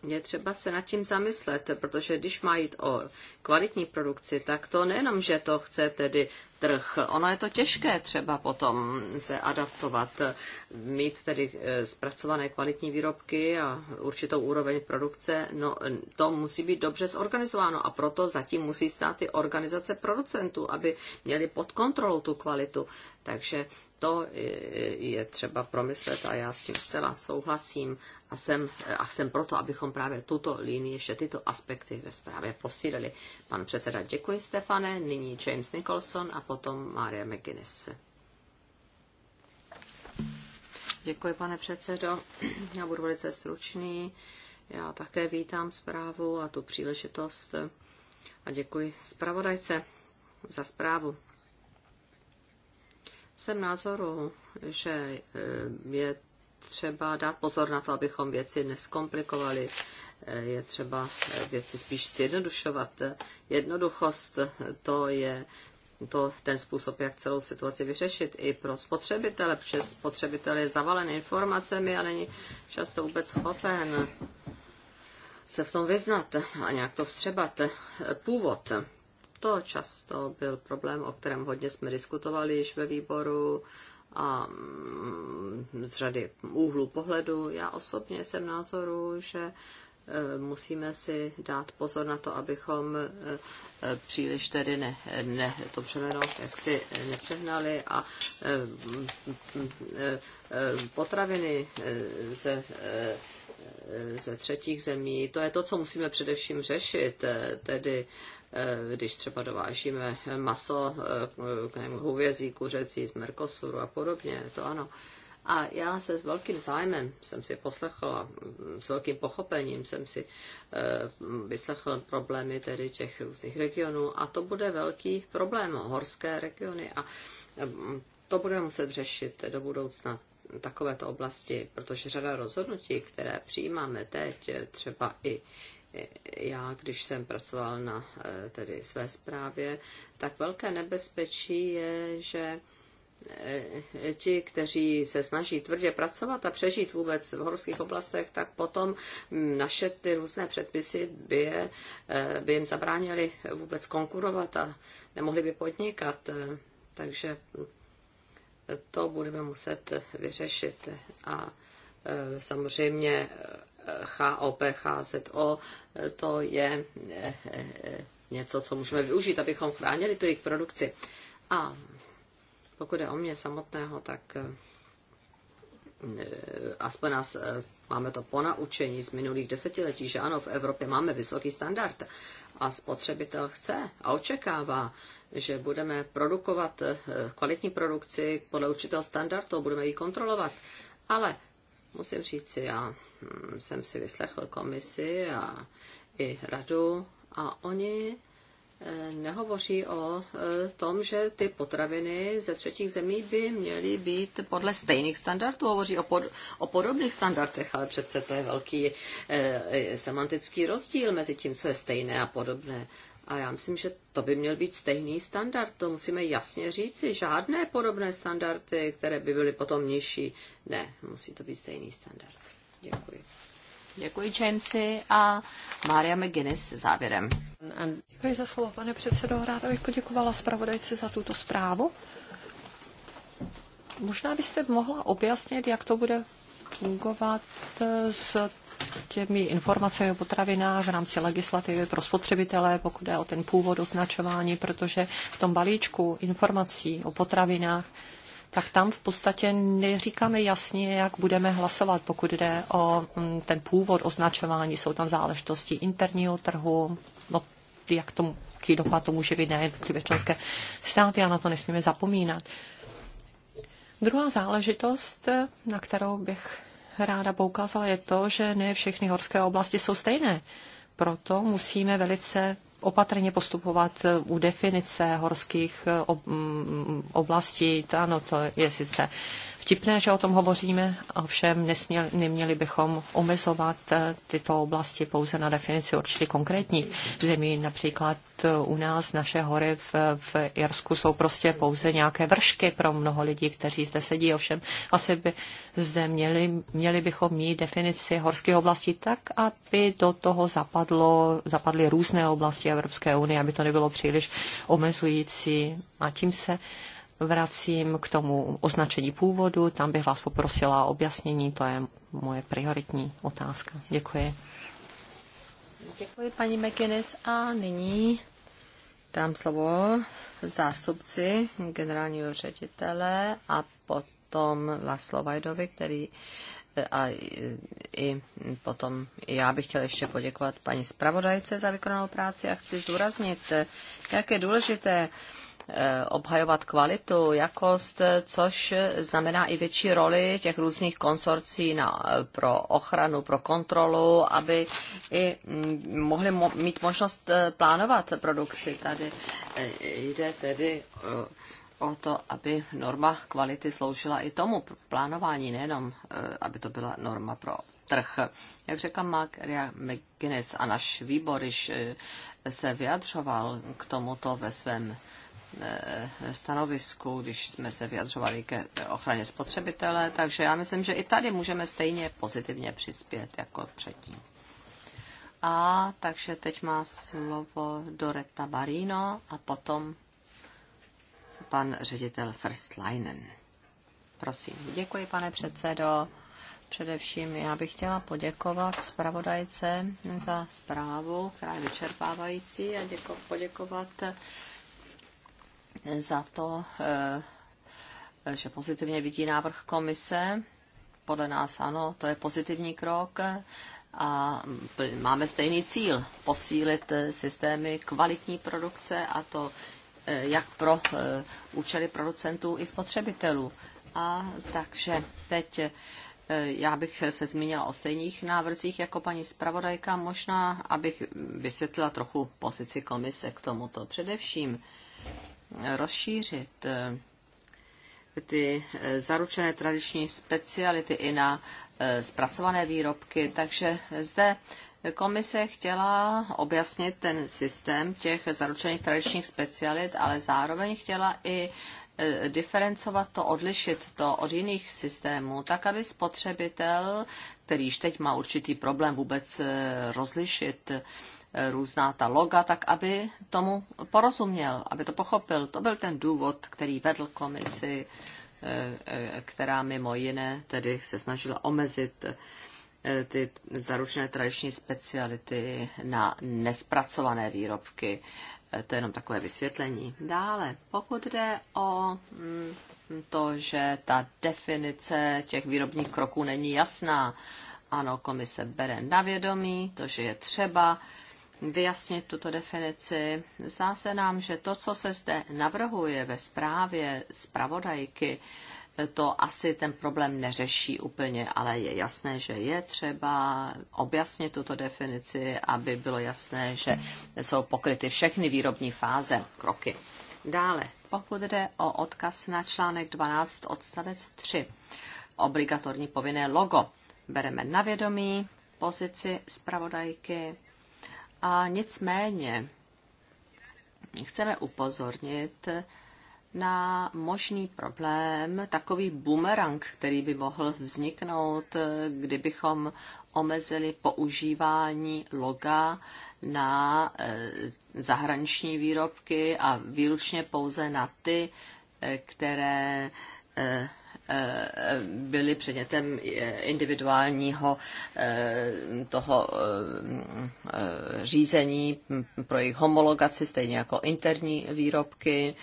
je třeba se nad tím zamyslet, protože když má jít o kvalitní produkci, tak to nejenom, že to chce tedy trh. Ono je to těžké třeba potom se adaptovat, mít tedy eh, zpracované kvalitní výrobky a určitou úroveň produkce. No, to musí být dobře zorganizováno a proto zatím musí stát i organizace producentů, aby měli pod kontrolou tu kvalitu. Takže to eh, je třeba promyslet a já s tím zcela souhlasím a jsem, a jsem proto, abychom právě tuto línii, ještě tyto aspekty ve zprávě posílili. Pan předseda, děkuji Stefane, nyní James Nicholson a potom Mária McGuinness. Děkuji, pane předsedo. Já budu velice stručný. Já také vítám zprávu a tu příležitost a děkuji zpravodajce za zprávu. Jsem názoru, že eh, je třeba dát pozor na to, abychom věci neskomplikovali. Eh, je třeba eh, věci spíš zjednodušovat. Jednoduchost to je to, ten způsob, jak celou situaci vyřešit i pro spotřebitele, protože spotřebitel je zavalen informacemi a není často vůbec schopen se v tom vyznat a nějak to vstřebat. Původ. To často byl problém, o kterém hodně jsme diskutovali již ve výboru a mm, z řady úhlů pohledu. Já osobně jsem názoru, že Eh, musíme si dát pozor na to, abychom eh, příliš tedy ne, ne to břemeno jaksi nepřehnali a eh, mm, potraviny ze, ze třetích zemí, to je to, co musíme především řešit, tedy když třeba dovážíme maso, hůvězí, kuřecí z Mercosuru a podobně, to ano. A já se s velkým zájmem jsem si poslechla, mm, s velkým pochopením jsem si eh, vyslechl problémy tedy těch různých regionů a to bude velký problém, horské regiony a mm, to bude muset řešit do budoucna takovéto oblasti, protože řada rozhodnutí, které přijímáme teď, eh, třeba i já, když jsem pracoval na eh, tedy své zprávě, tak velké nebezpečí je, že ti, kteří se snaží tvrdě pracovat a přežít vůbec v horských oblastech, tak potom naše ty různé předpisy by, je, eh, by jim zabránili vůbec konkurovat a nemohli by podnikat. Takže to budeme muset vyřešit. A eh, samozřejmě HOP, eh, HZO, to je něco, co můžeme využít, abychom chránili tu jejich produkci. A pokud je o mě samotného, tak eh, eh, aspoň nás eh, máme to ponaučení z minulých desetiletí, že ano, v Evropě máme vysoký standard a spotřebitel chce a očekává, že budeme produkovat kvalitní produkci podle určitého standardu, budeme ji kontrolovat. Ale musím říct, já hm, jsem si vyslechl komisi a i radu a oni nehovoří o e, tom, že ty potraviny ze třetích zemí by měly být podle stejných standardů. Hovoří o, pod, o podobných standardech, ale přece to je velký eh, semantický rozdíl mezi tím, co je stejné a podobné. A já myslím, že to by měl být stejný standard, to musíme jasně říci. Žádné podobné standardy, které by byly potom nižší. Ne, musí to být stejný standard. Děkuji. Děkuji Jamesy a Mária McGuinness závěrem. Děkuji za slovo, pane předsedo. Ráda bych poděkovala zpravodajci za tuto zprávu. Možná byste mohla objasnit, jak to bude fungovat eh, s těmi informacemi o potravinách v rámci legislativy pro spotřebitele, pokud je o ten původ označování, protože v tom balíčku informací o potravinách tak tam v podstatě neříkáme jasně, jak budeme hlasovat, pokud jde o mm, ten původ označování. Jsou tam záležitosti interního trhu, no, jak to, jaký dopad to může být na jednotlivé členské státy a na to nesmíme zapomínat. Druhá záležitost, na kterou bych ráda poukázala, je to, že ne všechny horské oblasti jsou stejné. Proto musíme velice opatrně postupovat eh, u definice horských eh, mm, oblastí. To ano, to je sice vtipné, že o tom hovoříme, ovšem nesměl, neměli bychom omezovat eh, tyto oblasti pouze na definici určitě konkrétní zemí. Například eh, u nás naše hory v, v Irsku jsou prostě pouze nějaké vršky pro mnoho lidí, kteří zde sedí. Ovšem asi by zde měli, měli bychom mít definici horských oblastí tak, aby do toho zapadlo, zapadly různé oblasti Evropské unie, aby to nebylo příliš omezující. A tím se vracím k tomu označení původu. Tam bych vás poprosila o objasnění, to je moje prioritní otázka. Děkuji. Děkuji paní McInnes a nyní dám slovo zástupci generálního ředitele a potom Laslo Vajdovi, který eh, a i potom já bych chtěla ještě poděkovat paní zpravodajce za vykonanou práci a chci zdůraznit, eh, jak je důležité Eh, obhajovat kvalitu, jakost, což znamená i větší roli těch různých konsorcí na, eh, pro ochranu, pro kontrolu, aby i mm, mohli mo- mít možnost eh, plánovat produkci. Tady jde tedy o to, aby norma kvality sloužila i tomu plánování, nejenom aby to byla norma pro trh. Jak řekla Maria McGuinness a náš výbor když se vyjadřoval k tomuto ve svém Eh, stanovisku, když jsme se vyjadřovali ke ochraně spotřebitele, takže já myslím, že i tady můžeme stejně pozitivně přispět jako předtím. A takže teď má slovo Doretta Barino a potom pan ředitel Ferstleinen. Prosím. Děkuji, pane předsedo. Především já bych chtěla poděkovat zpravodajce za zprávu, která je vyčerpávající a děko- poděkovat za to, eh, že pozitivně vidí návrh komise. Podle nás ano, to je pozitivní krok a máme stejný cíl posílit eh, systémy kvalitní produkce a to eh, jak pro účely producentů i spotřebitelů. A takže teď já bych se zmínila o stejných návrzích jako paní zpravodajka, možná abych vysvětlila trochu pozici komise k tomuto. Především rozšířit eh, ty eh, zaručené tradiční speciality i na eh, zpracované výrobky. Takže zde komise chtěla objasnit ten systém těch zaručených tradičních specialit, ale zároveň chtěla i diferencovat to, odlišit to od jiných systémů, tak aby spotřebitel, který již teď má určitý problém vůbec rozlišit různá ta loga, tak aby tomu porozuměl, aby to pochopil. To byl ten důvod, který vedl komisi, eh, eh, která mimo jiné tedy se snažila omezit eh, ty zaručené tradiční speciality na nespracované výrobky. To je jenom takové vysvětlení. Dále, pokud jde o mm, to, že ta definice těch výrobních kroků není jasná, ano, komise bere na vědomí, to, že je třeba vyjasnit tuto definici. Zdá se nám, že to, co se zde navrhuje ve zprávě zpravodajky, to asi ten problém neřeší úplně, ale je jasné, že je třeba objasnit tuto definici, aby bylo jasné, že jsou pokryty všechny výrobní fáze, kroky. Dále, pokud jde o odkaz na článek 12 odstavec 3, obligatorní povinné logo, bereme na vědomí pozici zpravodajky a nicméně chceme upozornit na možný problém, takový bumerang, který by mohl vzniknout, kdybychom omezili používání loga na eh, zahraniční výrobky a výlučně pouze na ty, eh, které eh, Eh, byly předmětem eh, individuálního eh, toho řízení pro jejich homologaci, stejně jako interní výrobky.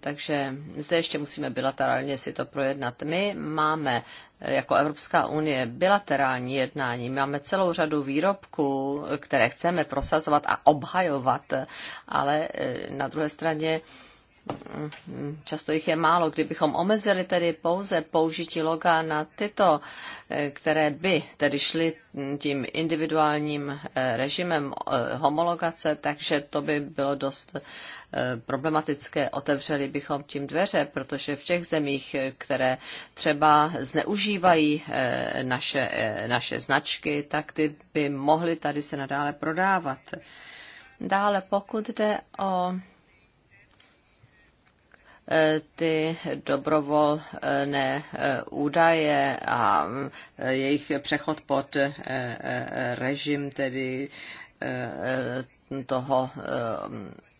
Takže zde ještě musíme bilaterálně si to projednat. My máme jako Evropská unie bilaterální jednání. Máme celou řadu výrobků, které chceme prosazovat a obhajovat, ale na druhé straně Mm, často jich je málo. Kdybychom omezili tedy pouze použití loga na tyto, eh, které by tedy šly mm, tím individuálním eh, režimem eh, homologace, takže to by bylo dost problematické. Otevřeli bychom tím dveře, protože v těch zemích, které třeba zneužívají naše, naše značky, tak ty by mohly tady se nadále prodávat. Dále, pokud jde o Eh, ty dobrovolné eh, údaje a eh, jejich přechod pod režim tedy toho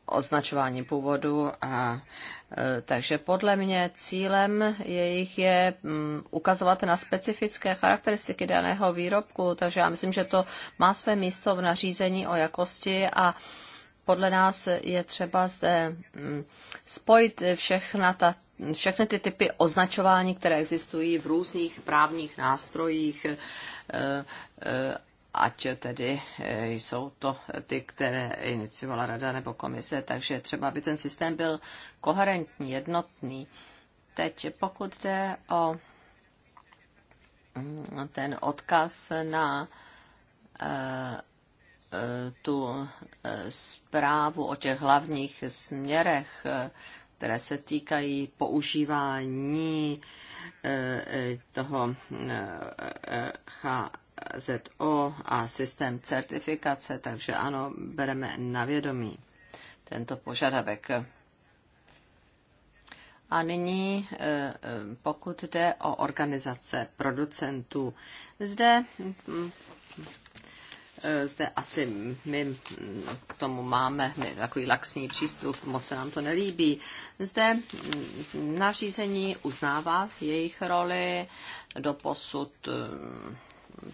označování původu a takže podle mě cílem jejich je mm, ukazovat na specifické charakteristiky daného výrobku, takže já myslím, že to má své místo v nařízení o jakosti a podle nás je třeba zde mm, spojit všechna ta, všechny ty typy označování, které existují v různých právních nástrojích, eh, eh, ať tedy eh, jsou to ty, které iniciovala rada nebo komise, takže třeba aby ten systém byl koherentní, jednotný. Teď pokud jde o mm, ten odkaz na tu eh, zprávu o těch hlavních směrech, eh, které se týkají používání eh, toho HZO a systém certifikace, takže ano, bereme na vědomí tento požadavek. A nyní, pokud jde o organizace producentů, zde hm, Eh, zde asi my mm, k tomu máme my takový laxní přístup, moc se nám to nelíbí. Zde mm, nařízení uznává jejich roli, posud. Mm,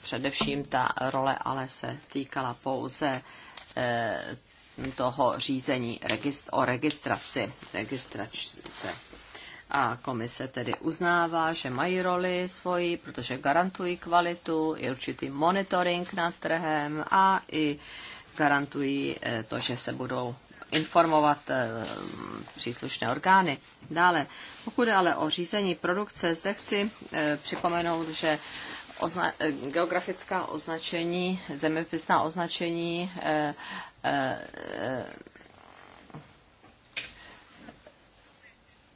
především ta role ale se týkala pouze eh, toho řízení o registraci, registrace. A komise tedy uznává, že mají roli svoji, protože garantují kvalitu, je určitý monitoring nad trhem a i garantují eh, to, že se budou informovat eh, příslušné orgány. Dále, pokud ale o řízení produkce, zde chci eh, připomenout, že ozna- geografická označení, zeměpisná označení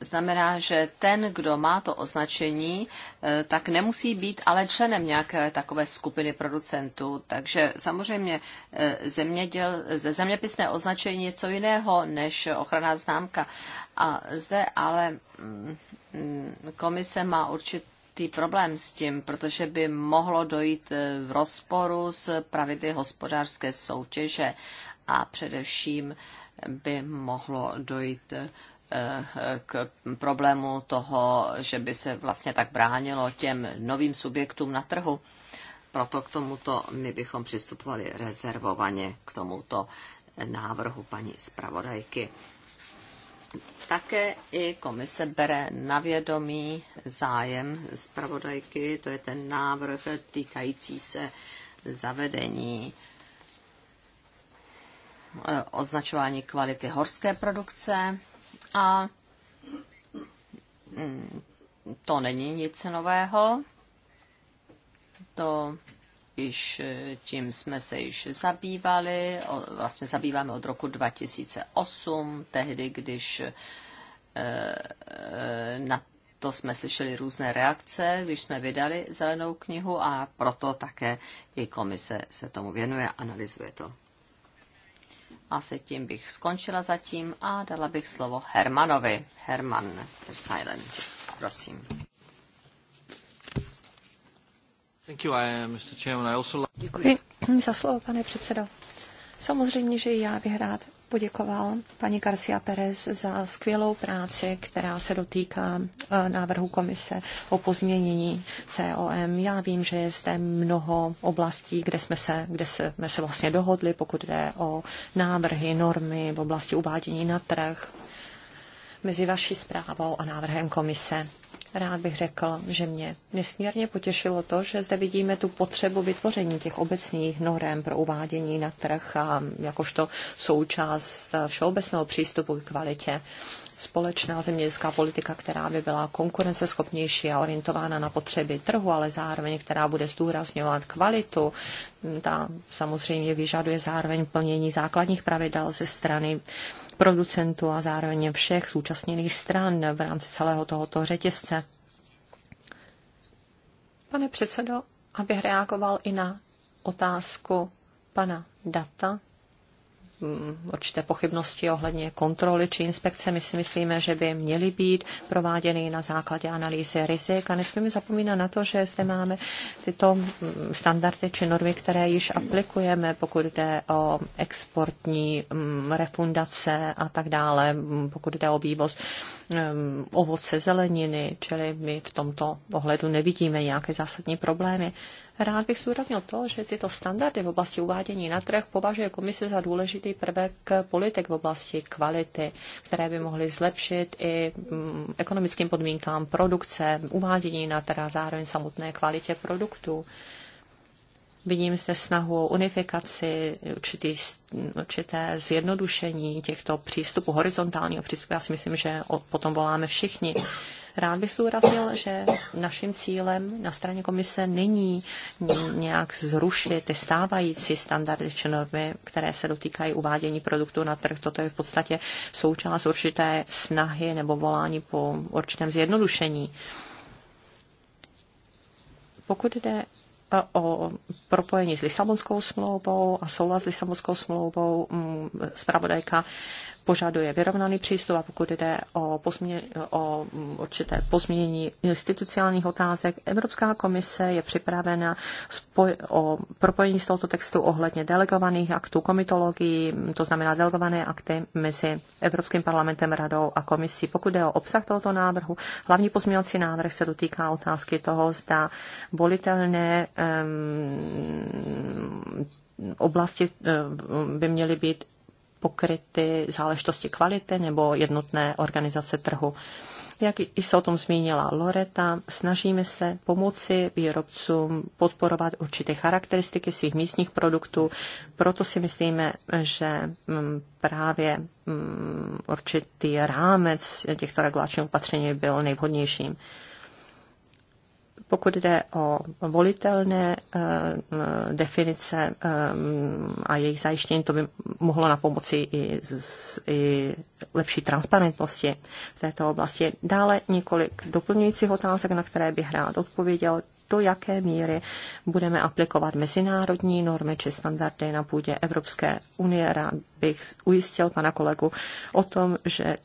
znamená, že ten, kdo má to označení, eh, tak nemusí být ale členem nějaké takové skupiny producentů. Takže samozřejmě eh, zeměděl, zeměpisné označení je něco jiného než ochranná známka. A zde ale mm, mm, komise má určitý problém s tím, protože by mohlo dojít eh, v rozporu s pravidly hospodářské soutěže a především by mohlo dojít k problému toho, že by se vlastně tak bránilo těm novým subjektům na trhu. Proto k tomuto my bychom přistupovali rezervovaně k tomuto návrhu paní zpravodajky. Také i komise bere na vědomí zájem zpravodajky, to je ten návrh týkající se zavedení eh, označování kvality horské produkce a mm, to není nic nového. To již e, tím jsme se již zabývali, vlastně zabýváme od roku 2008, tehdy, když e, e, na to jsme slyšeli různé reakce, když jsme vydali zelenou knihu a proto také i komise se tomu věnuje, analyzuje to. A se tím bych skončila zatím a dala bych slovo Hermanovi. Herman Silent, prosím. Děkuji za slovo, pane předsedo. Samozřejmě, že já bych rád poděkoval paní Garcia Perez za skvělou práci, která se dotýká e, návrhu komise o pozměnění COM. Já vím, že je zde mnoho oblastí, kde jsme se, kde jsme se vlastně dohodli, pokud jde o návrhy, normy v oblasti uvádění na trh mezi vaší zprávou a návrhem komise rád bych řekl, že mě nesmírně potěšilo to, že zde vidíme tu potřebu vytvoření těch obecných norem pro uvádění na trh a jakožto součást všeobecného přístupu k kvalitě. Společná zemědělská politika, která by byla konkurenceschopnější a orientována na potřeby trhu, ale zároveň která bude zdůrazňovat kvalitu, ta samozřejmě vyžaduje zároveň plnění základních pravidel ze strany producentů a zároveň všech zúčastněných stran v rámci celého tohoto řetězce. Pane předsedo, abych reagoval i na otázku pana Data, Mm, určité pochybnosti ohledně kontroly či inspekce. My si myslíme, že by měly být prováděny na základě analýzy rizik a nesmíme zapomínat na to, že zde máme tyto mm, standardy či normy, které již aplikujeme, pokud jde o exportní mm, refundace a tak dále, pokud jde o vývoz ovoce, zeleniny, čili my v tomto ohledu nevidíme nějaké zásadní problémy. Rád bych zúraznil to, že tyto standardy v oblasti uvádění na trh považuje komise za důležitý prvek politik v oblasti kvality, které by mohly zlepšit i mm, ekonomickým podmínkám produkce, uvádění na trh a zároveň samotné kvalitě produktů. Vidím zde snahu o unifikaci, určitý, určité zjednodušení těchto přístupů, horizontálního přístupu. Já si myslím, že o, potom voláme všichni. Rád bych zdůraznil, že naším cílem na straně komise není nějak zrušit ty stávající standardy či normy, které se dotýkají uvádění produktů na trh. Toto je v podstatě součást určité snahy nebo volání po určitém zjednodušení. Pokud jde e, o propojení s Lisabonskou smlouvou a souhlas s Lisabonskou smlouvou, mm, zpravodajka požaduje vyrovnaný přístup a pokud jde o, pozmě, o určité pozměnění institucionálních otázek, Evropská komise je připravena spoj, o propojení z tohoto textu ohledně delegovaných aktů komitologií, to znamená delegované akty mezi Evropským parlamentem, radou a komisí. Pokud jde o obsah tohoto návrhu, hlavní pozměňovací návrh se dotýká otázky toho, zda volitelné um, oblasti eh, by měly být pokryty záležitosti kvality nebo jednotné organizace trhu. Jak se o tom zmínila Loreta, snažíme se pomoci výrobcům podporovat určité charakteristiky svých místních produktů, proto si myslíme, že mm, právě mm, určitý rámec těchto regulačních opatření byl nejvhodnějším. Pokud jde o volitelné eh, eh, definice eh, a jejich zajištění, to by mohlo na pomoci i, i lepší transparentnosti v této oblasti. Dále několik doplňujících otázek, na které bych rád odpověděl do jaké míry budeme aplikovat mezinárodní normy či standardy na půdě Evropské unie. Rád bych ujistil pana kolegu o tom, že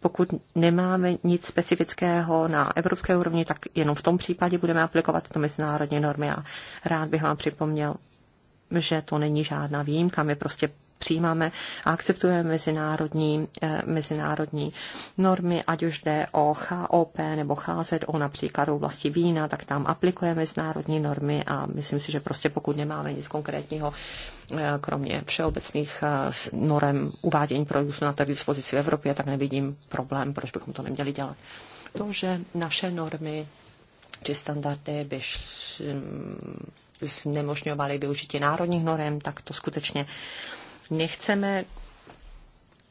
pokud nemáme nic specifického na evropské úrovni, tak jenom v tom případě budeme aplikovat tyto mezinárodní normy. A rád bych vám připomněl, že to není žádná výjimka. My prostě přijímáme a akceptujeme mezinárodní, eh, mezinárodní normy, ať už jde o HOP nebo HZO, například oblasti vína, tak tam aplikujeme mezinárodní normy a myslím si, že prostě pokud nemáme nic konkrétního, eh, kromě všeobecných eh, norem uvádění produktů na trh dispozici v Evropě, tak nevidím problém, proč bychom to neměli dělat. To, že naše normy či standardy by mm, znemožňovaly využití národních norem, tak to skutečně nechceme,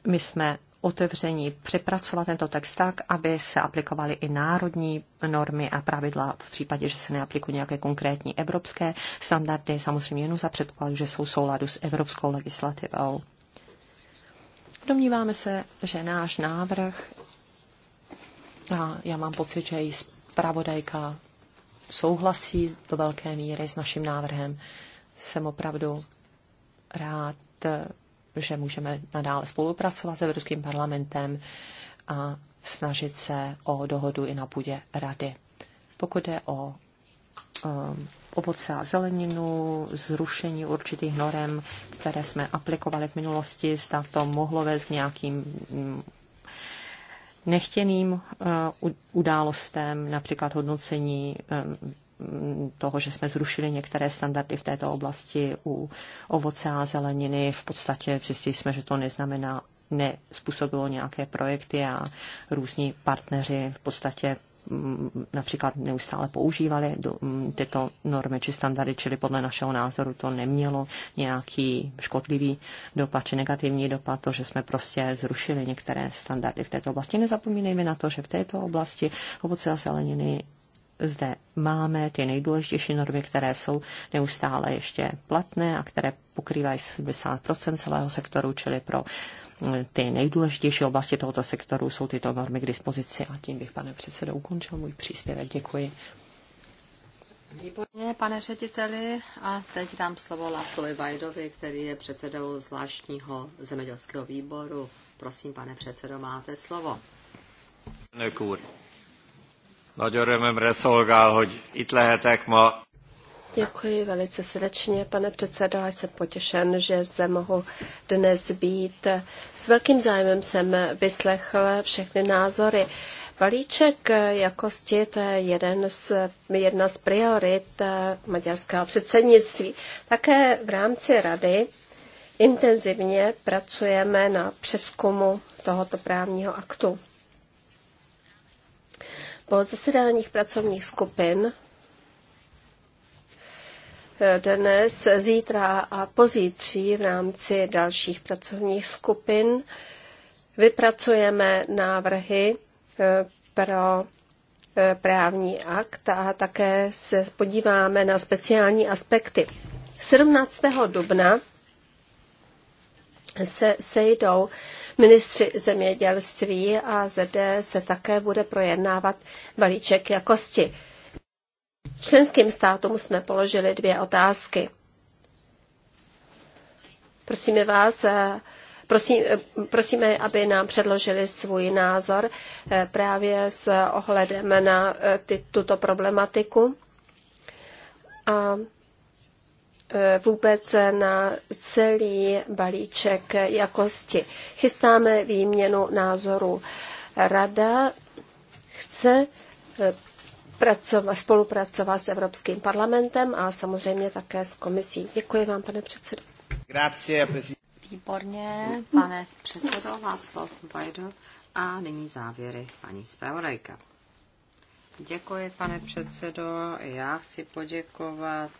my jsme otevření přepracovat tento text tak, aby se aplikovaly i národní normy a pravidla v případě, že se neaplikují nějaké konkrétní evropské standardy, samozřejmě jenom za předpokladu, že jsou souladu s evropskou legislativou. Domníváme se, že náš návrh, a já mám pocit, že i zpravodajka souhlasí do velké míry s naším návrhem, jsem opravdu rád, že můžeme nadále spolupracovat s Evropským parlamentem a snažit se o dohodu i na půdě rady. Pokud je o um, ovoce a zeleninu, zrušení určitých norem, které jsme aplikovali v minulosti, zda to mohlo vést k nějakým mm, nechtěným uh, událostem, například hodnocení um, Mm, toho, že jsme zrušili některé standardy v této oblasti u ovoce a zeleniny. V podstatě zjistili jsme, že to neznamená, nespůsobilo nějaké projekty a různí partneři v podstatě mm, například neustále používali mm, tyto normy či standardy, čili podle našeho názoru to nemělo nějaký škodlivý dopad či negativní dopad, to, že jsme prostě zrušili některé standardy v této oblasti. Nezapomínejme na to, že v této oblasti ovoce a zeleniny zde máme ty nejdůležitější normy, které jsou neustále ještě platné a které pokrývají 70 celého sektoru, čili pro mm, ty nejdůležitější oblasti tohoto sektoru jsou tyto normy k dispozici. A tím bych, pane předsedo, ukončil můj příspěvek. Děkuji. Výborně, pane řediteli. A teď dám slovo Láslovi Vajdovi, který je předsedou zvláštního zemědělského výboru. Prosím, pane předsedo, máte slovo. Děkuji. Nagy örömömre szolgál, hogy itt lehetek ma. Děkuji velice srdečně, pane předsedo, a jsem potěšen, že zde mohu dnes být. S velkým zájmem jsem vyslechl všechny názory. Balíček jakosti to je jeden z, jedna z priorit eh, maďarského předsednictví. Také v rámci rady intenzivně pracujeme na přeskumu tohoto právního aktu. Po zasedáních pracovních skupin eh, dnes, zítra a pozítří v rámci dalších pracovních skupin vypracujeme návrhy eh, pro eh, právní akt a také se podíváme na speciální aspekty. 17. dubna se sejdou ministři zemědělství a zde se také bude projednávat balíček jakosti. Členským státům jsme položili dvě otázky. Prosíme vás, eh, prosím, eh, prosíme, aby nám předložili svůj názor eh, právě s ohledem na ty, tuto problematiku. A E, vůbec na celý balíček jakosti. Chystáme výměnu názorů. Rada chce e, pracovat, spolupracovat s Evropským parlamentem a samozřejmě také s komisí. Děkuji vám, pane předsedo. Grazie, Výborně, pane předsedo Václav Bajdo. A nyní závěry paní zpravodajka. Děkuji, pane předsedo. Já chci poděkovat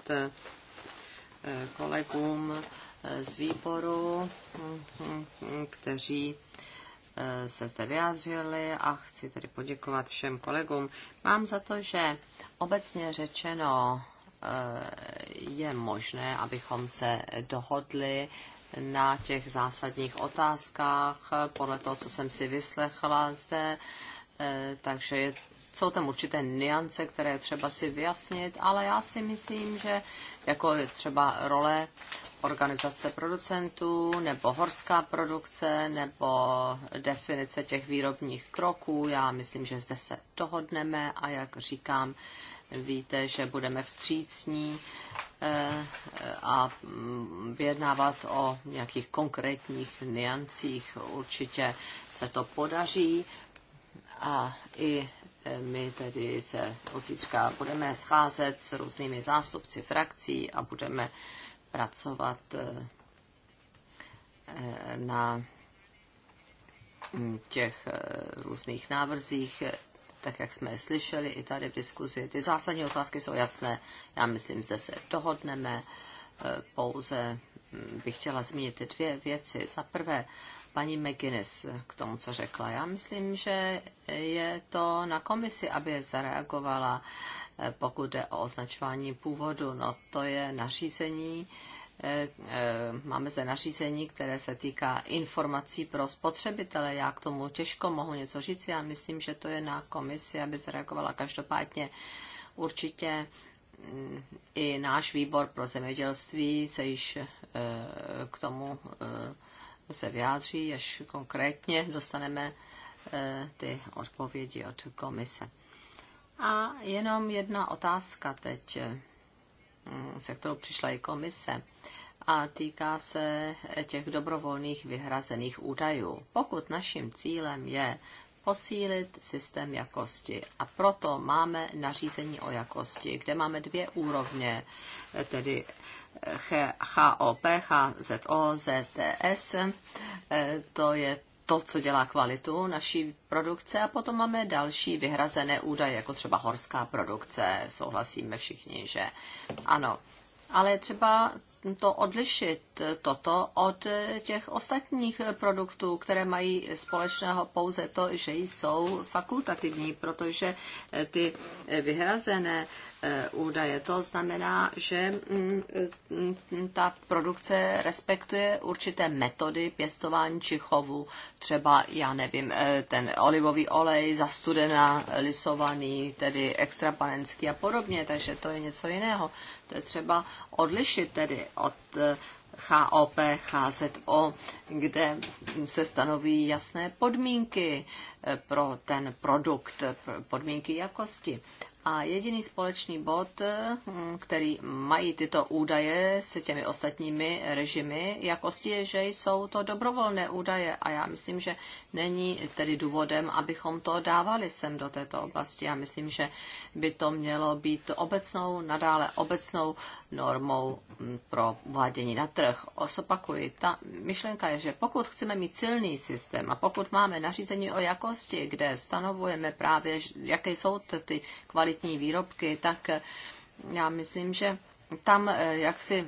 kolegům z výboru, kteří eh, se zde vyjádřili a chci tedy poděkovat všem kolegům. Mám za to, že obecně řečeno eh, je možné, abychom se dohodli na těch zásadních otázkách eh, podle toho, co jsem si vyslechla zde. Takže je jsou tam určité niance, které třeba si vyjasnit, ale já si myslím, že jako třeba role organizace producentů nebo horská produkce nebo definice těch výrobních kroků. Já myslím, že zde se dohodneme a jak říkám, víte, že budeme vstřícní eh, a mm, vyjednávat o nějakých konkrétních niancích. Určitě se to podaří a i my tedy se od zítřka budeme scházet s různými zástupci frakcí a budeme pracovat eh, eh, na mm, těch eh, různých návrzích, tak jak jsme slyšeli i tady v diskuzi. Ty zásadní otázky jsou jasné, já myslím, zde se dohodneme. Pouze mm, bych chtěla zmínit dvě věci. Za prvé, paní McGuinness k tomu, co řekla. Já myslím, že je to na komisi, aby zareagovala, eh, pokud jde o označování původu. No to je nařízení, eh, eh, máme zde nařízení, které se týká informací pro spotřebitele. Já k tomu těžko mohu něco říct. Já myslím, že to je na komisi, aby zareagovala. Každopádně určitě mm, i náš výbor pro zemědělství se již k tomu se vyjádří, až konkrétně dostaneme eh, ty odpovědi od komise. A jenom jedna otázka teď, eh, se kterou přišla i komise, a týká se těch dobrovolných vyhrazených údajů. Pokud naším cílem je posílit systém jakosti. A proto máme nařízení o jakosti, kde máme dvě úrovně, eh, tedy CHOP, HZO, ZTS, eh, to je to, co dělá kvalitu naší produkce a potom máme další vyhrazené údaje, jako třeba horská produkce, souhlasíme všichni, že ano. Ale třeba to odlišit toto od těch ostatních produktů, které mají společného pouze to, že jsou fakultativní, protože ty vyhrazené Eh, údaje. To znamená, že mm, mm, ta produkce respektuje určité metody pěstování či chovu. Třeba, já nevím, eh, ten olivový olej zastudená, lisovaný, tedy extrapanenský a podobně, takže to je něco jiného. To je třeba odlišit tedy od HOP, eh, HZO, kde se stanoví jasné podmínky pro ten produkt, podmínky jakosti. A jediný společný bod, eh, který mají tyto údaje s těmi ostatními režimy jakosti, je, že jsou to dobrovolné údaje. A já myslím, že není tedy důvodem, abychom to dávali sem do této oblasti. Já myslím, že by to mělo být obecnou, nadále obecnou normou hm, pro uvádění na trh. Osopakuji, ta myšlenka je, že pokud chceme mít silný systém a pokud máme nařízení o jakosti, kde stanovujeme právě, jaké jsou ty kvalitní kvalitní výrobky, tak eh, já myslím, že tam eh, jak si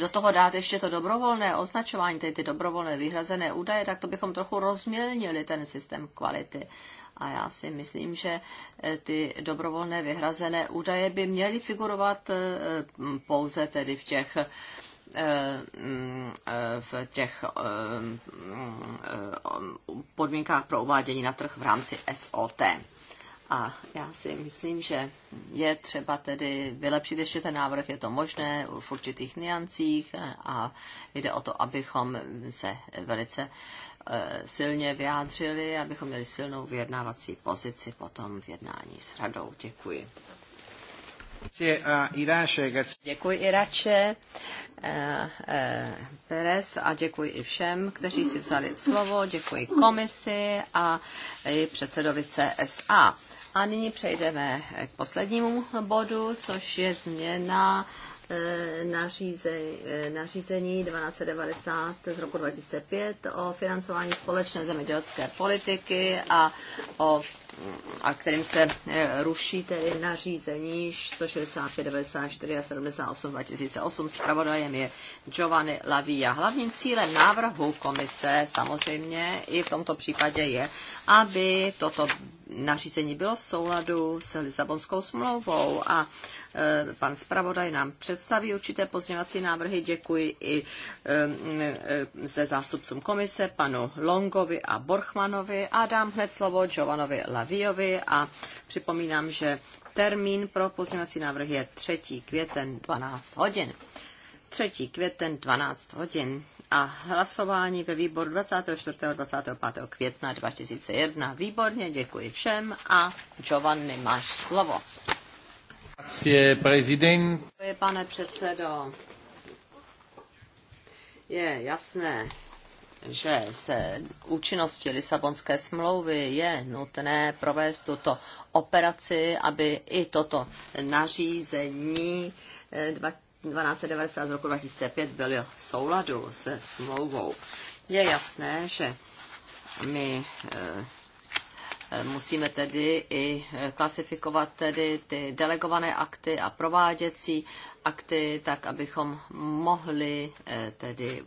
do toho dát ještě to dobrovolné označování, tedy ty dobrovolné vyhrazené údaje, tak to bychom trochu rozmělnili ten systém kvality. A já si myslím, že eh, ty dobrovolné vyhrazené údaje by měly figurovat pouze tedy v těch v těch podmínkách pro uvádění na trh v rámci SOT. A já si myslím, že je třeba tedy vylepšit ještě ten návrh, je to možné v určitých niancích a jde o to, abychom se velice e, silně vyjádřili, abychom měli silnou vyjednávací pozici potom v jednání s radou. Děkuji. Děkuji Irače e, e, Perez a děkuji i všem, kteří si vzali slovo, děkuji komisi a i předsedovice SA. A nyní přejdeme k poslednímu bodu, což je změna e, e, nařízení, nařízení 1290 z roku 2005 o financování společné zemědělské politiky a o a kterým se eh, ruší tedy nařízení 165, 94 a 78 2008. Spravodajem je Giovanni Lavia. Hlavním cílem návrhu komise samozřejmě i v tomto případě je, aby toto nařízení bylo v souladu s Lisabonskou smlouvou a eh, pan zpravodaj nám představí určité pozměňovací návrhy. Děkuji i eh, zde zástupcům komise, panu Longovi a Borchmanovi a dám hned slovo Giovanovi Lavia. Laviovi a připomínám, že termín pro pozměňovací návrh je 3. květen 12 hodin. 3. květen 12 hodin a hlasování ve výboru 24. 25. května 2001. Výborně, děkuji všem a Giovanni, máš slovo. Děkuji, pane předsedo. Je jasné, že se účinnosti Lisabonské smlouvy je nutné provést tuto operaci, aby i toto nařízení 1290 eh, z roku 2005 byly v souladu se smlouvou. Je jasné, že my eh, eh, musíme tedy i klasifikovat tedy ty delegované akty a prováděcí akty, tak abychom mohli tedy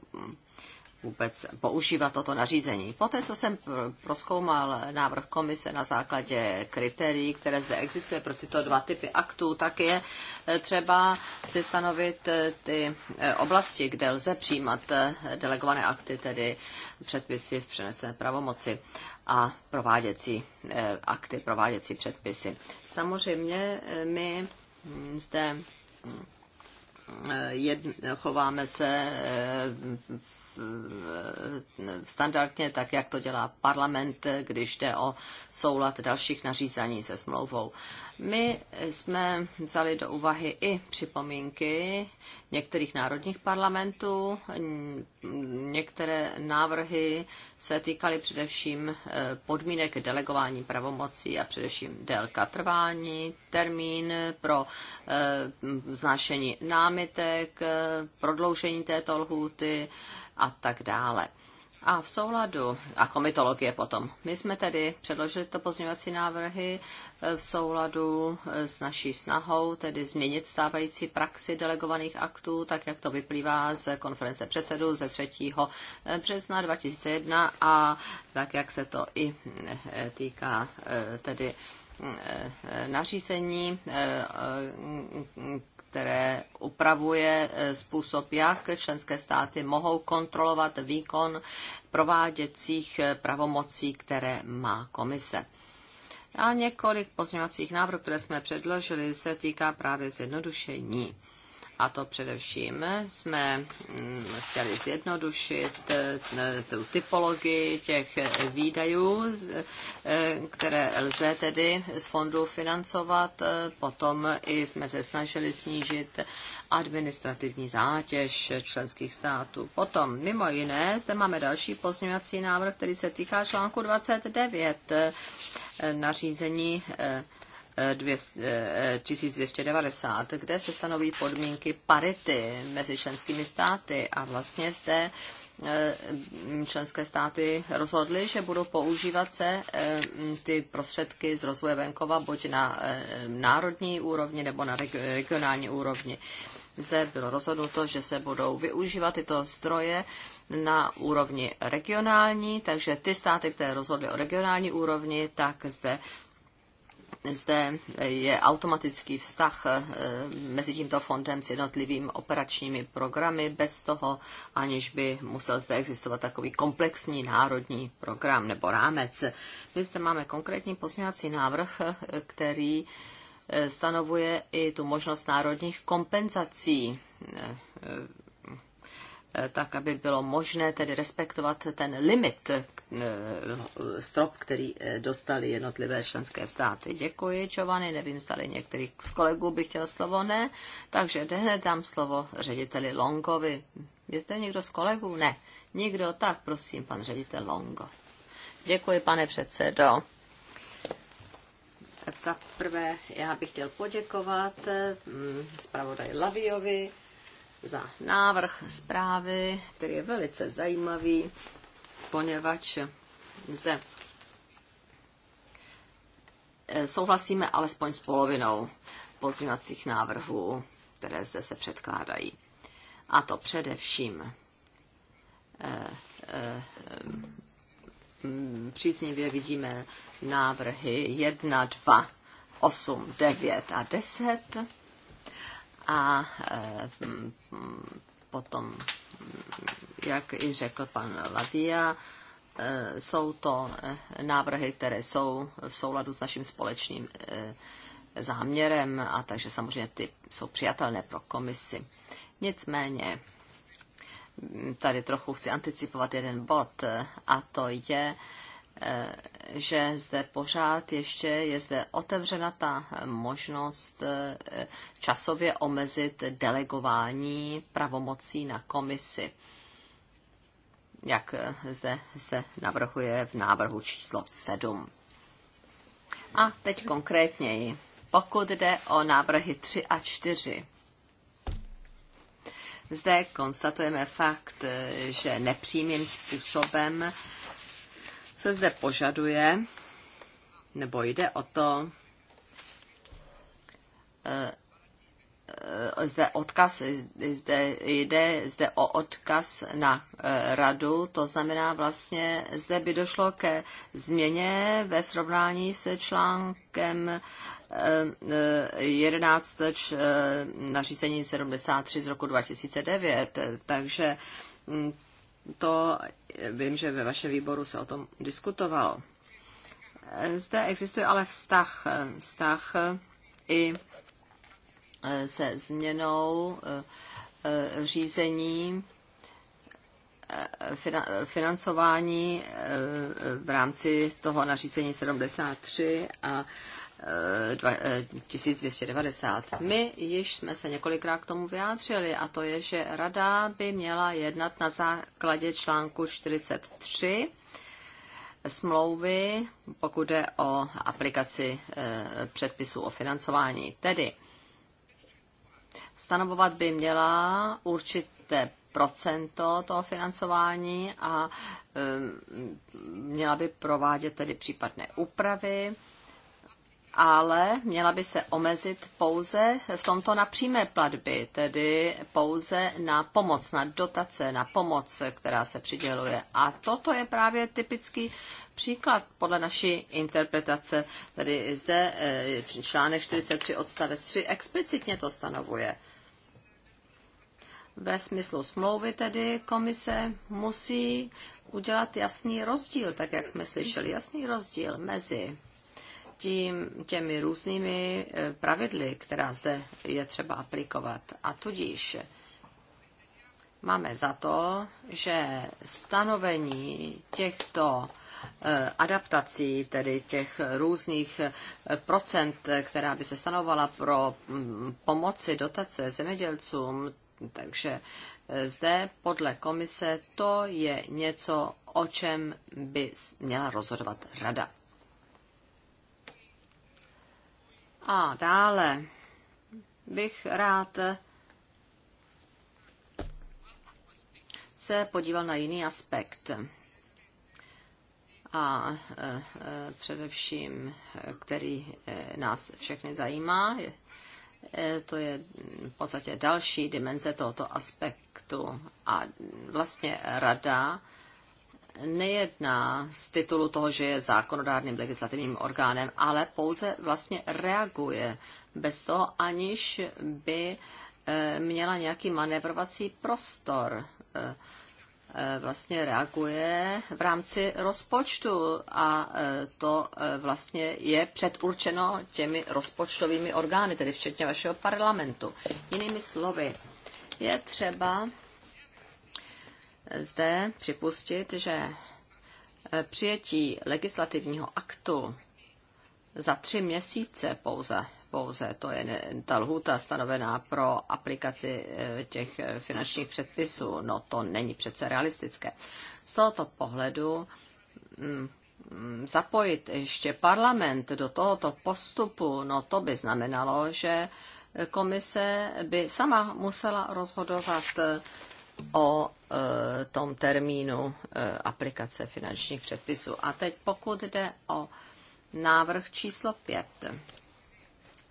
vůbec používat toto nařízení. Poté, co jsem proskoumal návrh komise na základě kritérií, které zde existuje pro tyto dva typy aktů, tak je eh, třeba si stanovit eh, ty eh, oblasti, kde lze přijímat delegované akty, tedy předpisy v přenesené pravomoci a prováděcí akty, prováděcí předpisy. Samozřejmě my hm, zde hm, jed, chováme se standardně, tak jak to dělá parlament, když jde o soulad dalších nařízení se smlouvou. My jsme vzali do úvahy i připomínky některých národních parlamentů. Některé návrhy se týkaly především eh, podmínek delegování pravomocí a především délka trvání, termín pro eh, znášení námitek, eh, prodloužení této lhůty, a tak dále. A v souladu, a komitologie potom, my jsme tedy předložili to pozměňovací návrhy e, v souladu e, s naší snahou, tedy změnit stávající praxi delegovaných aktů, tak jak to vyplývá z konference předsedů ze 3. E, března 2001 a tak jak se to i týká tedy nařízení, které upravuje eh, způsob, jak členské státy mohou kontrolovat výkon prováděcích eh, pravomocí, které má komise. A několik pozměňovacích návrhů, které jsme předložili, se týká právě zjednodušení a to především jsme mm, chtěli zjednodušit eh, tu typologii těch výdajů, eh, které lze tedy z fondu financovat. Eh, potom i jsme se snažili snížit administrativní zátěž členských států. Potom, mimo jiné, zde máme další pozměňovací návrh, který se týká článku 29 nařízení 1290, eh, kde se stanoví podmínky parity mezi členskými státy a vlastně zde eh, členské státy rozhodly, že budou používat se eh, ty prostředky z rozvoje venkova buď na národní úrovni nebo na regionální úrovni. Zde bylo rozhodnuto, že se budou využívat tyto stroje na úrovni regionální, takže ty státy, které rozhodly o regionální úrovni, tak zde zde eh, je automatický vztah eh, mezi tímto fondem s jednotlivými operačními programy bez toho, aniž by musel zde existovat takový komplexní národní program nebo rámec. My zde máme konkrétní pozměňovací návrh, eh, který stanovuje i tu možnost národních kompenzací Eh, tak aby bylo možné tedy respektovat ten limit, eh, strop, který eh, dostali jednotlivé členské státy. Děkuji, Čovany, nevím, zdali některý z kolegů by chtěl slovo, ne, takže hned dám slovo řediteli Longovi. Je zde někdo z kolegů? Ne. Nikdo? Tak prosím, pan ředitel Longo. Děkuji, pane předsedo. Za prvé, já bych chtěl poděkovat zpravodaj Laviovi za návrh zprávy, který je velice zajímavý, poněvadž zde eh, souhlasíme alespoň s polovinou pozměňovacích návrhů, které zde se předkládají. A to především eh, eh, mm, příznivě vidíme návrhy 1, 2, 8, 9 a 10 a eh, potom, jak i řekl pan Lavia, eh, jsou to eh, návrhy, které jsou v souladu s naším společným záměrem a takže samozřejmě ty jsou přijatelné pro komisi. Nicméně hm, tady trochu chci anticipovat jeden bod a to je Eh, že zde pořád ještě je zde otevřena ta možnost eh, časově omezit delegování pravomocí na komisi, jak eh, zde se navrhuje v návrhu číslo 7. A teď konkrétněji, pokud jde o návrhy 3 a 4. Zde konstatujeme fakt, že nepřímým způsobem se zde požaduje, nebo jde o to, eh, eh, zde odkaz, zde jde zde o odkaz na eh, radu, to znamená vlastně zde by došlo ke změně ve srovnání se článkem 11 nařízení 73 z roku 2009, takže hm, to eh, vím, že ve vašem výboru se o tom diskutovalo. Eh, zde existuje ale vztah, eh, vztah i se změnou řízení financování v rámci toho nařízení 73 a 1290. Eh, eh, My již jsme se několikrát k tomu vyjádřili a to je, že rada by měla jednat na základě článku 43 smlouvy, pokud jde o aplikaci eh, předpisů o financování. Tedy stanovovat by měla určité procento toho financování a měla by provádět tedy případné úpravy ale měla by se omezit pouze v tomto na přímé platby, tedy pouze na pomoc, na dotace, na pomoc, která se přiděluje. A toto je právě typický příklad podle naší interpretace, tedy zde eh, článek 43 odstavec 3 explicitně to stanovuje. Ve smyslu smlouvy tedy komise musí udělat jasný rozdíl, tak jak jsme slyšeli, jasný rozdíl mezi tím, těmi různými eh, pravidly, která zde je třeba aplikovat. A tudíž máme za to, že stanovení těchto eh, adaptací, tedy těch různých eh, procent, která by se stanovala pro mm, pomoci dotace zemědělcům, takže zde podle komise to je něco, o čem by měla rozhodovat rada. A dále bych rád se podíval na jiný aspekt. A e, e, především, který e, nás všechny zajímá, to je v podstatě další dimenze tohoto aspektu. A vlastně rada nejedná z titulu toho, že je zákonodárným legislativním orgánem, ale pouze vlastně reaguje bez toho, aniž by eh, měla nějaký manevrovací prostor. Eh, eh, vlastně reaguje v rámci rozpočtu a to vlastně je předurčeno těmi rozpočtovými orgány, tedy včetně vašeho parlamentu. Jinými slovy, je třeba zde připustit, že eh, přijetí legislativního aktu za tři měsíce pouze, pouze to je ta lhůta stanovená pro aplikaci eh, těch eh, finančních předpisů, no to není přece realistické. Z tohoto pohledu mm, mm, zapojit ještě parlament do tohoto postupu, no to by znamenalo, že komise by sama musela rozhodovat o e, tom termínu e, aplikace finančních předpisů. A teď pokud jde o návrh číslo 5,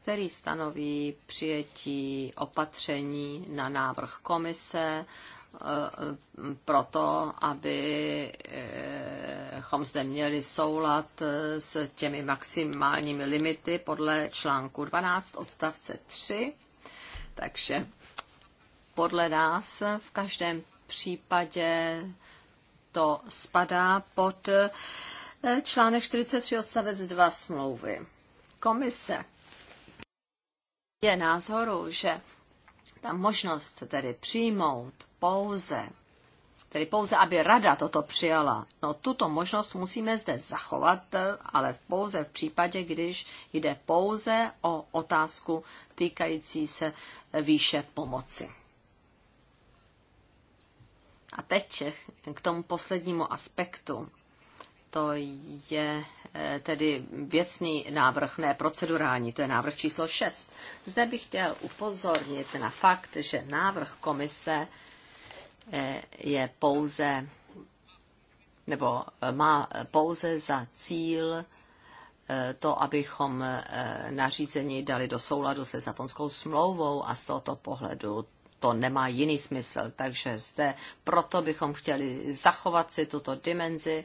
který stanoví přijetí opatření na návrh komise e, proto, abychom zde měli soulad s těmi maximálními limity podle článku 12 odstavce 3. Takže podle nás v každém případě to spadá pod eh, článek 43 odstavec 2 smlouvy. Komise je názoru, že ta možnost tedy přijmout pouze, tedy pouze, aby rada toto přijala, no tuto možnost musíme zde zachovat, eh, ale pouze v případě, když jde pouze o otázku týkající se eh, výše pomoci. A teď k tomu poslednímu aspektu. To je eh, tedy věcný návrh, ne procedurální, to je návrh číslo 6. Zde bych chtěl upozornit na fakt, že návrh komise eh, je pouze nebo eh, má pouze za cíl to, abychom nařízení dali do souladu se japonskou smlouvou a z tohoto pohledu to nemá jiný smysl. Takže zde proto bychom chtěli zachovat si tuto dimenzi,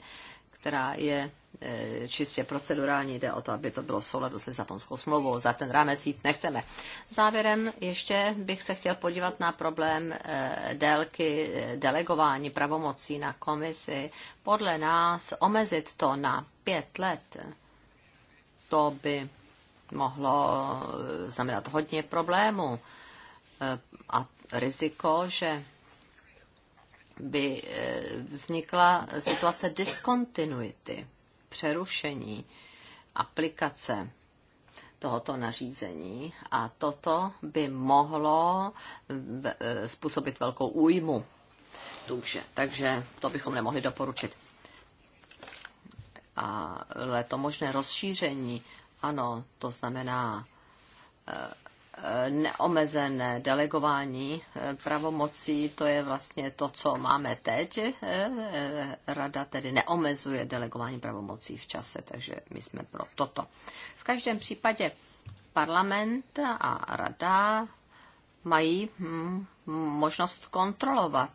která je e, čistě procedurální, jde o to, aby to bylo souladu se Lisabonskou smlouvou. Za ten rámec jít nechceme. Závěrem ještě bych se chtěl podívat na problém e, délky e, delegování pravomocí na komisi. Podle nás omezit to na pět let, to by mohlo znamenat hodně problémů. A riziko, že by eh, vznikla situace diskontinuity, přerušení aplikace tohoto nařízení a toto by mohlo eh, způsobit velkou újmu tůže. Takže to bychom nemohli doporučit. Ale to možné rozšíření, ano, to znamená eh, neomezené delegování eh, pravomocí, to je vlastně to, co máme teď. Eh, eh, rada tedy neomezuje delegování pravomocí v čase, takže my jsme pro toto. V každém případě parlament a rada mají hm, možnost kontrolovat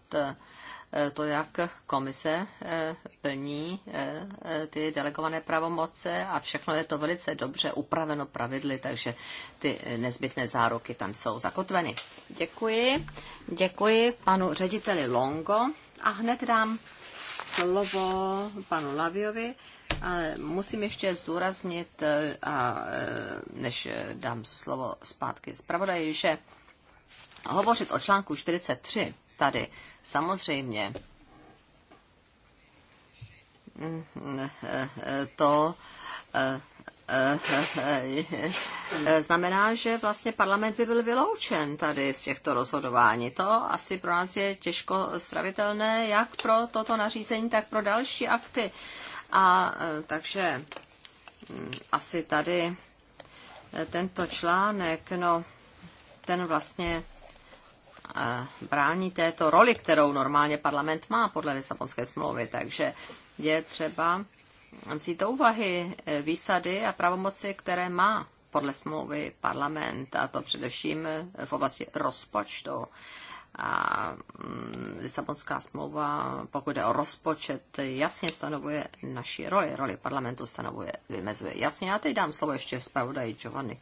E, to, jak komise e, plní e, ty delegované pravomoce a všechno je to velice dobře upraveno pravidly, takže ty nezbytné záruky tam jsou zakotveny. Děkuji. Děkuji panu řediteli Longo a hned dám slovo panu Laviovi, ale musím ještě zdůraznit, a, než dám slovo zpátky zpravodaji, že hovořit o článku 43 tady. Samozřejmě, mm, eh, to eh, eh, znamená, že vlastně parlament by byl vyloučen tady z těchto rozhodování. To asi pro nás je těžko stravitelné, jak pro toto nařízení, tak pro další akty. A takže mm, asi tady tento článek, no, ten vlastně brání této roli, kterou normálně parlament má podle Lisabonské smlouvy. Takže je třeba vzít do úvahy eh, výsady a pravomoci, které má podle smlouvy parlament, a to především eh, v oblasti rozpočtu. A mm, Lisabonská smlouva, pokud jde o rozpočet, jasně stanovuje naši roli. Roli parlamentu stanovuje, vymezuje. Jasně, já teď dám slovo ještě zpravodaji Giovanni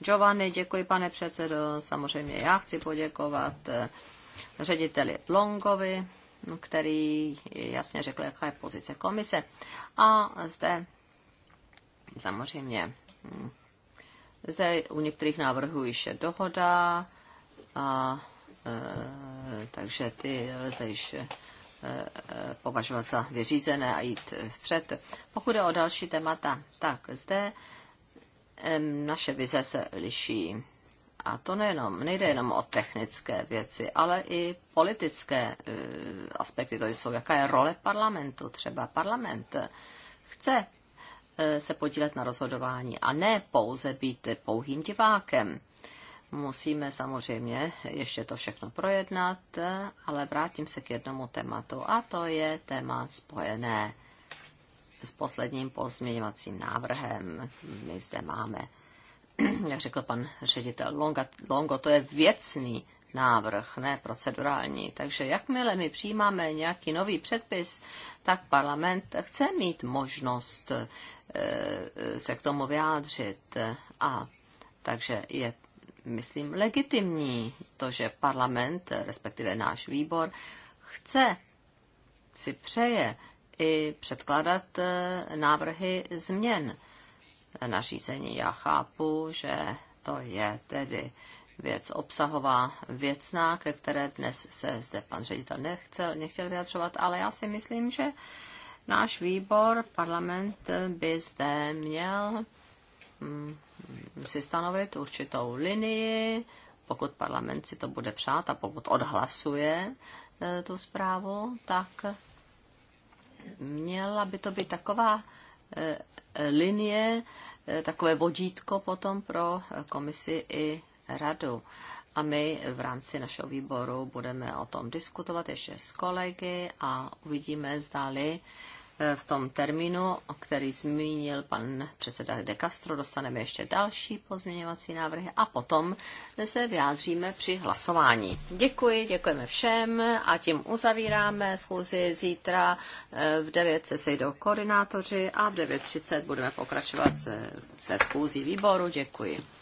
Giovanni, děkuji pane předsedo. Samozřejmě já chci poděkovat eh, řediteli Plongovi, který jasně řekl, jaká je pozice komise. A zde samozřejmě hm, zde u některých návrhů již je dohoda, a, e, takže ty lze již e, považovat za vyřízené a jít vpřed. Pokud je o další témata, tak zde naše vize se liší. A to nejenom, nejde jenom o technické věci, ale i politické eh, aspekty. To jsou, jaká je role parlamentu. Třeba parlament chce eh, se podílet na rozhodování a ne pouze být pouhým divákem. Musíme samozřejmě ještě to všechno projednat, eh, ale vrátím se k jednomu tématu a to je téma spojené s posledním pozměňovacím návrhem. My zde máme, jak řekl pan ředitel Longa, Longo, to je věcný návrh, ne procedurální. Takže jakmile my přijímáme nějaký nový předpis, tak parlament chce mít možnost e, se k tomu vyjádřit. A takže je, myslím, legitimní to, že parlament, respektive náš výbor, chce, si přeje i předkládat e, návrhy změn nařízení. Já chápu, že to je tedy věc obsahová, věcná, ke které dnes se zde pan ředitel nechcel, nechtěl vyjadřovat, ale já si myslím, že náš výbor, parlament by zde měl mm, si stanovit určitou linii, pokud parlament si to bude přát a pokud odhlasuje e, tu zprávu, tak Měla by to být taková eh, eh, linie, eh, takové vodítko potom pro komisi i radu. A my v rámci našeho výboru budeme o tom diskutovat ještě s kolegy a uvidíme, zdali v tom termínu, o který zmínil pan předseda De Castro, dostaneme ještě další pozměňovací návrhy a potom se vyjádříme při hlasování. Děkuji, děkujeme všem a tím uzavíráme schůzi. Zítra eh, v 9 se sejdou koordinátoři a v 9.30 budeme pokračovat se, se schůzí výboru. Děkuji.